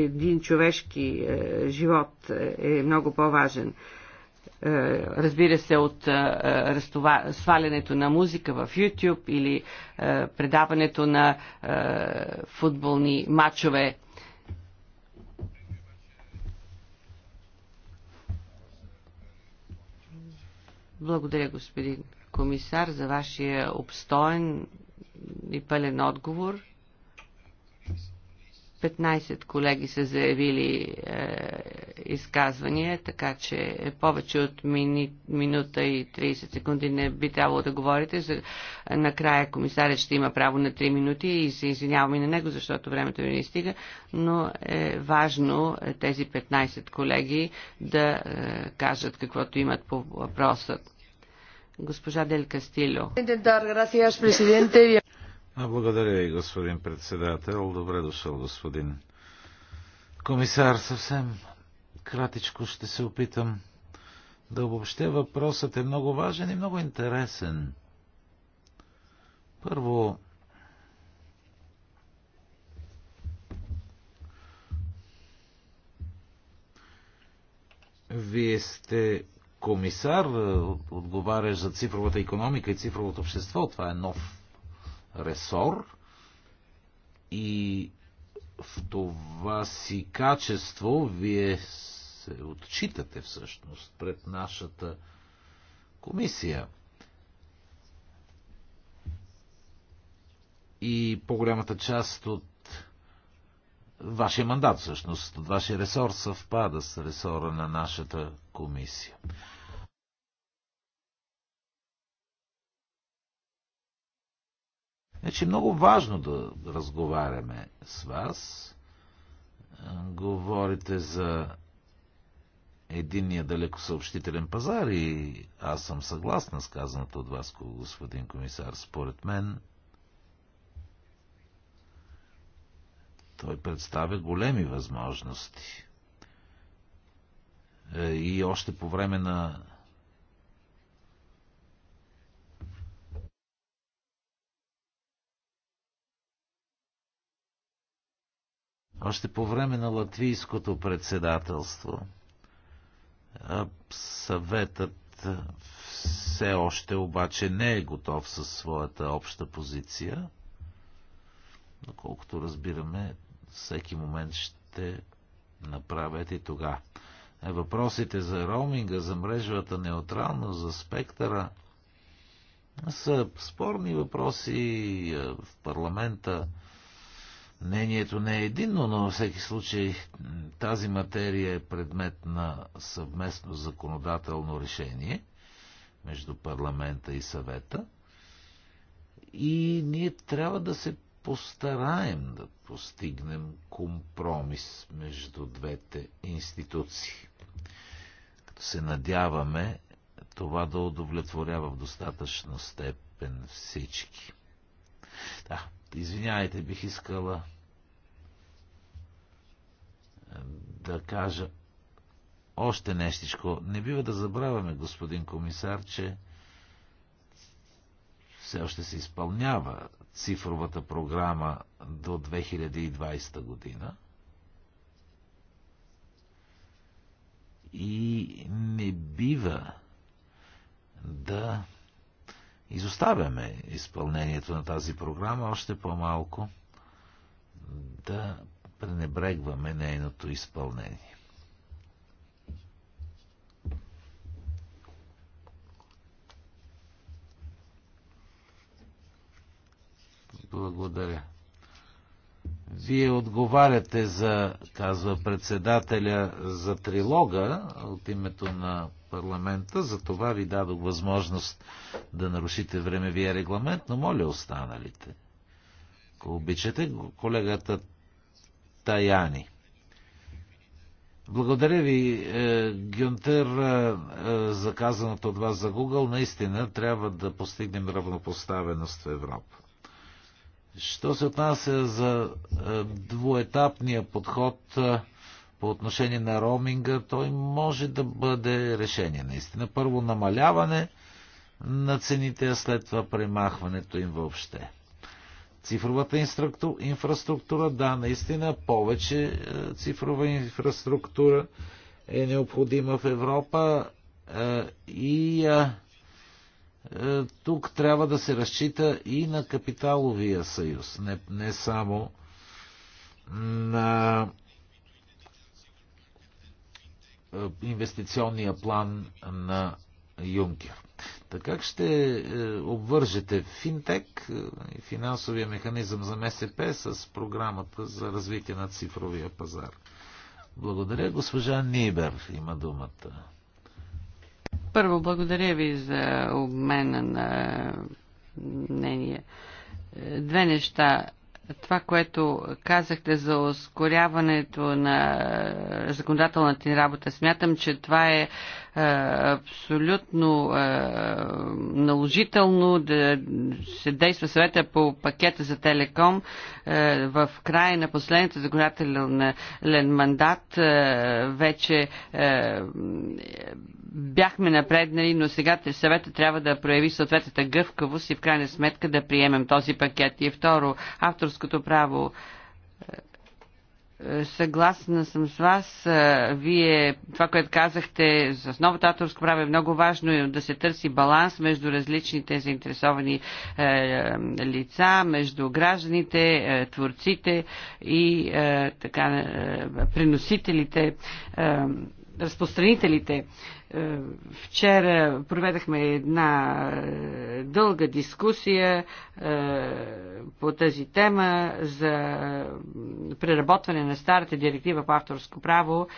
един човешки живот е много по-важен разбира се, от свалянето на музика в YouTube или предаването на футболни матчове Благодаря, господин комисар, за вашия обстоен и пълен отговор. 15 колеги са заявили е, изказвания, така че повече от мини, минута и 30 секунди не би трябвало да говорите. За, накрая комисарят ще има право на 3 минути и се извинявам и на него, защото времето ви не стига, но е важно тези 15 колеги да е, кажат каквото имат по въпросът. Госпожа Дел Кастило. Благодаря и господин председател. Добре дошъл, господин комисар. Съвсем кратичко ще се опитам да обобщя. Въпросът е много важен и много интересен. Първо, Вие сте комисар, отговарящ за цифровата економика и цифровото общество. Това е нов ресор и в това си качество вие се отчитате всъщност пред нашата комисия. И по-голямата част от вашия мандат всъщност, от вашия ресор съвпада с ресора на нашата комисия. Значи много важно да разговаряме с вас. Е, говорите за единния далекосъобщителен пазар и аз съм съгласна с казаното от вас, господин комисар. Според мен той представя големи възможности. И още по време на Още по време на латвийското председателство съветът все още обаче не е готов със своята обща позиция. Доколкото разбираме, всеки момент ще направят и тога. Е, въпросите за роуминга, за мрежовата неутралност, за спектъра са спорни въпроси в парламента. Мнението не е единно, но във всеки случай тази материя е предмет на съвместно законодателно решение между парламента и съвета. И ние трябва да се постараем да постигнем компромис между двете институции. Като се надяваме това да удовлетворява в достатъчна степен всички. Да, Извинявайте, бих искала е, да кажа още нещичко. Не бива да забравяме, господин комисар, че все още се изпълнява цифровата програма до 2020 година. И не бива да изоставяме изпълнението на тази програма, още по-малко да пренебрегваме нейното изпълнение. Благодаря. Вие отговаряте за, казва председателя, за трилога от името на парламента, за това ви дадох възможност да нарушите времевия регламент, но моля останалите. Ако обичате, колегата Таяни. Благодаря ви, е, Гюнтер, е, е, за казаното от вас за Google. Наистина трябва да постигнем равнопоставеност в Европа. Що се отнася за е, двуетапния подход е, по отношение на роуминга, той може да бъде решение наистина. Първо намаляване на цените, а след това премахването им въобще. Цифровата инфраструктура, да, наистина повече е, цифрова инфраструктура е необходима в Европа и е, тук трябва да се разчита и на капиталовия съюз, не, не само на е, инвестиционния план на Юнкер. Така ще е, обвържете финтек и финансовия механизъм за МСП с програмата за развитие на цифровия пазар. Благодаря, госпожа Нибер има думата. Първо, благодаря ви за обмена на мнение. Две неща това, което казахте за ускоряването на законодателната ни работа, смятам, че това е е, абсолютно е, наложително да се действа съвета по пакета за Телеком е, в края на последната законодателен мандат. Вече бяхме напреднали, но сега съвета трябва да прояви съответната гъвкавост и в крайна сметка да приемем този пакет. И второ, авторското право Съгласна съм с вас. Вие, това, което казахте за основата авторско право е много важно да се търси баланс между различните заинтересовани е, лица, между гражданите, е, творците и е, така, приносителите разпространителите. Е, вчера проведахме една е, дълга дискусия е, по тази тема за преработване на старата директива по авторско право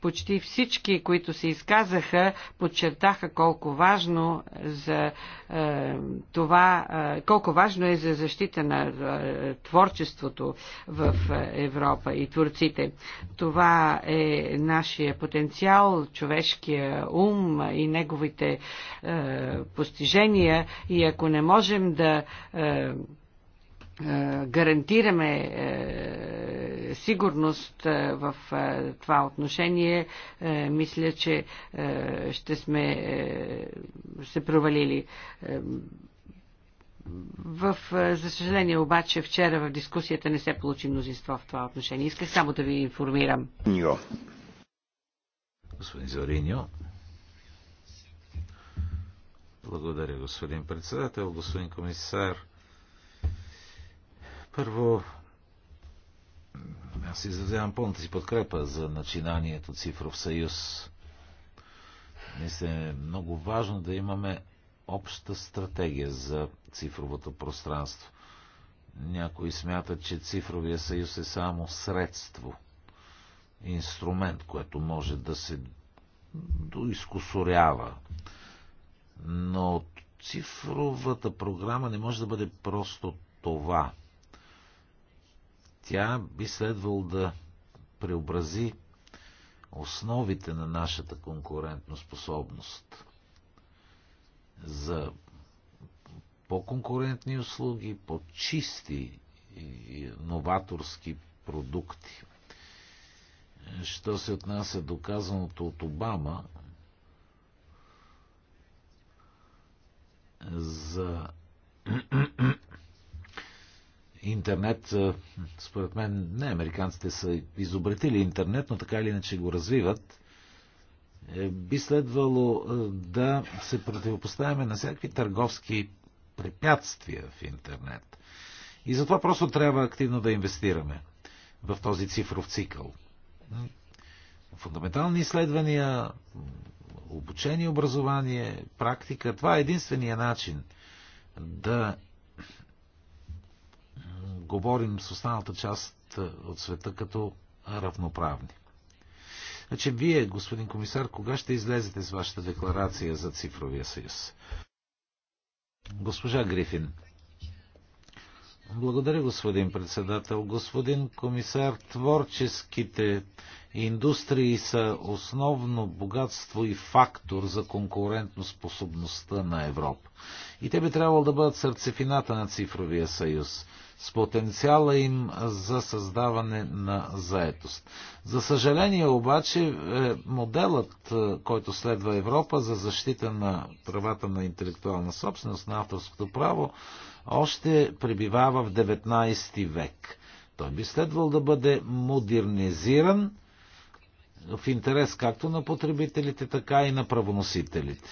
почти всички, които се изказаха, подчертаха колко важно за е, това, е, колко важно е за защита на е, творчеството в Европа и творците. Това е нашия потенциал, човешкия ум и неговите е, постижения и ако не можем да е, е, гарантираме е, сигурност е, в това отношение, мисля, че ще сме се провалили. В, за съжаление обаче вчера в дискусията не се получи мнозинство в това отношение. Исках само да ви информирам. Ньо. Господин Зориньо. Благодаря, господин председател, господин комисар. Първо, аз изразявам пълната си подкрепа за начинанието Цифров съюз. Мисля, е много важно да имаме обща стратегия за цифровото пространство. Някои смятат, че цифровия съюз е само средство, инструмент, което може да се доискусорява. Но цифровата програма не може да бъде просто това – тя би следвало да преобрази основите на нашата конкурентно способност за по-конкурентни услуги, по-чисти и новаторски продукти. Що се отнася до казаното от Обама за интернет, според мен, не американците са изобретили интернет, но така или иначе го развиват, е, би следвало да се противопоставяме на всякакви търговски препятствия в интернет. И затова просто трябва активно да инвестираме в този цифров цикъл. Фундаментални изследвания, обучение, образование, практика, това е единствения начин да говорим с останалата част е, от света като равноправни. Значи вие, господин комисар, кога ще излезете с вашата декларация за цифровия съюз? Госпожа Грифин. Благодаря, господин председател. Господин комисар, творческите индустрии са основно богатство и фактор за конкурентоспособността на Европа. И те би трябвало да бъдат сърцефината на цифровия съюз с потенциала им за създаване на заетост. За съжаление обаче, е, моделът, е, който следва Европа за защита на правата на интелектуална собственост, на авторското право, още пребивава в 19 век. Той би следвал да бъде модернизиран в интерес както на потребителите, така и на правоносителите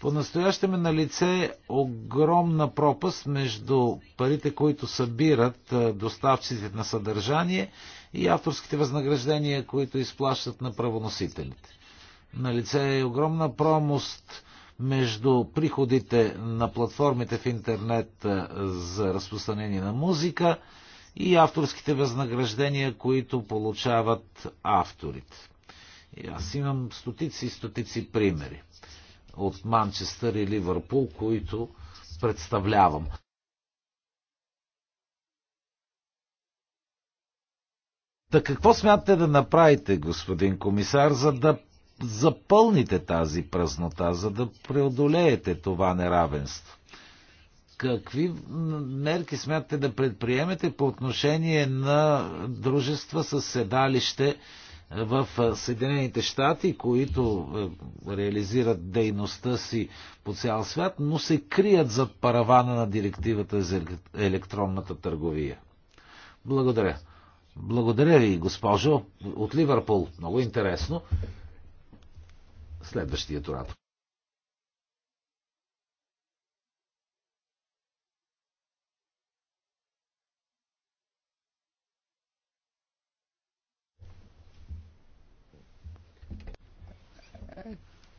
по настоящеме на лице огромна пропаст между парите, които събират доставчиците на съдържание и авторските възнаграждения, които изплащат на правоносителите. На лице е огромна промост между приходите на платформите в интернет за разпространение на музика и авторските възнаграждения, които получават авторите. И аз имам стотици и стотици примери от Манчестър и Ливърпул, които представлявам. Та какво смятате да направите, господин комисар, за да запълните тази празнота, за да преодолеете това неравенство? Какви мерки смятате да предприемете по отношение на дружества с седалище в Съединените щати, които реализират дейността си по цял свят, но се крият за паравана на директивата за електронната търговия. Благодаря. Благодаря ви, госпожо, от Ливърпул. Много интересно. Следващият оратор.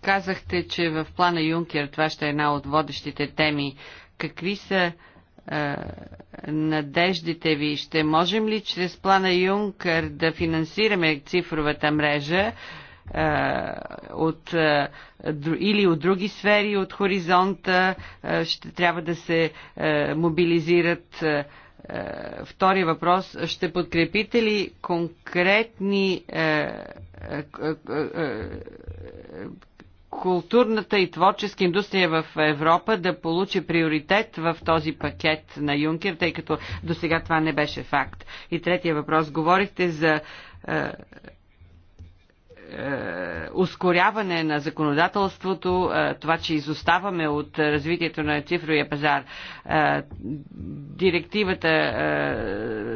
Казахте, че в плана Юнкер това ще е една от водещите теми. Какви са е, надеждите ви? Ще можем ли чрез плана Юнкер да финансираме цифровата мрежа? Е, от, е, или от други сфери, от хоризонта, е, ще трябва да се мобилизират. Втори въпрос. Ще подкрепите ли конкретни културната и творческа индустрия в Европа да получи приоритет в този пакет на Юнкер, тъй като до сега това не беше факт. И третия въпрос. Говорихте за е, е, ускоряване на законодателството, е, това, че изоставаме от развитието на цифровия пазар, директивата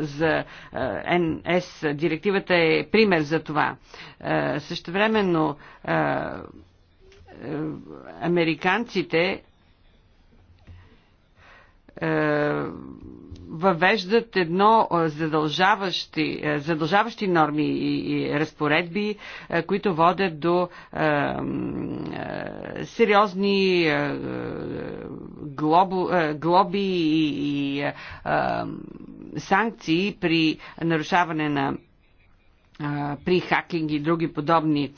за НС, директивата е пример за това. Също Същевременно американците е, въвеждат едно е, задължаващи, е, задължаващи норми и, разпоредби, които водят до сериозни глобо, глоби и, санкции при нарушаване на при хакинг и други подобни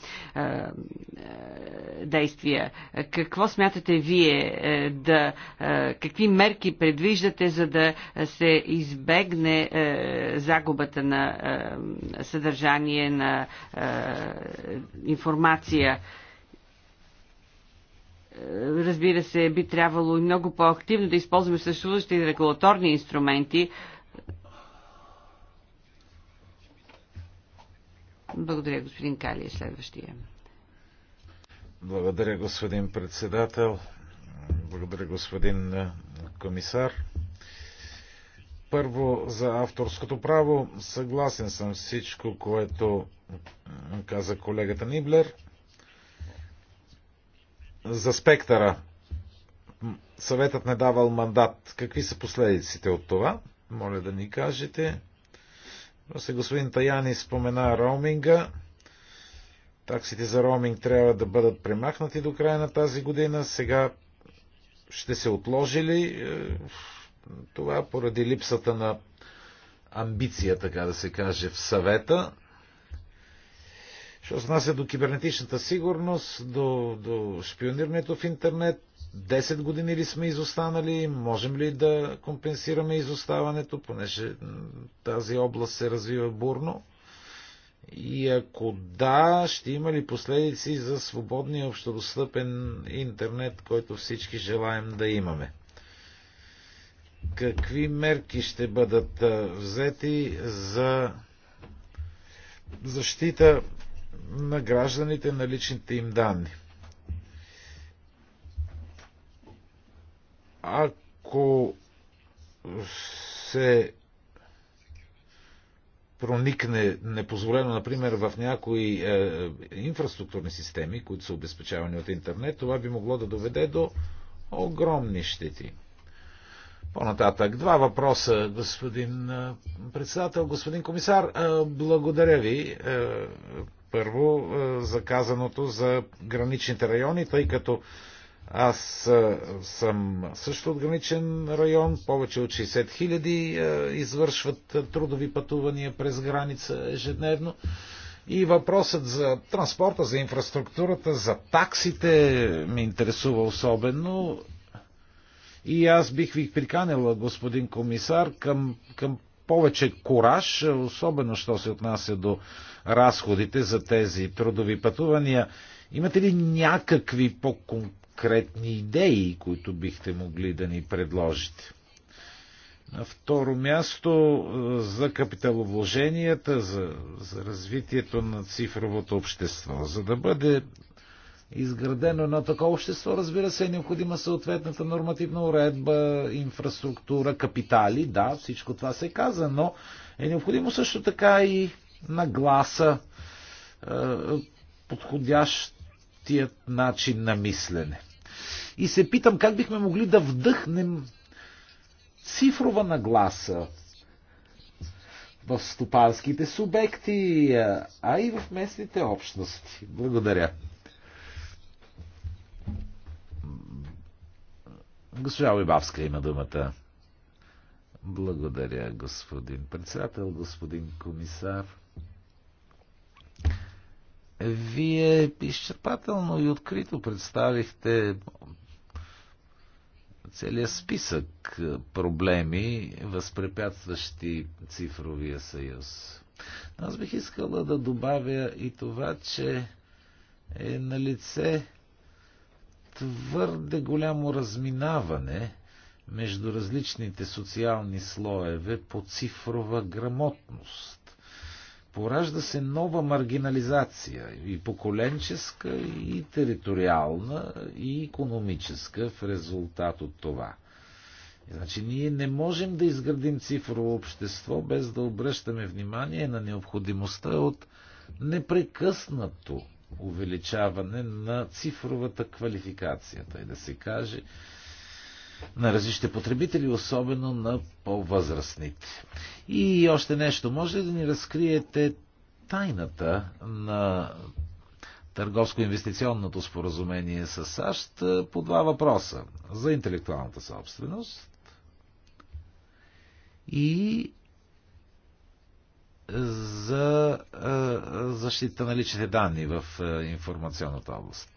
действия. Какво смятате вие е, да. Какви мерки предвиждате, за да се избегне е, загубата на е, съдържание, на информация? Разбира се, би трябвало и много по-активно да използваме съществуващите регулаторни инструменти, Благодаря, господин Кали, е следващия. Благодаря, господин председател. Благодаря, господин комисар. Първо за авторското право. Съгласен съм всичко, което каза колегата Ниблер. За спектъра. Съветът не давал мандат. Какви са последиците от това? Моля да ни кажете господин Таяни спомена роуминга. Таксите за роуминг трябва да бъдат премахнати до края на тази година. Сега ще се отложи ли е, това поради липсата на амбиция, така да се каже, в съвета? Що се нася до кибернетичната сигурност, до, до шпионирането в интернет, 10 години ли сме изостанали, можем ли да компенсираме изоставането, понеже тази област се развива бурно? И ако да, ще има ли последици за свободния общодостъпен интернет, който всички желаем да имаме? Какви мерки ще бъдат взети за защита на гражданите на личните им данни? Ако се проникне непозволено, например, в някои е, инфраструктурни системи, които са обезпечавани от интернет, това би могло да доведе до огромни щети. По-нататък, два въпроса, господин е, председател, господин комисар. Е, благодаря ви е, първо за казаното за граничните райони, тъй като аз съм също от граничен район, повече от 60 хиляди извършват трудови пътувания през граница ежедневно. И въпросът за транспорта, за инфраструктурата, за таксите ме интересува особено. И аз бих ви приканила, господин комисар, към, към повече кораж, особено що се отнася до разходите за тези трудови пътувания. Имате ли някакви по-конкретни конкретни идеи, които бихте могли да ни предложите? На второ място е, за капиталовложенията, за, за развитието на цифровото общество. За да бъде изградено едно такова общество, разбира се, е необходима съответната нормативна уредба, инфраструктура, капитали, да, всичко това се каза, но е необходимо също така и нагласа, е, подходящият начин на мислене. И се питам как бихме могли да вдъхнем цифрова нагласа в стопанските субекти, а и в местните общности. Благодаря. Госпожа Уйбавска има думата. Благодаря, господин председател, господин комисар. Вие изчерпателно и открито представихте целият списък проблеми, възпрепятстващи цифровия съюз. Аз бих искала да добавя и това, че е на лице твърде голямо разминаване между различните социални слоеве по цифрова грамотност. Поражда се нова маргинализация и поколенческа, и териториална, и економическа в резултат от това. Значи ние не можем да изградим цифрово общество без да обръщаме внимание на необходимостта от непрекъснато увеличаване на цифровата квалификация, тъй да се каже, на различните потребители, особено на по-възрастните. И още нещо, може ли да ни разкриете тайната на търговско-инвестиционното споразумение с САЩ по два въпроса. За интелектуалната собственост и за защита на личните данни в информационната област.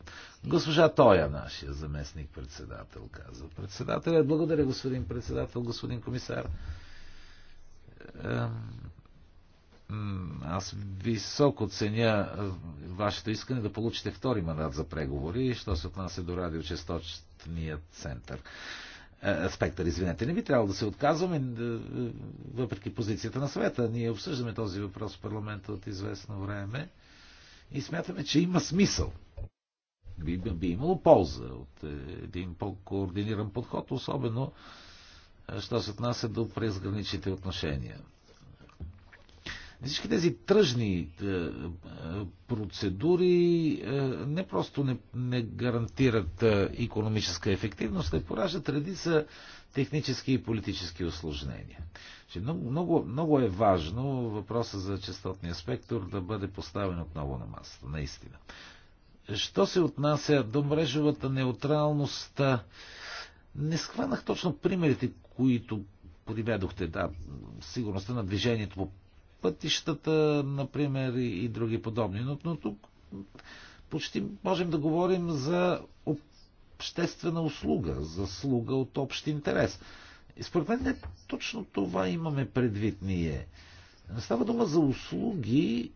Госпожа Тоя, нашия заместник-председател, казва. Председателят, благодаря, господин председател, господин комисар. Аз високо ценя е, вашето искане да получите втори мандат за преговори, що се отнася до радиочастотния център. Е, е, спектър, извинете, не би трябвало да се отказваме, въпреки позицията на света. Ние обсъждаме този въпрос в парламента от известно време и смятаме, че има смисъл би, би имало полза от е, един по-координиран подход, особено е, що се отнася до презграничните отношения. Всички тези тръжни е, процедури не просто не, не гарантират економическа ефективност, а пораждат редица технически и политически осложнения. Много, много, много е важно въпроса за частотния спектър да бъде поставен отново на масата, наистина. Що се отнася до мрежовата неутралност, не схванах точно примерите, които приведохте. Да, сигурността на движението по пътищата, например, и, други подобни. Но, но тук почти можем да говорим за обществена услуга, за слуга от общ интерес. И според мен не точно това имаме предвид ние. Става дума за услуги,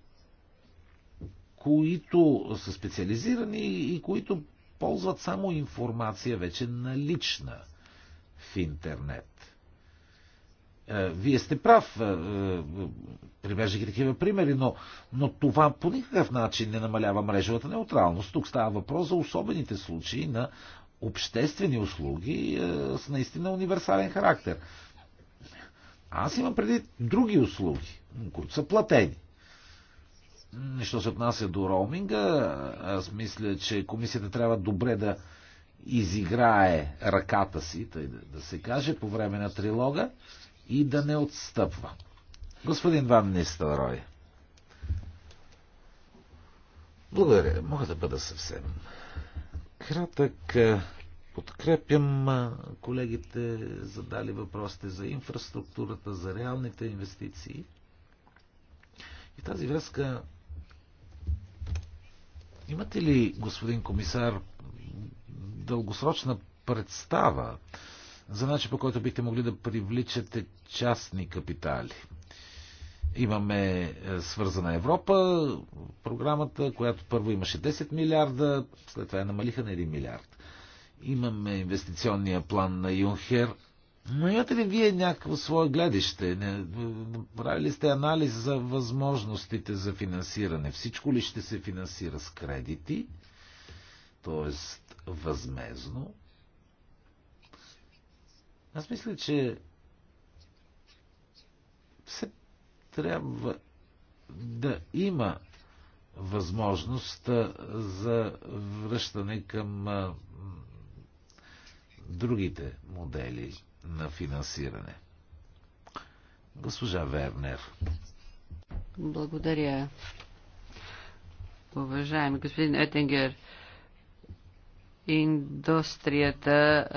които са специализирани и които ползват само информация вече налична в интернет. Е, вие сте прав, е, е, привеждайки такива примери, но, но това по никакъв начин не намалява мрежовата неутралност. Тук става въпрос за особените случаи на обществени услуги с наистина универсален характер. Аз имам преди други услуги, които са платени. Що се отнася до роуминга, аз мисля, че комисията трябва добре да изиграе ръката си, тъй да, да се каже, по време на трилога и да не отстъпва. Господин Ван Нистелрой. Благодаря. Мога да бъда съвсем кратък. Подкрепям колегите, задали въпросите за инфраструктурата, за реалните инвестиции. И тази връзка Имате ли, господин комисар, дългосрочна представа за начин по който бихте могли да привличате частни капитали? Имаме е, свързана Европа, програмата, която първо имаше 10 милиарда, след това я намалиха на 1 милиард. Имаме инвестиционния план на Юнхер, но имате ли вие някакво свое гледище? Правили сте анализ за възможностите за финансиране? Всичко ли ще се финансира с кредити? Тоест възмезно? Аз мисля, че все трябва да има възможност за връщане към другите модели на финансиране. Госпожа Вернер. Благодаря. Уважаеми господин Етенгер, индустрията,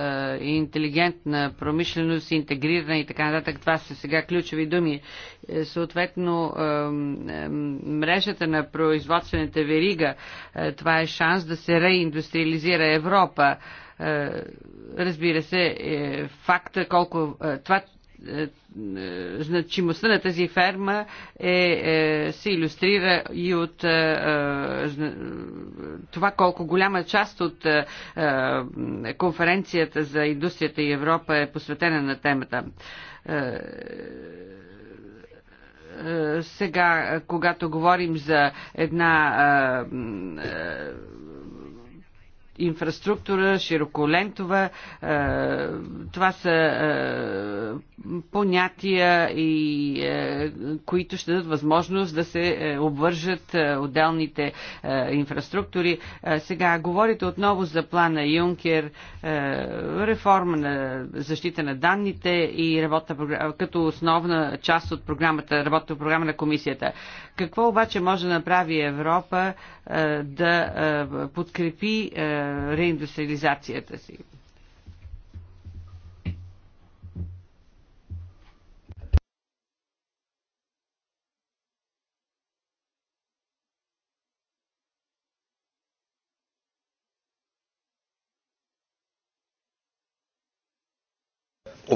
интелигентна промишленост, интегрирана и така нататък. Това са сега ключови думи. Е, съответно, мрежата на производствената верига, това е шанс да се реиндустриализира Европа е, разбира се, е факта колко е, това е, значимостта на тази ферма е, е, се иллюстрира и от е, е, това колко голяма част от е, конференцията за индустрията и Европа е посветена на темата. Е, е, сега, когато говорим за една е, е, инфраструктура, широколентова. Е, това са е, понятия, и, е, които ще дадат възможност да се обвържат отделните инфраструктури. Сега говорите отново за плана Юнкер, реформа на защита на данните и работна като основна част от програмата, работната програма на комисията. Какво обаче може да направи Европа? да подкрепи реиндустриализацията си.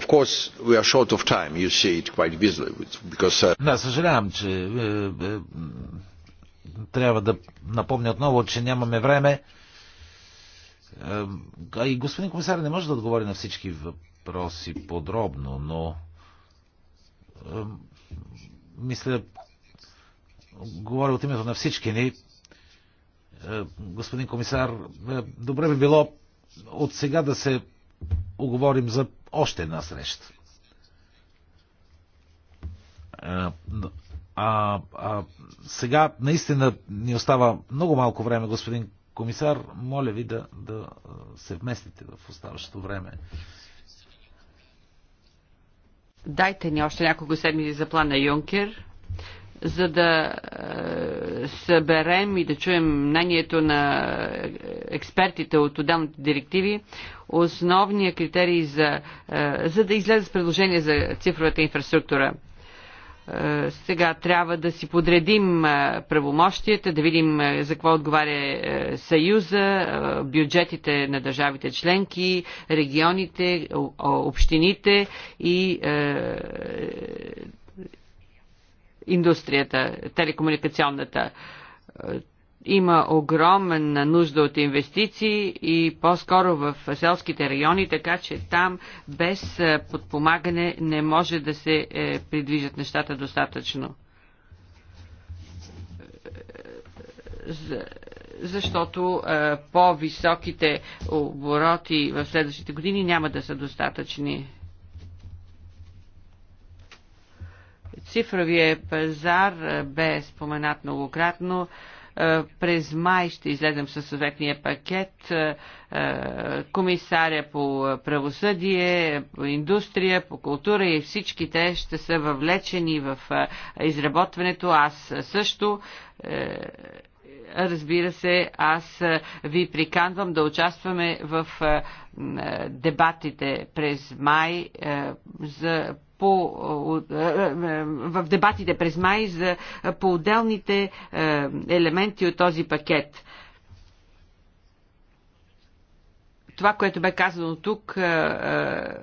Of course, we are short of time. You see it quite visibly because. Uh... Да, съжалявам, че трябва да напомня отново, че нямаме време. Е, а и господин комисар не може да отговори на всички въпроси подробно, но е, мисля, говоря от името на всички ни, е, господин комисар, добре би било от сега да се оговорим за още една среща. А, а сега наистина ни остава много малко време, господин комисар. Моля ви да, да се вместите в оставащото време. Дайте ни още няколко седмици за плана Юнкер, за да е, съберем и да чуем мнението на експертите от отделните директиви. Основния критерий за, е, за да излезе с предложение за цифровата инфраструктура е, сега трябва да си подредим е, правомощията, да видим е, за какво отговаря Съюза, бюджетите на държавите членки, регионите, общините и индустрията, телекомуникационната има огромна нужда от инвестиции и по-скоро в селските райони, така че там без е, подпомагане не може да се е, придвижат нещата достатъчно. Защото е, по-високите обороти в следващите години няма да са достатъчни. Цифровия пазар бе споменат многократно. Е, през май ще излезем със съответния пакет. Е, е, комисаря по правосъдие, по индустрия, по култура и всички те ще са въвлечени в изработването. Аз също Разбира се, аз ви приканвам да участваме в дебатите през май за по, в дебатите през май за по отделните елементи от този пакет. това, което бе казано тук, а, а,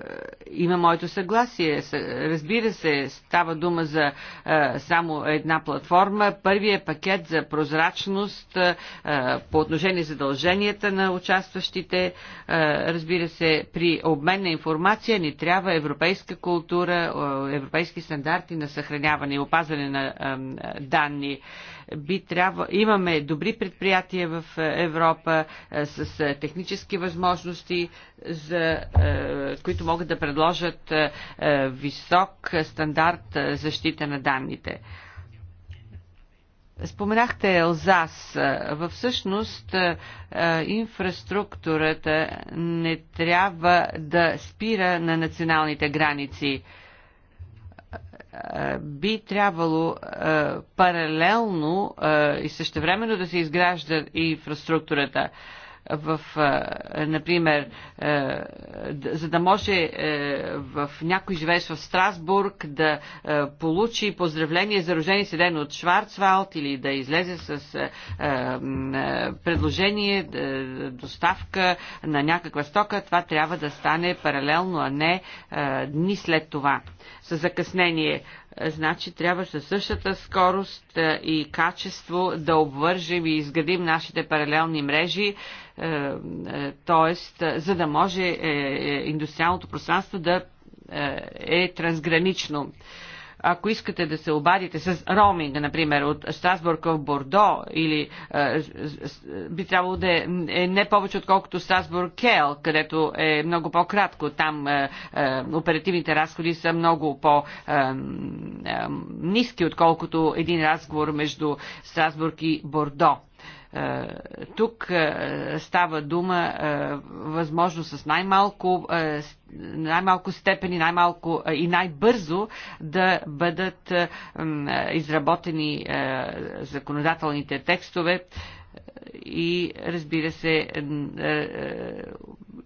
има моето съгласие. Разбира се, става дума за а, само една платформа. Първият е пакет за прозрачност по отношение задълженията на участващите. Разбира се, при обмен на информация ни трябва европейска култура, европейски стандарти на съхраняване и опазване на данни би трябва, имаме добри предприятия в е, Европа е, с е, технически възможности, за, които могат да предложат висок стандарт защита на данните. Споменахте Елзас. Във всъщност инфраструктурата не трябва да спира на националните граници. Е, би трябвало е, паралелно е, и същевременно да се изгражда инфраструктурата в, например, за да може в някой живееш в Страсбург да получи поздравление за рождение си ден от Шварцвалд или да излезе с предложение, доставка на някаква стока, това трябва да стане паралелно, а не дни след това. С закъснение значи трябва със същата скорост и качество да обвържем и изградим нашите паралелни мрежи е, е, тоест, е, за да може индустриалното пространство да е трансгранично ако искате да се обадите с роуминга, например, от Страсбург в Бордо, или е, би трябвало да е, е не повече отколкото Страсбург Кел, където е много по-кратко. Там е, е, оперативните разходи са много по-низки, е, е, отколкото един разговор между Страсбург и Бордо. Е, тук е, става дума е, възможно с най-малко, най-малко степени, най-малко и най-бързо да бъдат изработени законодателните текстове и разбира се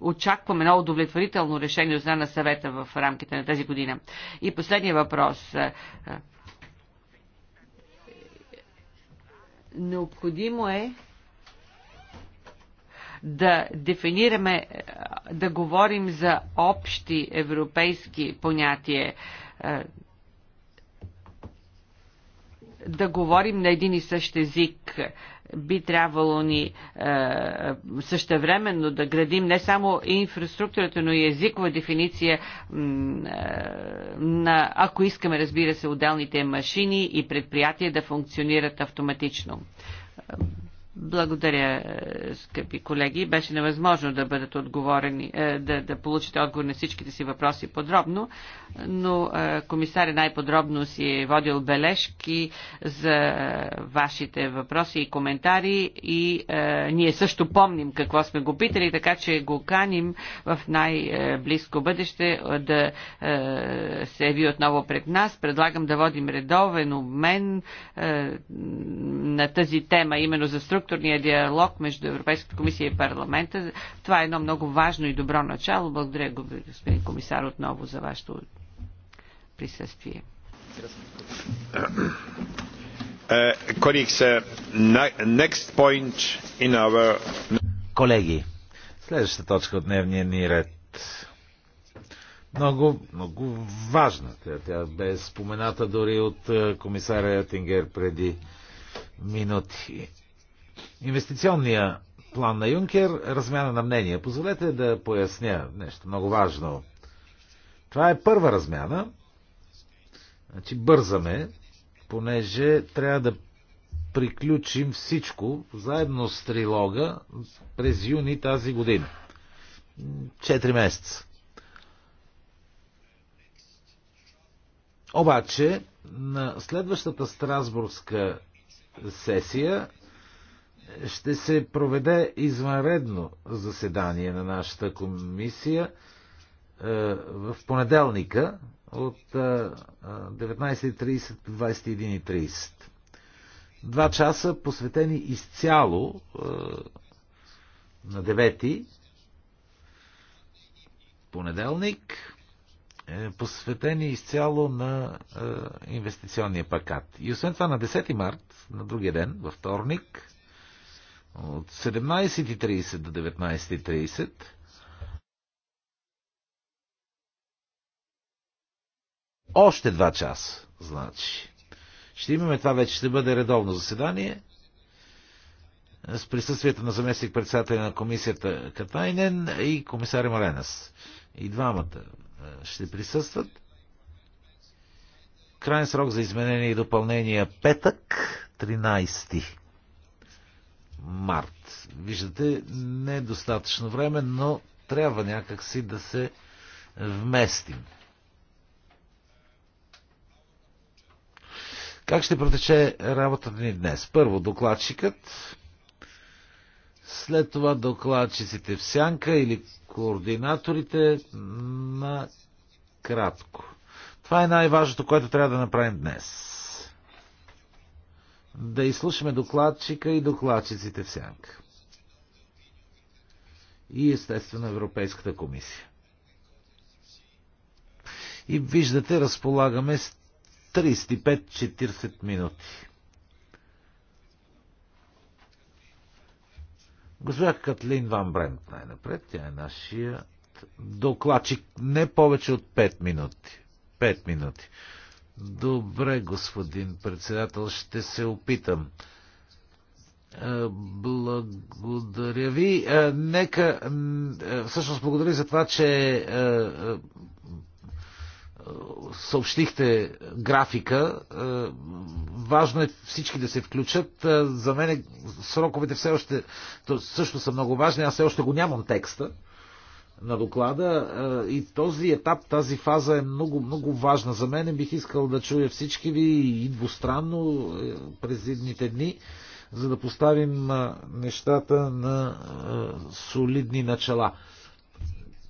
очакваме много удовлетворително решение от страна на съвета в рамките на тази година. И последния въпрос Необходимо е да дефинираме, да говорим за общи европейски понятия, е, да говорим на един и същ език, би трябвало ни е, същевременно да градим не само инфраструктурата, но и езикова дефиниция е, на, ако искаме, разбира се, отделните машини и предприятия да функционират автоматично. Благодаря, е, скъпи колеги. Беше невъзможно да бъдат отговорени, е, да, да получите отговор на всичките си въпроси подробно, но е, комисаря най-подробно си е водил бележки за вашите въпроси и коментари и е, ние също помним какво сме го питали, така че го каним в най-близко бъдеще да е, се яви отново пред нас. Предлагам да водим редовен обмен е, на тази тема, именно за структура структурния диалог между Европейската комисия и парламента. Това е едно много важно и добро начало. Благодаря, господин комисар, отново за вашето присъствие. Uh, Колеги, следващата точка от дневния ни ред много, много важна. Тя, тя бе спомената дори от uh, комисаря Тингер преди минути. Инвестиционния план на Юнкер, размяна на мнения. Позволете да поясня нещо много важно. Това е първа размяна. Значи бързаме, понеже трябва да приключим всичко заедно с трилога през юни тази година. Четири месеца. Обаче, на следващата Страсбургска сесия ще се проведе извънредно заседание на нашата комисия е, в понеделника от 19.30 е, 21.30. Е, Два часа посветени изцяло на 9 понеделник, посветени изцяло на инвестиционния пакат. И освен това на 10 март, на другия ден, във вторник, от 17.30 до 19.30. Още два часа, значи. Ще имаме това вече, ще бъде редовно заседание с присъствието на заместник председателя на комисията Катайнен и комисаря Маленас. И двамата е, ще присъстват. Крайен срок за изменение и допълнение е петък, 13 март. Виждате, не е достатъчно време, но трябва някакси да се вместим. Как ще протече работата ни днес? Първо докладчикът, след това докладчиците в сянка или координаторите на кратко. Това е най-важното, което трябва да направим днес да изслушаме докладчика и докладчиците в сянка. И естествено Европейската комисия. И виждате, разполагаме с 35-40 минути. Госпожа Катлин Ван Брент най-напред, тя е нашия докладчик не повече от 5 минути. 5 минути. Добре, господин председател, ще се опитам. Благодаря ви. Нека. Всъщност, благодаря за това, че съобщихте графика. Важно е всички да се включат. За мен е- сроковете все още също са много важни. Аз все още го нямам текста на доклада. И този етап, тази фаза е много, много важна. За мен бих искал да чуя всички ви и двустранно е, през едните дни, за да поставим нещата на солидни начала.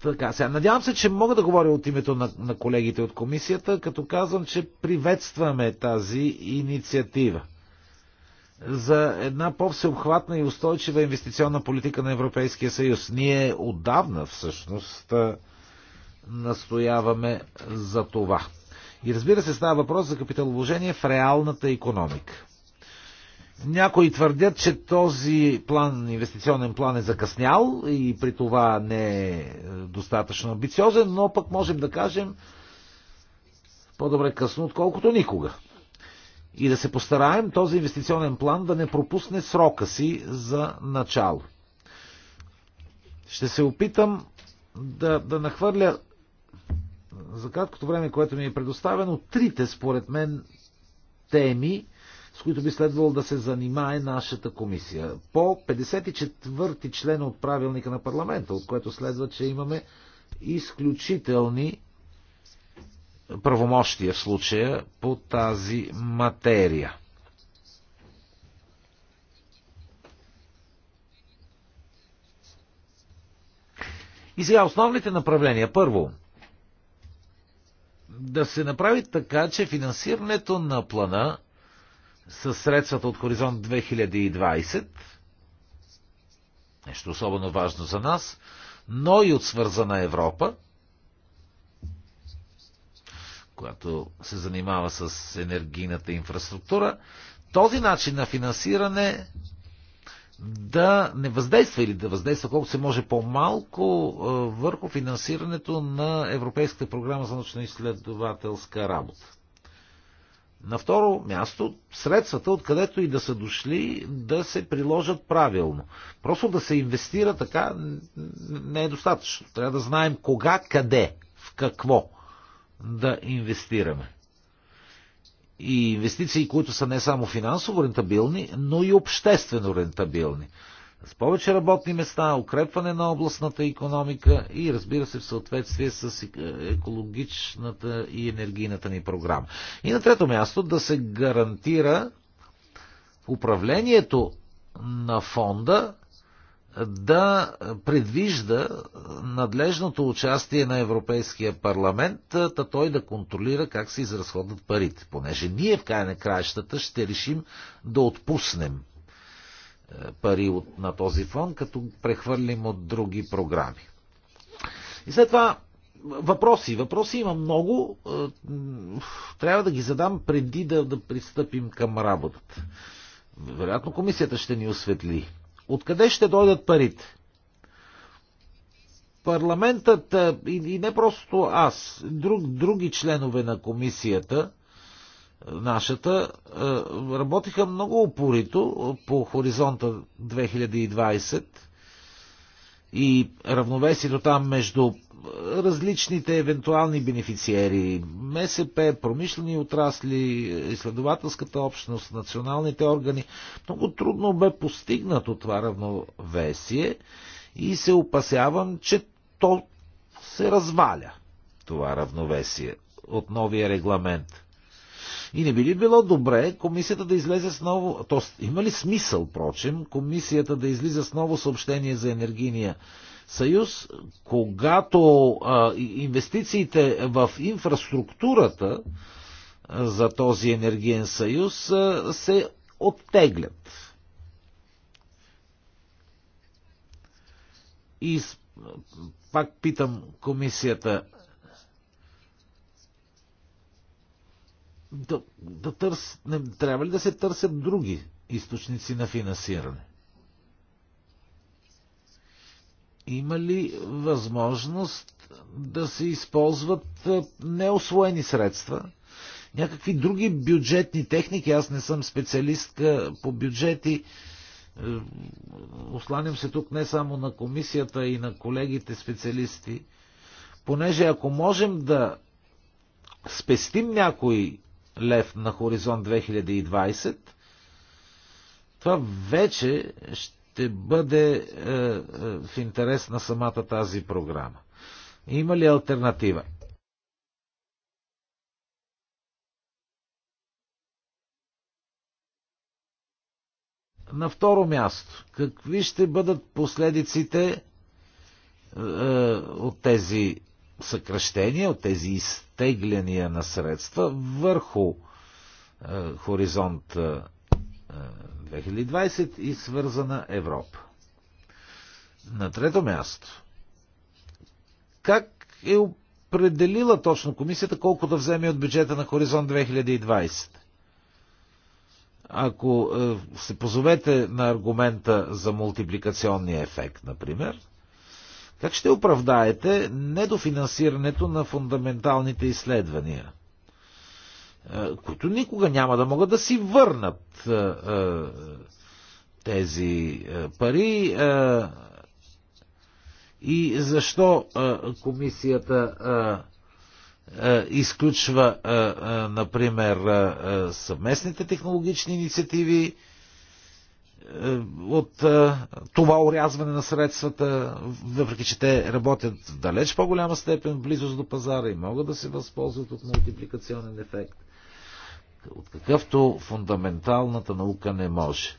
Така, сега, надявам се, че мога да говоря от името на, на колегите от комисията, като казвам, че приветстваме тази инициатива за една по-всеобхватна и устойчива инвестиционна политика на Европейския съюз. Ние отдавна всъщност настояваме за това. И разбира се, става въпрос за капиталовложение в реалната економика. Някои твърдят, че този план, инвестиционен план е закъснял и при това не е, е достатъчно амбициозен, но пък можем да кажем по-добре късно, отколкото никога и да се постараем този инвестиционен план да не пропусне срока си за начало. Ще се опитам да, да нахвърля за краткото време, което ми е предоставено, трите, според мен, теми, с които би следвало да се занимае нашата комисия. По 54 ти член от правилника на парламента, от което следва, че имаме изключителни правомощия в случая по тази материя. И сега основните направления. Първо, да се направи така, че финансирането на плана с средствата от Хоризонт 2020, нещо особено важно за нас, но и от свързана Европа, която се занимава с енергийната инфраструктура, този начин на финансиране да не въздейства или да въздейства колкото се може по-малко върху финансирането на Европейската програма за научно-изследователска работа. На второ място, средствата, откъдето и да са дошли, да се приложат правилно. Просто да се инвестира така не е достатъчно. Трябва да знаем кога, къде, в какво – да инвестираме. И инвестиции, които са не само финансово рентабилни, но и обществено рентабилни. С повече работни места, укрепване на областната економика и разбира се в съответствие с е, екологичната и енергийната ни програма. И на трето място да се гарантира управлението на фонда да предвижда надлежното участие на Европейския парламент, та той да контролира как се изразходват парите, понеже ние в края на краищата ще решим да отпуснем е, пари от, на този фон, като прехвърлим от други програми. И след това въпроси. Въпроси има много. Е, трябва да ги задам преди да, да пристъпим към работата. Вероятно комисията ще ни осветли Откъде ще дойдат парите? Парламентът и, и не просто аз, друг, други членове на комисията, нашата, работиха много упорито по хоризонта 2020 и равновесието там между е, различните евентуални бенефициери, МСП, промишлени отрасли, изследователската общност, националните органи, много трудно бе постигнато това равновесие и се опасявам, че то се разваля, това равновесие от новия регламент. И не би ли било добре комисията да излезе с ново... Тоест, има ли смисъл, прочим, комисията да излиза с ново съобщение за енергийния съюз, когато а, инвестициите в инфраструктурата а, за този енергиен съюз а, се оттеглят? И пак питам комисията, да, да търс, не, трябва ли да се търсят други източници на финансиране? Има ли възможност да се използват неосвоени средства? Някакви други бюджетни техники, аз не съм специалистка по бюджети, е, осланям се тук не само на комисията и на колегите специалисти, понеже ако можем да спестим някои лев на хоризонт 2020, това вече ще бъде е, е, в интерес на самата тази програма. Има ли альтернатива? На второ място, какви ще бъдат последиците е, от тези съкръщения, от тези изтегляния на средства върху е, хоризонт е, 2020 е, и свързана Европа. На трето място. Как е определила точно комисията колко да вземе от бюджета на Хоризонт 2020? Ако е, се позовете на аргумента за мултипликационния ефект, например, как ще оправдаете недофинансирането на фундаменталните изследвания, които никога няма да могат да си върнат тези пари? И защо комисията изключва, например, съвместните технологични инициативи, е, от е, това урязване на средствата, въпреки че те работят в далеч по-голяма степен в близост до пазара и могат да се възползват от мултипликационен ефект, от какъвто фундаменталната наука не може.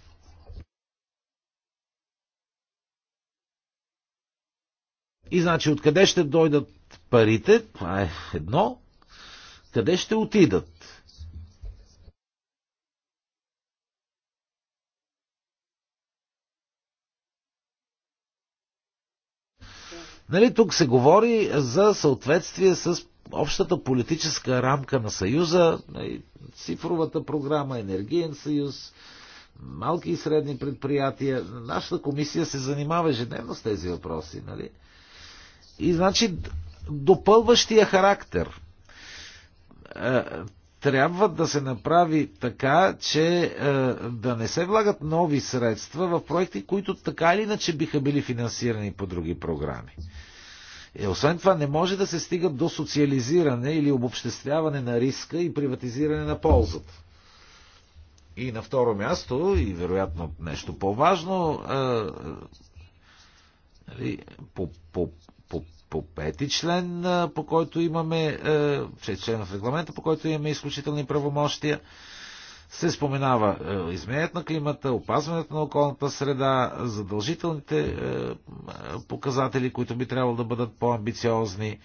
И значи откъде ще дойдат парите, това е едно, къде ще отидат? Нали, тук се говори за съответствие с общата политическа рамка на Съюза, нали, цифровата програма, енергиен съюз, малки и средни предприятия. Нашата комисия се занимава ежедневно с тези въпроси. Нали? И значи допълващия характер е, трябва да се направи така, че е, да не се влагат нови средства в проекти, които така или иначе биха били финансирани по други програми. Е, освен това, не може да се стига до социализиране или обобществяване на риска и приватизиране на ползата. И на второ място, и вероятно нещо по-важно, е, е нали, по, по по пети член, по който имаме, е, шест члена в регламента, по който имаме изключителни правомощия, се споменава е, изменят на климата, опазването на околната среда, задължителните е, показатели, които би трябвало да бъдат по-амбициозни,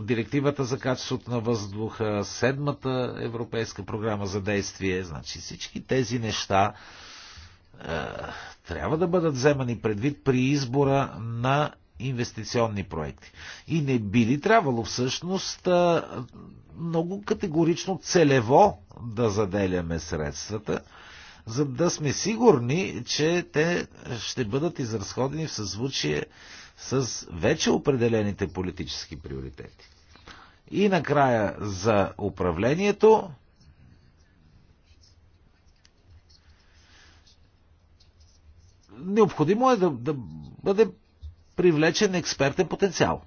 директивата за качеството на въздуха, седмата европейска програма за действие, значи всички тези неща трябва да бъдат вземани предвид при избора на инвестиционни проекти. И не би ли трябвало всъщност много категорично целево да заделяме средствата, за да сме сигурни, че те ще бъдат изразходени в съзвучие с вече определените политически приоритети. И накрая за управлението. Необходимо е да, да бъде привлечен експертен потенциал.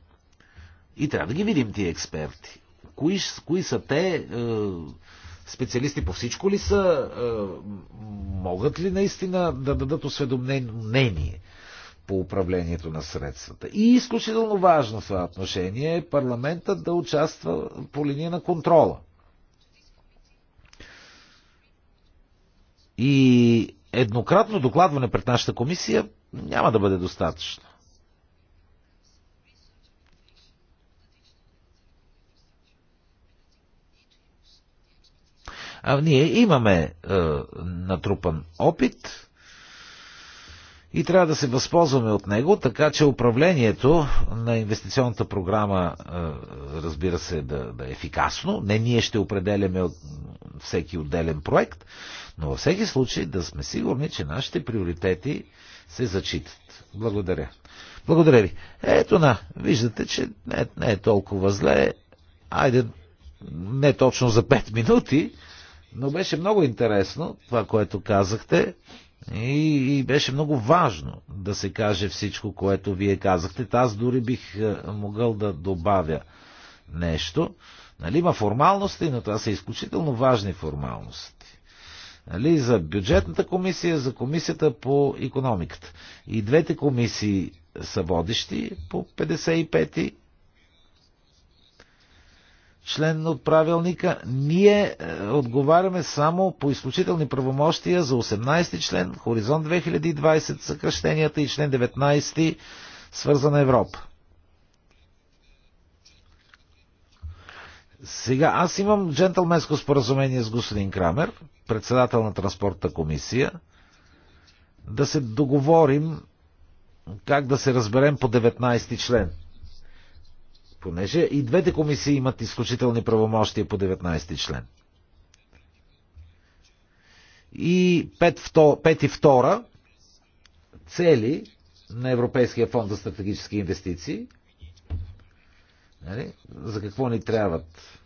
И трябва да ги видим тия експерти. Кои, кои са те? Е, специалисти по всичко ли са? Е, могат ли наистина да дадат осведомнено мнение по управлението на средствата? И изключително важно в това отношение е парламентът да участва по линия на контрола. И еднократно докладване пред нашата комисия няма да бъде достатъчно. А ние имаме е, натрупан опит и трябва да се възползваме от него, така че управлението на инвестиционната програма, е, разбира се, да, да е ефикасно. Не ние ще определяме от всеки отделен проект, но във всеки случай да сме сигурни, че нашите приоритети се зачитат. Благодаря. Благодаря ви. Ето на, виждате, че не, не е толкова зле. Айде, не точно за 5 минути, но беше много интересно това, което казахте. И, и беше много важно да се каже всичко, което вие казахте. аз дори бих е, могъл да добавя нещо. Нали, има формалности, но това са изключително важни формалности. Нали, за бюджетната комисия, за комисията по економиката. И двете комисии са водещи по 55-ти член от правилника, ние е, отговаряме само по изключителни правомощия за 18 член, Хоризонт 2020, съкръщенията и член 19, свързана Европа. Сега, аз имам джентълменско споразумение с господин Крамер, председател на транспортна комисия, да се договорим как да се разберем по 19 член понеже и двете комисии имат изключителни правомощия по 19 член. И 5 и 2 цели на Европейския фонд за стратегически инвестиции. Нали, за какво ни трябват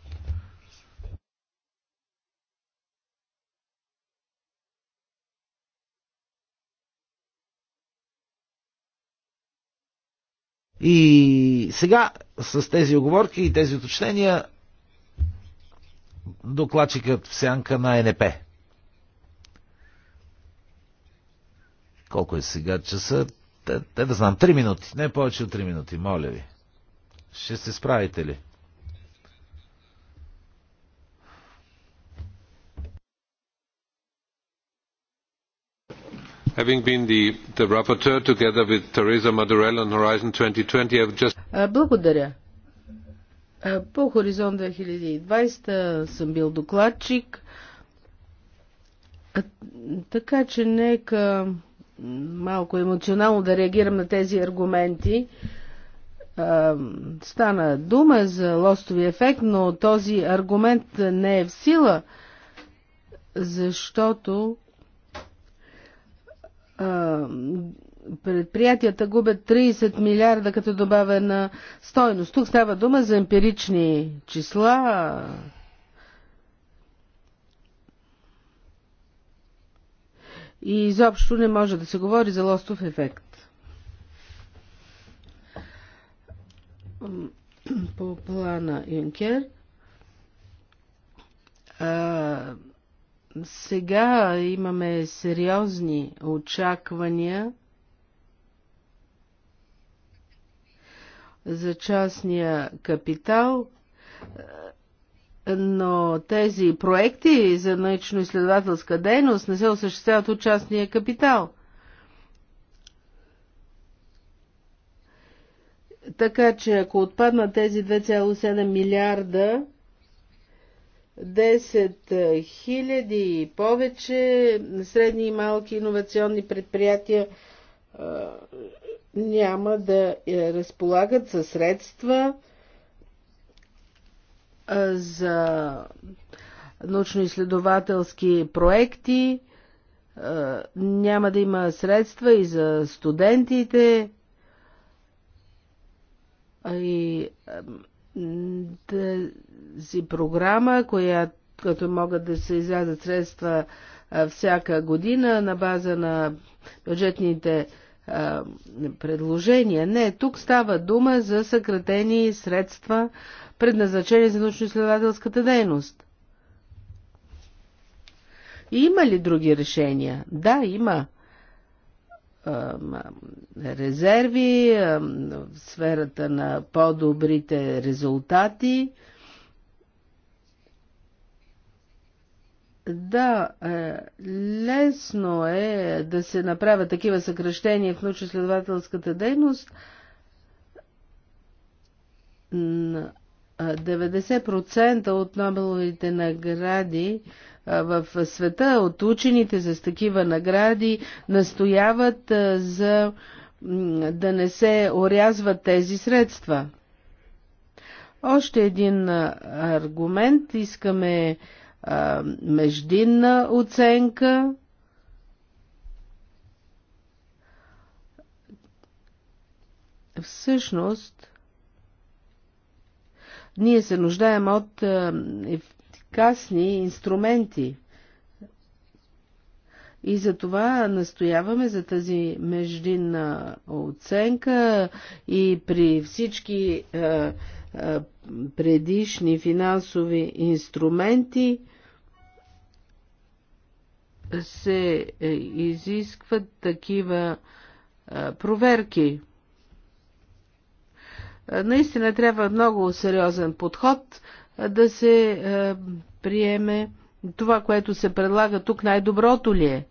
И сега с тези оговорки и тези уточнения докладчикът в сянка на НП. Колко е сега часа? Те, те да знам, 3 минути. Не повече от 3 минути, моля ви. Ще се справите ли? Having been the, the rapporteur together with Teresa Madurell on Horizon 2020, I've just... Е, благодаря. Е, по Хоризонт 2020 съм бил докладчик, е, така че нека малко емоционално да реагирам на тези аргументи. Стана дума за лостови ефект, но този аргумент не е в сила, защото предприятията губят 30 милиарда като добавена стойност. Тук става дума за емпирични числа. И изобщо не може да се говори за лостов ефект. По плана Юнкер сега имаме сериозни очаквания за частния капитал, но тези проекти за научно-изследователска дейност не се осъществяват от частния капитал. Така че ако отпаднат тези 2,7 милиарда, 10 000 и повече средни и малки иновационни предприятия няма да е, разполагат със средства за научно-изследователски проекти, няма да има средства и за студентите, и тази програма, която като могат да се излязат средства всяка година на база на бюджетните предложения. Не, тук става дума за съкратени средства, предназначени за научно-изследователската дейност. Има ли други решения? Да, има резерви, в сферата на по-добрите резултати. Да, е, лесно е да се направят такива съкръщения в научно-следователската дейност. 90% от Нобеловите награди в света от учените с такива награди настояват за да не се орязват тези средства. Още един аргумент. Искаме а, междинна оценка. Всъщност, ние се нуждаем от касни инструменти. И за това настояваме за тази междинна оценка и при всички е, е, предишни финансови инструменти се е, изискват такива е, проверки. Наистина трябва много сериозен подход да се е, приеме това, което се предлага тук, най-доброто ли е?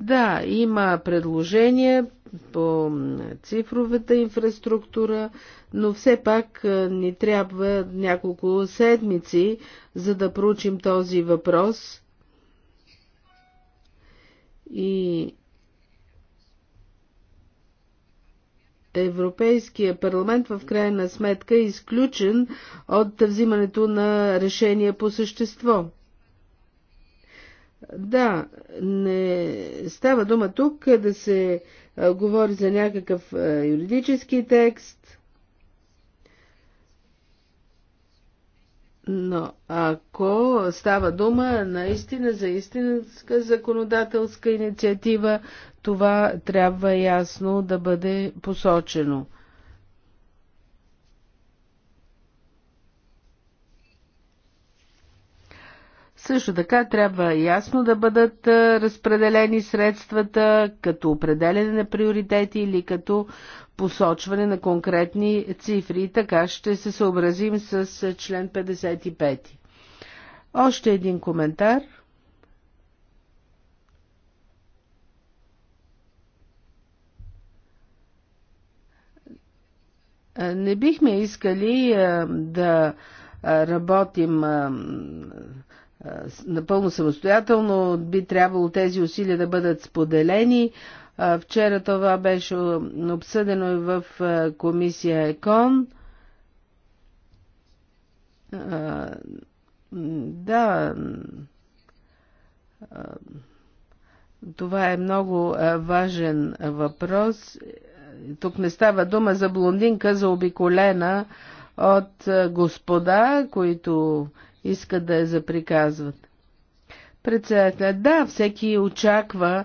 Да, има предложение по цифровата инфраструктура, но все пак е, ни трябва няколко седмици, за да проучим този въпрос. И Европейския парламент в крайна сметка е изключен от взимането на решение по същество. Да, не става дума тук да се говори за някакъв юридически текст, но ако става дума наистина за истинска законодателска инициатива, това трябва ясно да бъде посочено. Също така трябва ясно да бъдат разпределени средствата като определене на приоритети или като посочване на конкретни цифри. И така ще се съобразим с член 55. Още един коментар – Не бихме искали да работим напълно самостоятелно, би трябвало тези усилия да бъдат споделени. Вчера това беше обсъдено и в комисия ЕКОН. Да, това е много важен въпрос тук не става дума за блондинка, за обиколена от е, господа, които искат да я заприказват. Председателя, да, всеки очаква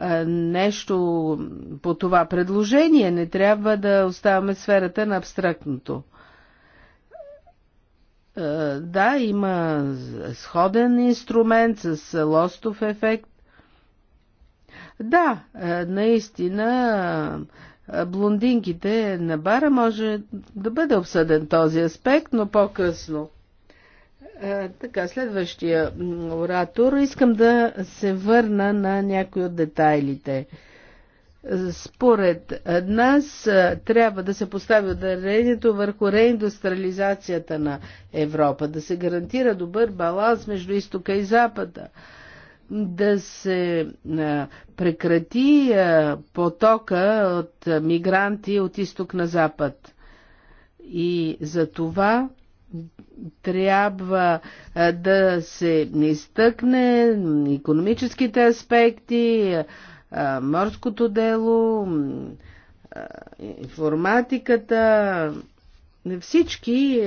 е, нещо по това предложение. Не трябва да оставаме сферата на абстрактното. Е, да, има сходен инструмент с лостов ефект. Да, наистина блондинките на бара може да бъде обсъден този аспект, но по-късно. Така, следващия оратор. Искам да се върна на някои от детайлите. Според нас трябва да се постави ударението върху реиндустриализацията на Европа, да се гарантира добър баланс между изтока и запада да се прекрати потока от мигранти от изток на запад. И за това трябва да се изтъкне економическите аспекти, морското дело, информатиката, всички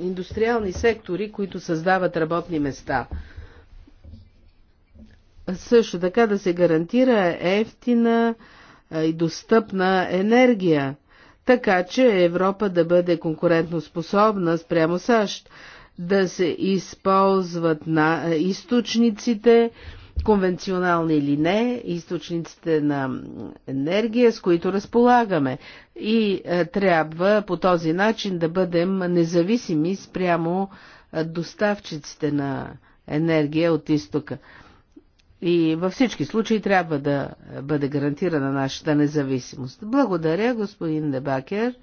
индустриални сектори, които създават работни места също така да се гарантира ефтина и достъпна енергия, така че Европа да бъде конкурентоспособна спрямо САЩ, да се използват на източниците, конвенционални или не, източниците на енергия, с които разполагаме. И трябва по този начин да бъдем независими спрямо доставчиците на енергия от изтока. И във всички случаи трябва да бъде гарантирана нашата независимост. Благодаря, господин Дебакер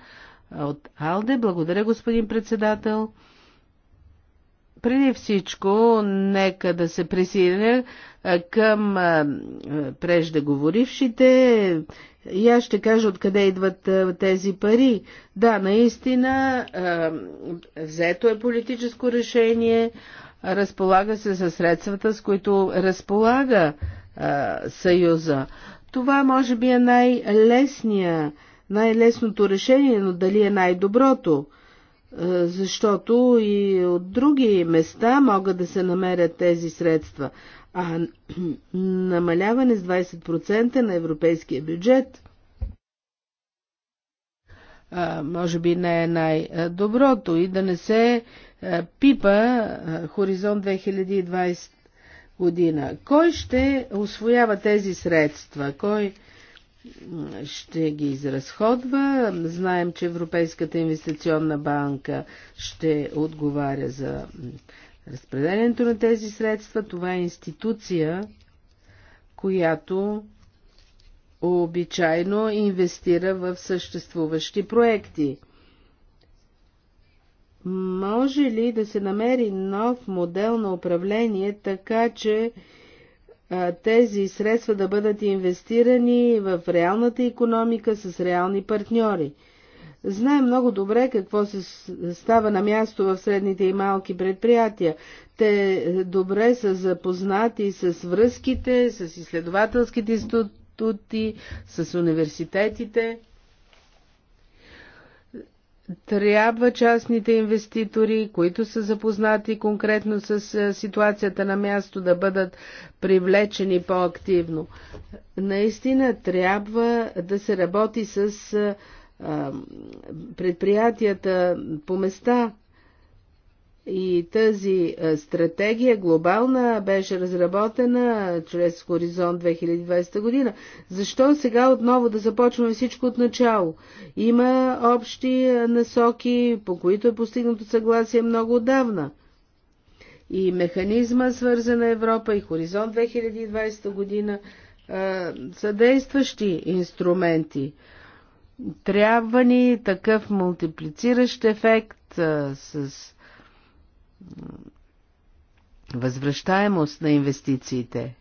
от Алде. Благодаря, господин председател. Преди всичко, нека да се присъединя към преждеговорившите. И аз ще кажа откъде идват тези пари. Да, наистина, взето е политическо решение разполага се със средствата, с които разполага а, Съюза. Това може би е най-лесния, най-лесното решение, но дали е най-доброто? Защото и от други места могат да се намерят тези средства. А намаляване с 20% на европейския бюджет може би не е най-доброто и да не се е, пипа е, Хоризонт 2020 година. Кой ще освоява тези средства? Кой ще ги изразходва? Знаем, че Европейската инвестиционна банка ще отговаря за разпределението на тези средства. Това е институция, която обичайно инвестира в съществуващи проекти – може ли да се намери нов модел на управление, така че а, тези средства да бъдат инвестирани в реалната економика с реални партньори? Знае много добре какво се става на място в средните и малки предприятия. Те е, добре са запознати с връзките, с изследователските институти, с университетите трябва частните инвеститори, които са запознати конкретно с е, ситуацията на място, да бъдат привлечени по-активно. Наистина трябва да се работи с е, предприятията по места, и тази стратегия глобална беше разработена чрез Хоризонт 2020 година. Защо сега отново да започваме всичко от начало? Има общи насоки, по които е постигнато съгласие много отдавна. И механизма свързана Европа и Хоризонт 2020 година са действащи инструменти. Трябва ни такъв мултиплициращ ефект с възвръщаемост на инвестициите.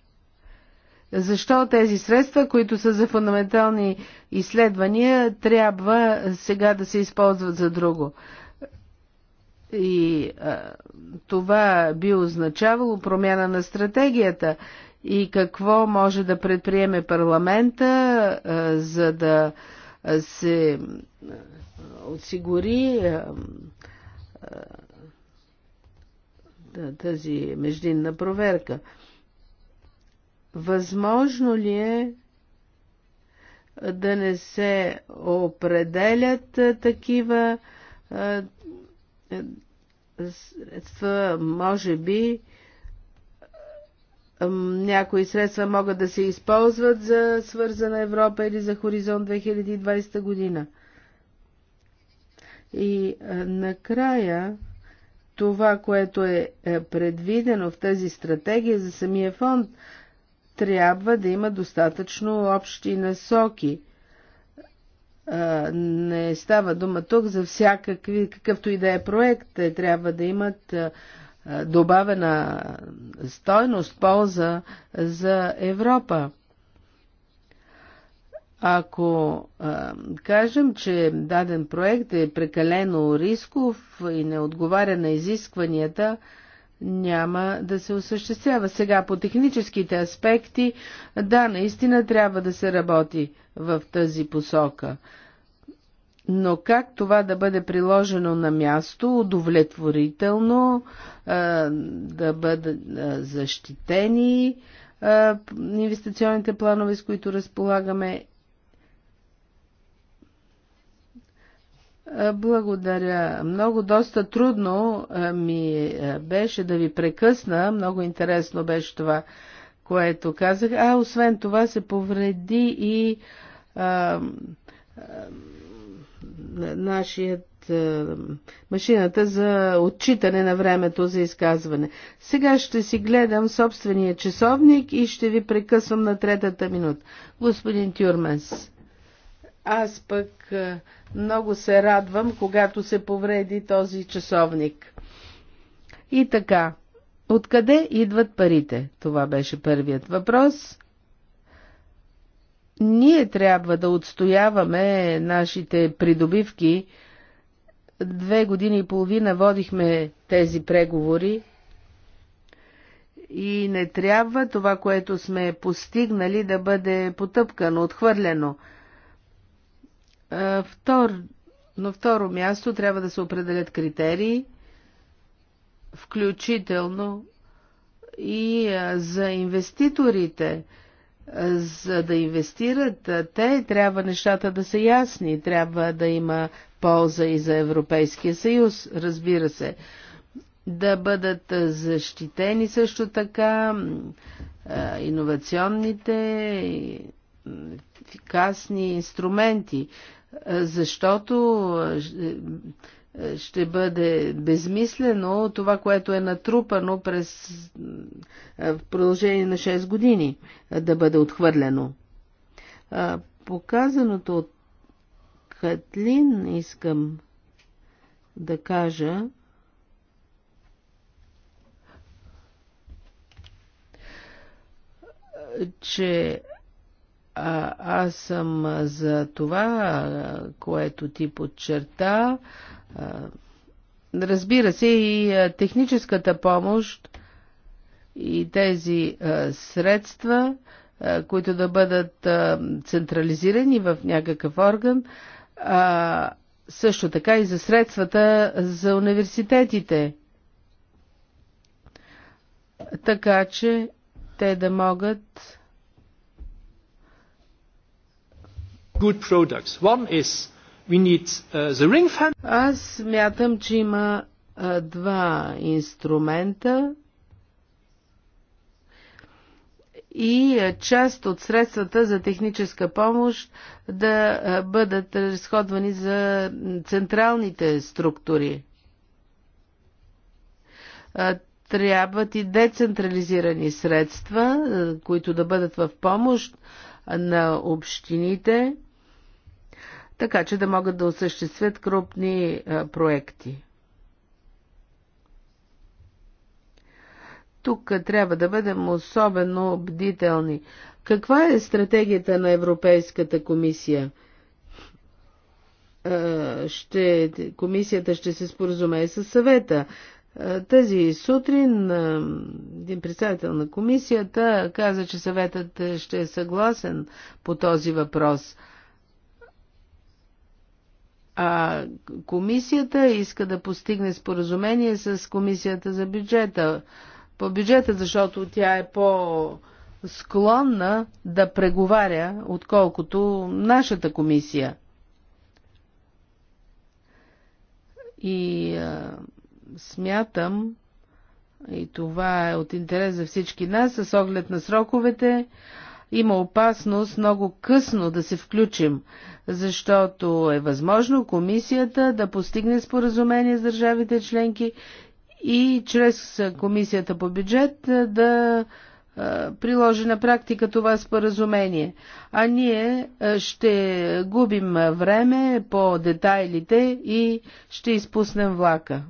Защо тези средства, които са за фундаментални изследвания, трябва сега да се използват за друго? И а, това би означавало промяна на стратегията и какво може да предприеме парламента, а, за да се осигури а, а, тази междинна проверка. Възможно ли е да не се определят такива средства, може би някои средства могат да се използват за свързана Европа или за Хоризонт 2020 година. И накрая това, което е, е предвидено в тази стратегия за самия фонд, трябва да има достатъчно общи насоки. Не става дума тук за всякакви, какъвто и да е проект. Те трябва да имат добавена стойност, полза за Европа. Ако а, кажем, че даден проект е прекалено рисков и не отговаря на изискванията, няма да се осъществява. Сега по техническите аспекти, да, наистина трябва да се работи в тази посока. Но как това да бъде приложено на място, удовлетворително, да бъдат защитени инвестиционните планове, с които разполагаме Е, благодаря. Много доста трудно е, ми е, беше да ви прекъсна. Много интересно беше това, което казах. А освен това се повреди и а, а, нашият а, машината за отчитане на времето за изказване. Сега ще си гледам собствения часовник и ще ви прекъсвам на третата минута. Господин Тюрменс. Аз пък е, много се радвам, когато се повреди този часовник. И така, откъде идват парите? Това беше първият въпрос. Ние трябва да отстояваме нашите придобивки. Две години и половина водихме тези преговори и не трябва това, което сме постигнали, да бъде потъпкано, отхвърлено – е, втор, на второ място трябва да се определят критерии, включително и е, за инвеститорите. Е, за да инвестират те, трябва нещата да са ясни, трябва да има полза и за Европейския съюз, разбира се. Да бъдат защитени също така иновационните ефикасни инструменти, защото е, ще бъде безмислено това, което е натрупано през е, в продължение на 6 години е, да бъде отхвърлено. Показаното от Катлин искам да кажа, че а, аз съм за това, което ти подчерта. Разбира се, и техническата помощ и тези средства, които да бъдат централизирани в някакъв орган, също така и за средствата за университетите. Така че те да могат good products. One is we need uh, the ring fence. Аз мятам, че има два инструмента и част от средствата за техническа помощ да бъдат разходвани за централните структури. трябват и децентрализирани средства, които да бъдат в помощ на общините така че да могат да осъществят крупни проекти. Тук трябва да бъдем особено бдителни. Каква е стратегията на Европейската комисия? Ще, комисията ще се споразумее с съвета. Тази сутрин един представител на комисията каза, че съветът ще е съгласен по този въпрос – а комисията иска да постигне споразумение с комисията за бюджета. По бюджета, защото тя е по склонна да преговаря, отколкото нашата комисия. И а, смятам, и това е от интерес за всички нас, с оглед на сроковете, а, има опасност много късно да се включим, защото е възможно комисията да постигне споразумение с държавите членки и чрез комисията по бюджет да приложи на практика това споразумение. А ние ще губим време по детайлите и ще изпуснем влака.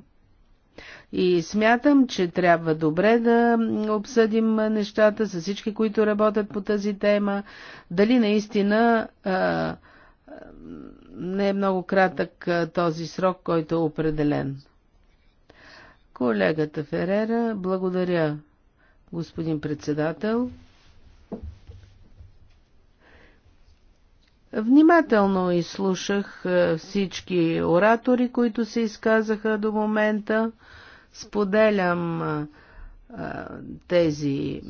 И смятам, че трябва добре да обсъдим нещата с всички, които работят по тази тема. Дали наистина а, не е много кратък а, този срок, който е определен. Колегата Ферера, благодаря, господин председател. Внимателно изслушах всички оратори, които се изказаха до момента. Споделям тези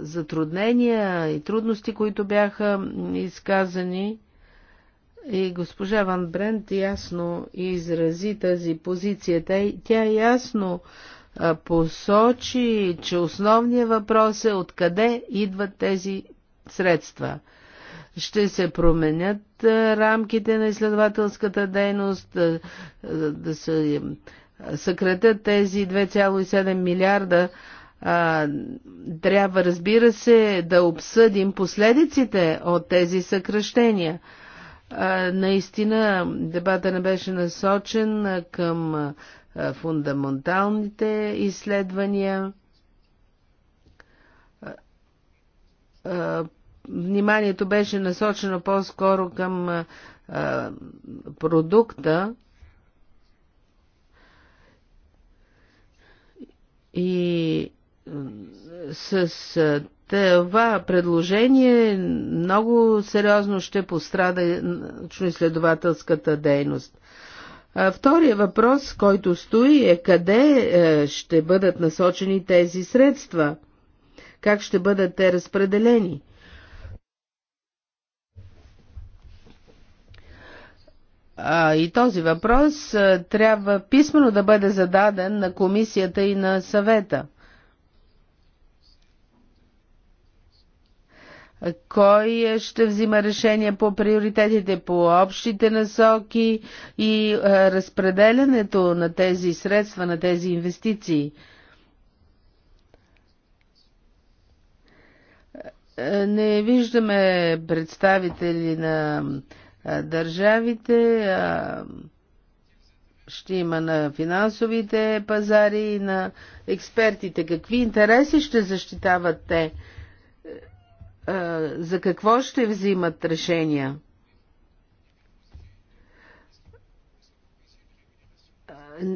затруднения и трудности, които бяха изказани. И госпожа Ван Брент ясно изрази тази позиция. Тя, тя ясно а, посочи, че основният въпрос е откъде идват тези средства. Ще се променят а, рамките на изследователската дейност, а, да се съкратят тези 2,7 милиарда, а, трябва, разбира се, да обсъдим последиците от тези съкръщения. А, наистина, дебата не беше насочен към а, фундаменталните изследвания. Вниманието беше насочено по-скоро към продукта, И с това предложение много сериозно ще пострада научно-изследователската дейност. Втория въпрос, който стои е къде е, ще бъдат насочени тези средства? Как ще бъдат те разпределени? А, и този въпрос а, трябва писменно да бъде зададен на комисията и на съвета. Кой ще взима решение по приоритетите, по общите насоки и а, разпределянето на тези средства, на тези инвестиции? Не виждаме представители на държавите, ще има на финансовите пазари и на експертите. Какви интереси ще защитават те? За какво ще взимат решения?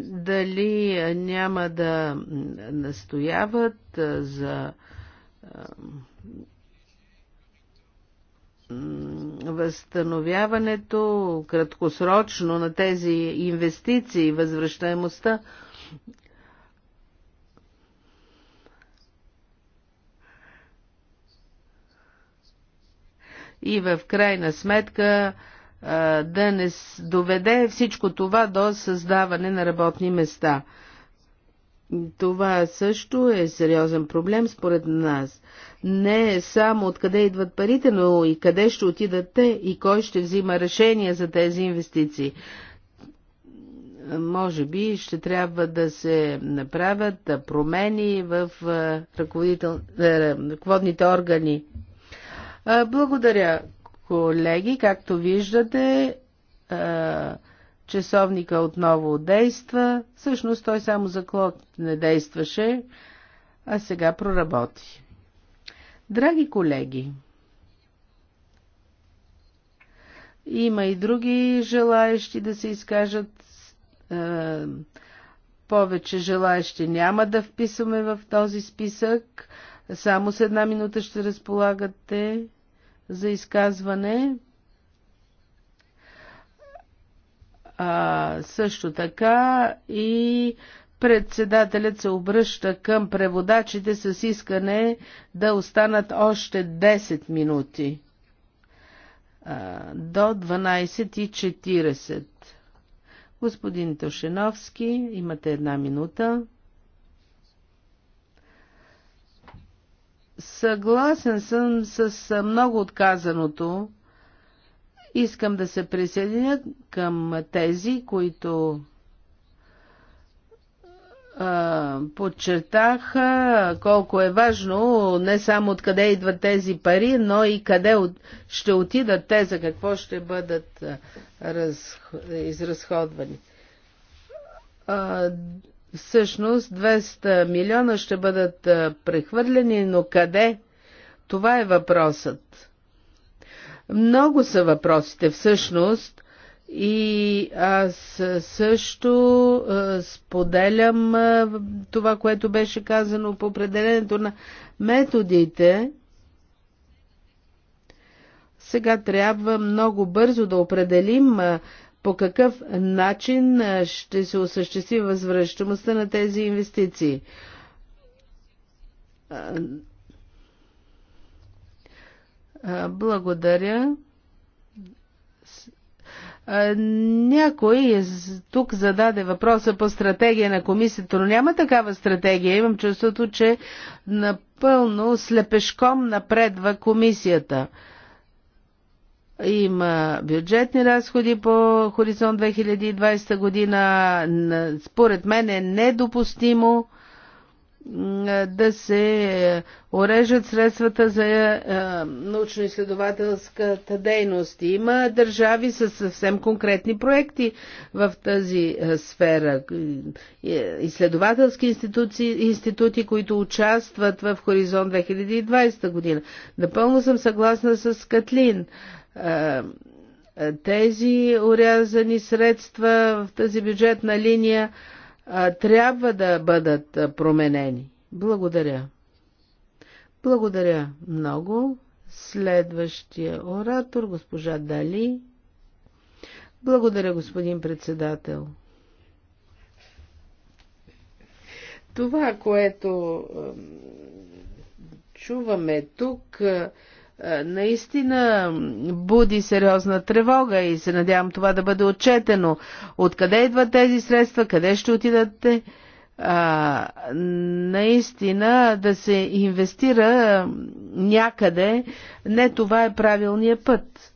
Дали няма да настояват за възстановяването краткосрочно на тези инвестиции, и възвръщаемостта и в крайна сметка да не доведе всичко това до създаване на работни места. Това също е сериозен проблем според нас не само откъде идват парите, но и къде ще отидат те и кой ще взима решение за тези инвестиции. Може би ще трябва да се направят промени в ръководните органи. Благодаря, колеги. Както виждате, часовника отново действа. Всъщност той само за Клод не действаше, а сега проработи. Драги колеги, има и други желаещи да се изкажат. Е, повече желаещи няма да вписваме в този списък. Само с една минута ще разполагате за изказване. А, също така и Председателят се обръща към преводачите с искане да останат още 10 минути до 12.40. Господин Тошеновски, имате една минута. Съгласен съм с много отказаното. Искам да се присъединя към тези, които подчертаха колко е важно не само откъде идват тези пари, но и къде от, ще отидат те, за какво ще бъдат раз, изразходвани. А, всъщност 200 милиона ще бъдат прехвърлени, но къде? Това е въпросът. Много са въпросите всъщност и аз също споделям това, което беше казано по определенето на методите. Сега трябва много бързо да определим по какъв начин ще се осъществи възвръщамостта на тези инвестиции. Благодаря. Някой тук зададе въпроса по стратегия на комисията, но няма такава стратегия. Имам чувството, че напълно слепешком напредва комисията. Има бюджетни разходи по Хоризонт 2020 година. Според мен е недопустимо да се е, орежат средствата за е, е, научно-изследователската дейност. Има държави с съвсем конкретни проекти в тази сфера. Изследователски институции, институти, които участват в Хоризонт 2020 година. Напълно съм съгласна с Катлин тези урязани средства в тази бюджетна линия трябва да бъдат променени. Благодаря. Благодаря много. Следващия оратор, госпожа Дали. Благодаря, господин председател. Това, което чуваме тук, е, наистина буди сериозна тревога и се надявам това да бъде отчетено. Откъде идват тези средства, къде ще отидат е, А, наистина да се инвестира някъде, не това е правилният път.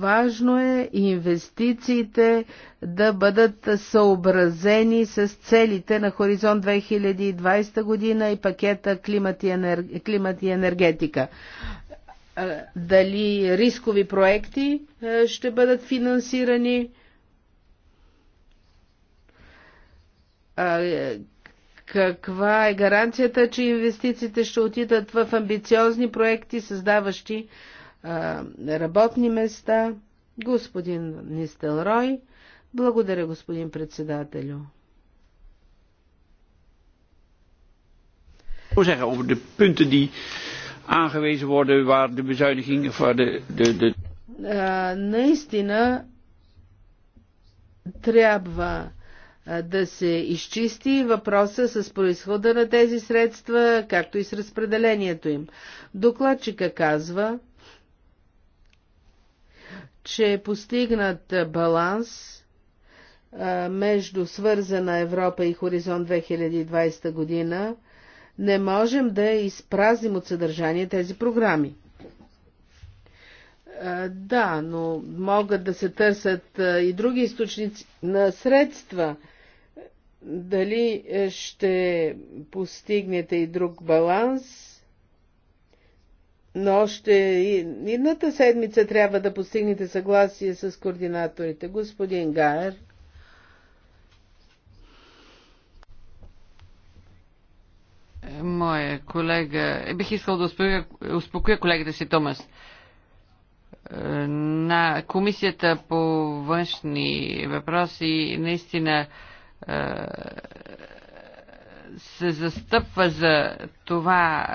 Важно е инвестициите да бъдат съобразени с целите на Хоризонт 2020 година и пакета климат и, енер... климат и енергетика. Дали рискови проекти ще бъдат финансирани? Каква е гаранцията, че инвестициите ще отидат в амбициозни проекти, създаващи а, работни места. Господин Нистелрой, благодаря, господин председателю. zeggen over de punten die aangewezen worden waar de bezuinigingen voor de. de, de... Uh, наистина трябва да се изчисти въпроса с происхода на тези средства, както и с разпределението им. Докладчика казва, че е постигнат баланс между свързана Европа и Хоризонт 2020 година, не можем да изпразим от съдържание тези програми. Да, но могат да се търсят и други източници на средства. Дали е, ще постигнете и друг баланс, но още едната седмица трябва да постигнете съгласие с координаторите. Господин Гайер. Моя колега... Е, бих искал да успокоя, успокоя колегата си, Томас е, на Комисията по външни въпроси наистина е, се застъпва за това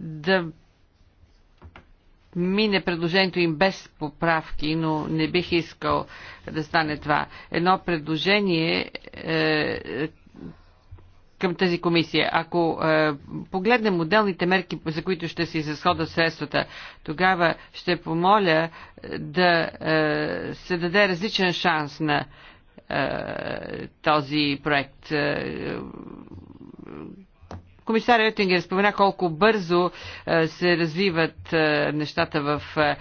да мине предложението им без поправки, но не бих искал да стане това. Едно предложение е, към тази комисия. Ако е, погледнем отделните мерки, за които ще се изразходят средствата, тогава ще помоля е, да е, се даде различен шанс на е, този проект. Е, Комисар Ретингер спомена колко бързо е, се развиват е, нещата в е,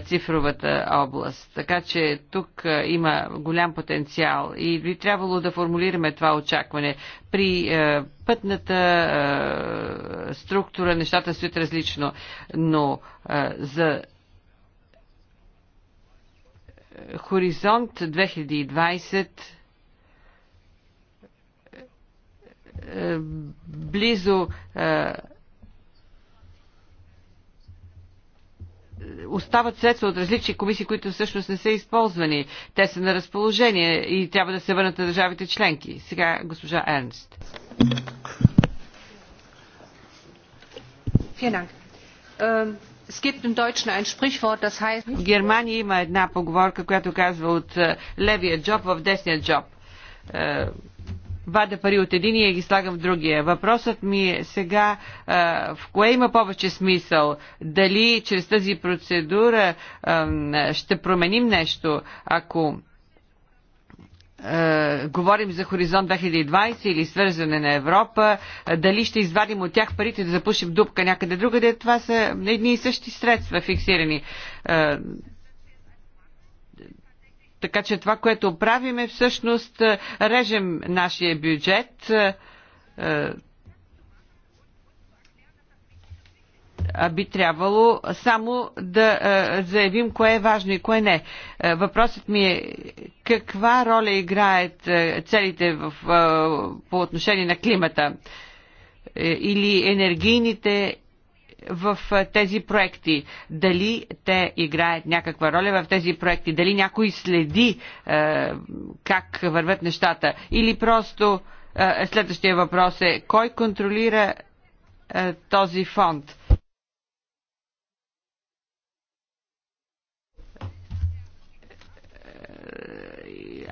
цифровата област. Така че тук има голям потенциал и би трябвало да формулираме това очакване. При пътната структура нещата стоят различно, но за Хоризонт 2020 Е, близо е, остават средства от различни комисии, които всъщност не са използвани. Те са на разположение и трябва да се върнат на държавите членки. Сега госпожа Ернст. Ähm, в Германия има една поговорка, която казва от е, левия джоб в десния джоб вада пари от единия и ги слагам в другия. Въпросът ми е сега в кое има повече смисъл? Дали чрез тази процедура ще променим нещо, ако говорим за Хоризонт 2020 или свързване на Европа, дали ще извадим от тях парите да запушим дупка някъде другаде, това са едни и същи средства фиксирани. Така че това, което правим е всъщност е, режем нашия бюджет. Е, е, а би трябвало само да заявим кое е важно и кое не. Въпросът ми е каква роля играят целите в, по отношение на климата или енергийните в тези проекти, дали те играят някаква роля в тези проекти, дали някой следи е, как върват нещата или просто е, следващия въпрос е кой контролира е, този фонд.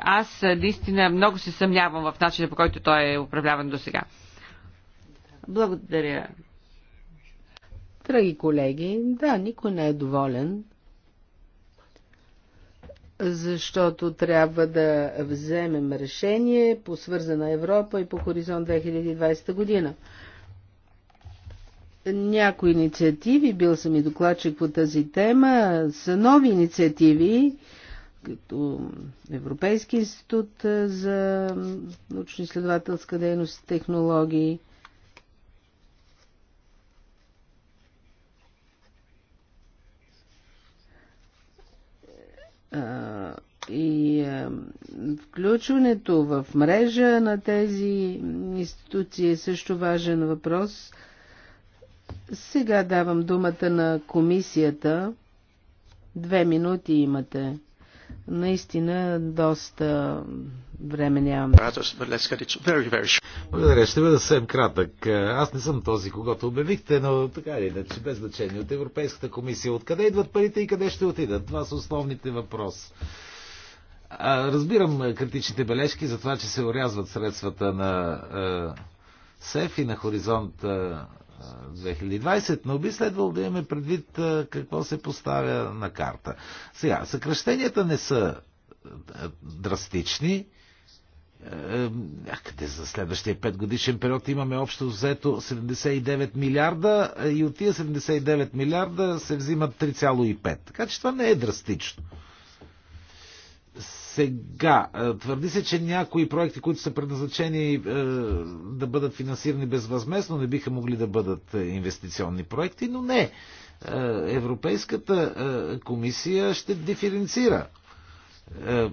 Аз наистина много се съмнявам в начина по който той е управляван до сега. Благодаря. Драги колеги, да, никой не е доволен, защото трябва да вземем решение по свързана Европа и по Хоризонт 2020 година. Някои инициативи, бил съм и докладчик по тази тема, са нови инициативи, като Европейски институт за научно-изследователска дейност и технологии, и включването в мрежа на тези институции е също важен въпрос. Сега давам думата на комисията. Две минути имате. Наистина доста време нямам. Благодаря, ще бъда съвсем кратък. Аз не съм този, когато обявихте, но така или иначе, без значение от Европейската комисия. Откъде идват парите и къде ще отидат? Това са основните въпроси. Разбирам критичните бележки за това, че се урязват средствата на СЕФ и на Хоризонт 2020, но би следвало да имаме предвид какво се поставя на карта. Сега, съкръщенията не са драстични. Е, някъде за следващия 5 годишен период имаме общо взето 79 милиарда и от тия 79 милиарда се взимат 3,5. Така че това не е драстично. Сега, е, твърди се, че някои проекти, които са предназначени е, да бъдат финансирани безвъзместно, не биха могли да бъдат е, инвестиционни проекти, но не. Европейската комисия ще диференцира. в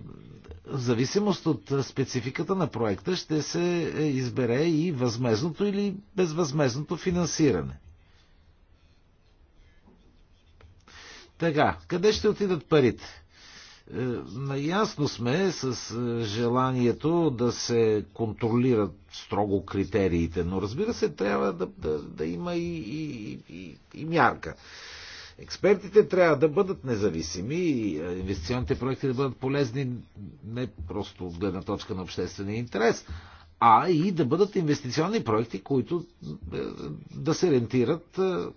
зависимост от спецификата на проекта ще се избере и възмезното или безвъзмезното финансиране. Така, къде ще отидат парите? Е, наясно сме с е, желанието да се контролират строго критериите, но разбира се, трябва да, да, да има и, и, и, и мярка. Експертите трябва да бъдат независими и е, инвестиционните проекти да бъдат полезни не просто от гледна точка на обществения интерес, а и да бъдат инвестиционни проекти, които е, да се рентират е, е,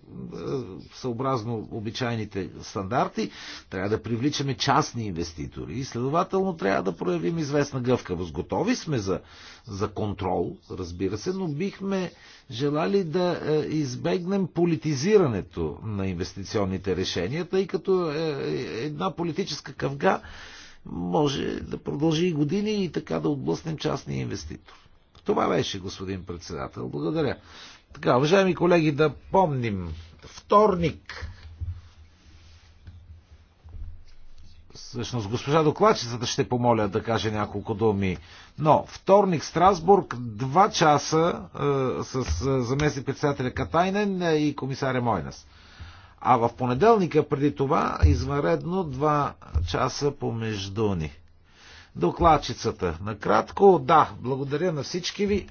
съобразно обичайните стандарти. Трябва да привличаме частни инвеститори и следователно трябва да проявим известна гъвкавост. Готови сме за, за контрол, разбира се, но бихме желали да избегнем политизирането на инвестиционните решения, тъй като една политическа къвга може да продължи и години и така да отблъснем частния инвеститор. Това беше, господин председател. Благодаря. Така, уважаеми колеги, да помним. Вторник. Всъщност, госпожа докладчицата ще помоля да каже няколко думи. Но вторник Страсбург, два часа е, с е, заместник председателя Катайнен е, и комисаря Мойнас. А в понеделника преди това, извънредно, два часа помежду ни. Докладчицата. Накратко, да, благодаря на всички ви.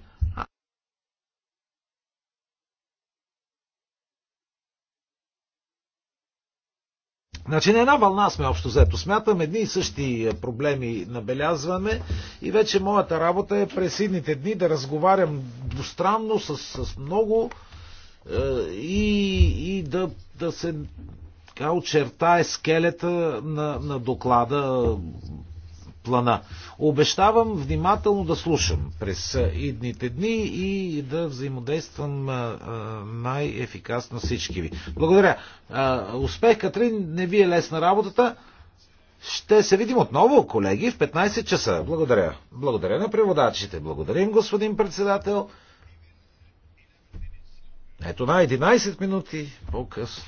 Значи на една вълна сме общо взето. Смятам, едни и същи проблеми набелязваме и вече моята работа е през едните дни да разговарям двустранно с, с много е, и, и да, да се така очертае скелета на, на доклада плана. Обещавам внимателно да слушам през идните дни и да взаимодействам най-ефикасно всички ви. Благодаря. Успех, Катрин, не ви е лесна работата. Ще се видим отново, колеги, в 15 часа. Благодаря. Благодаря на преводачите. Благодарим, господин председател. Ето на 11 минути по-късно.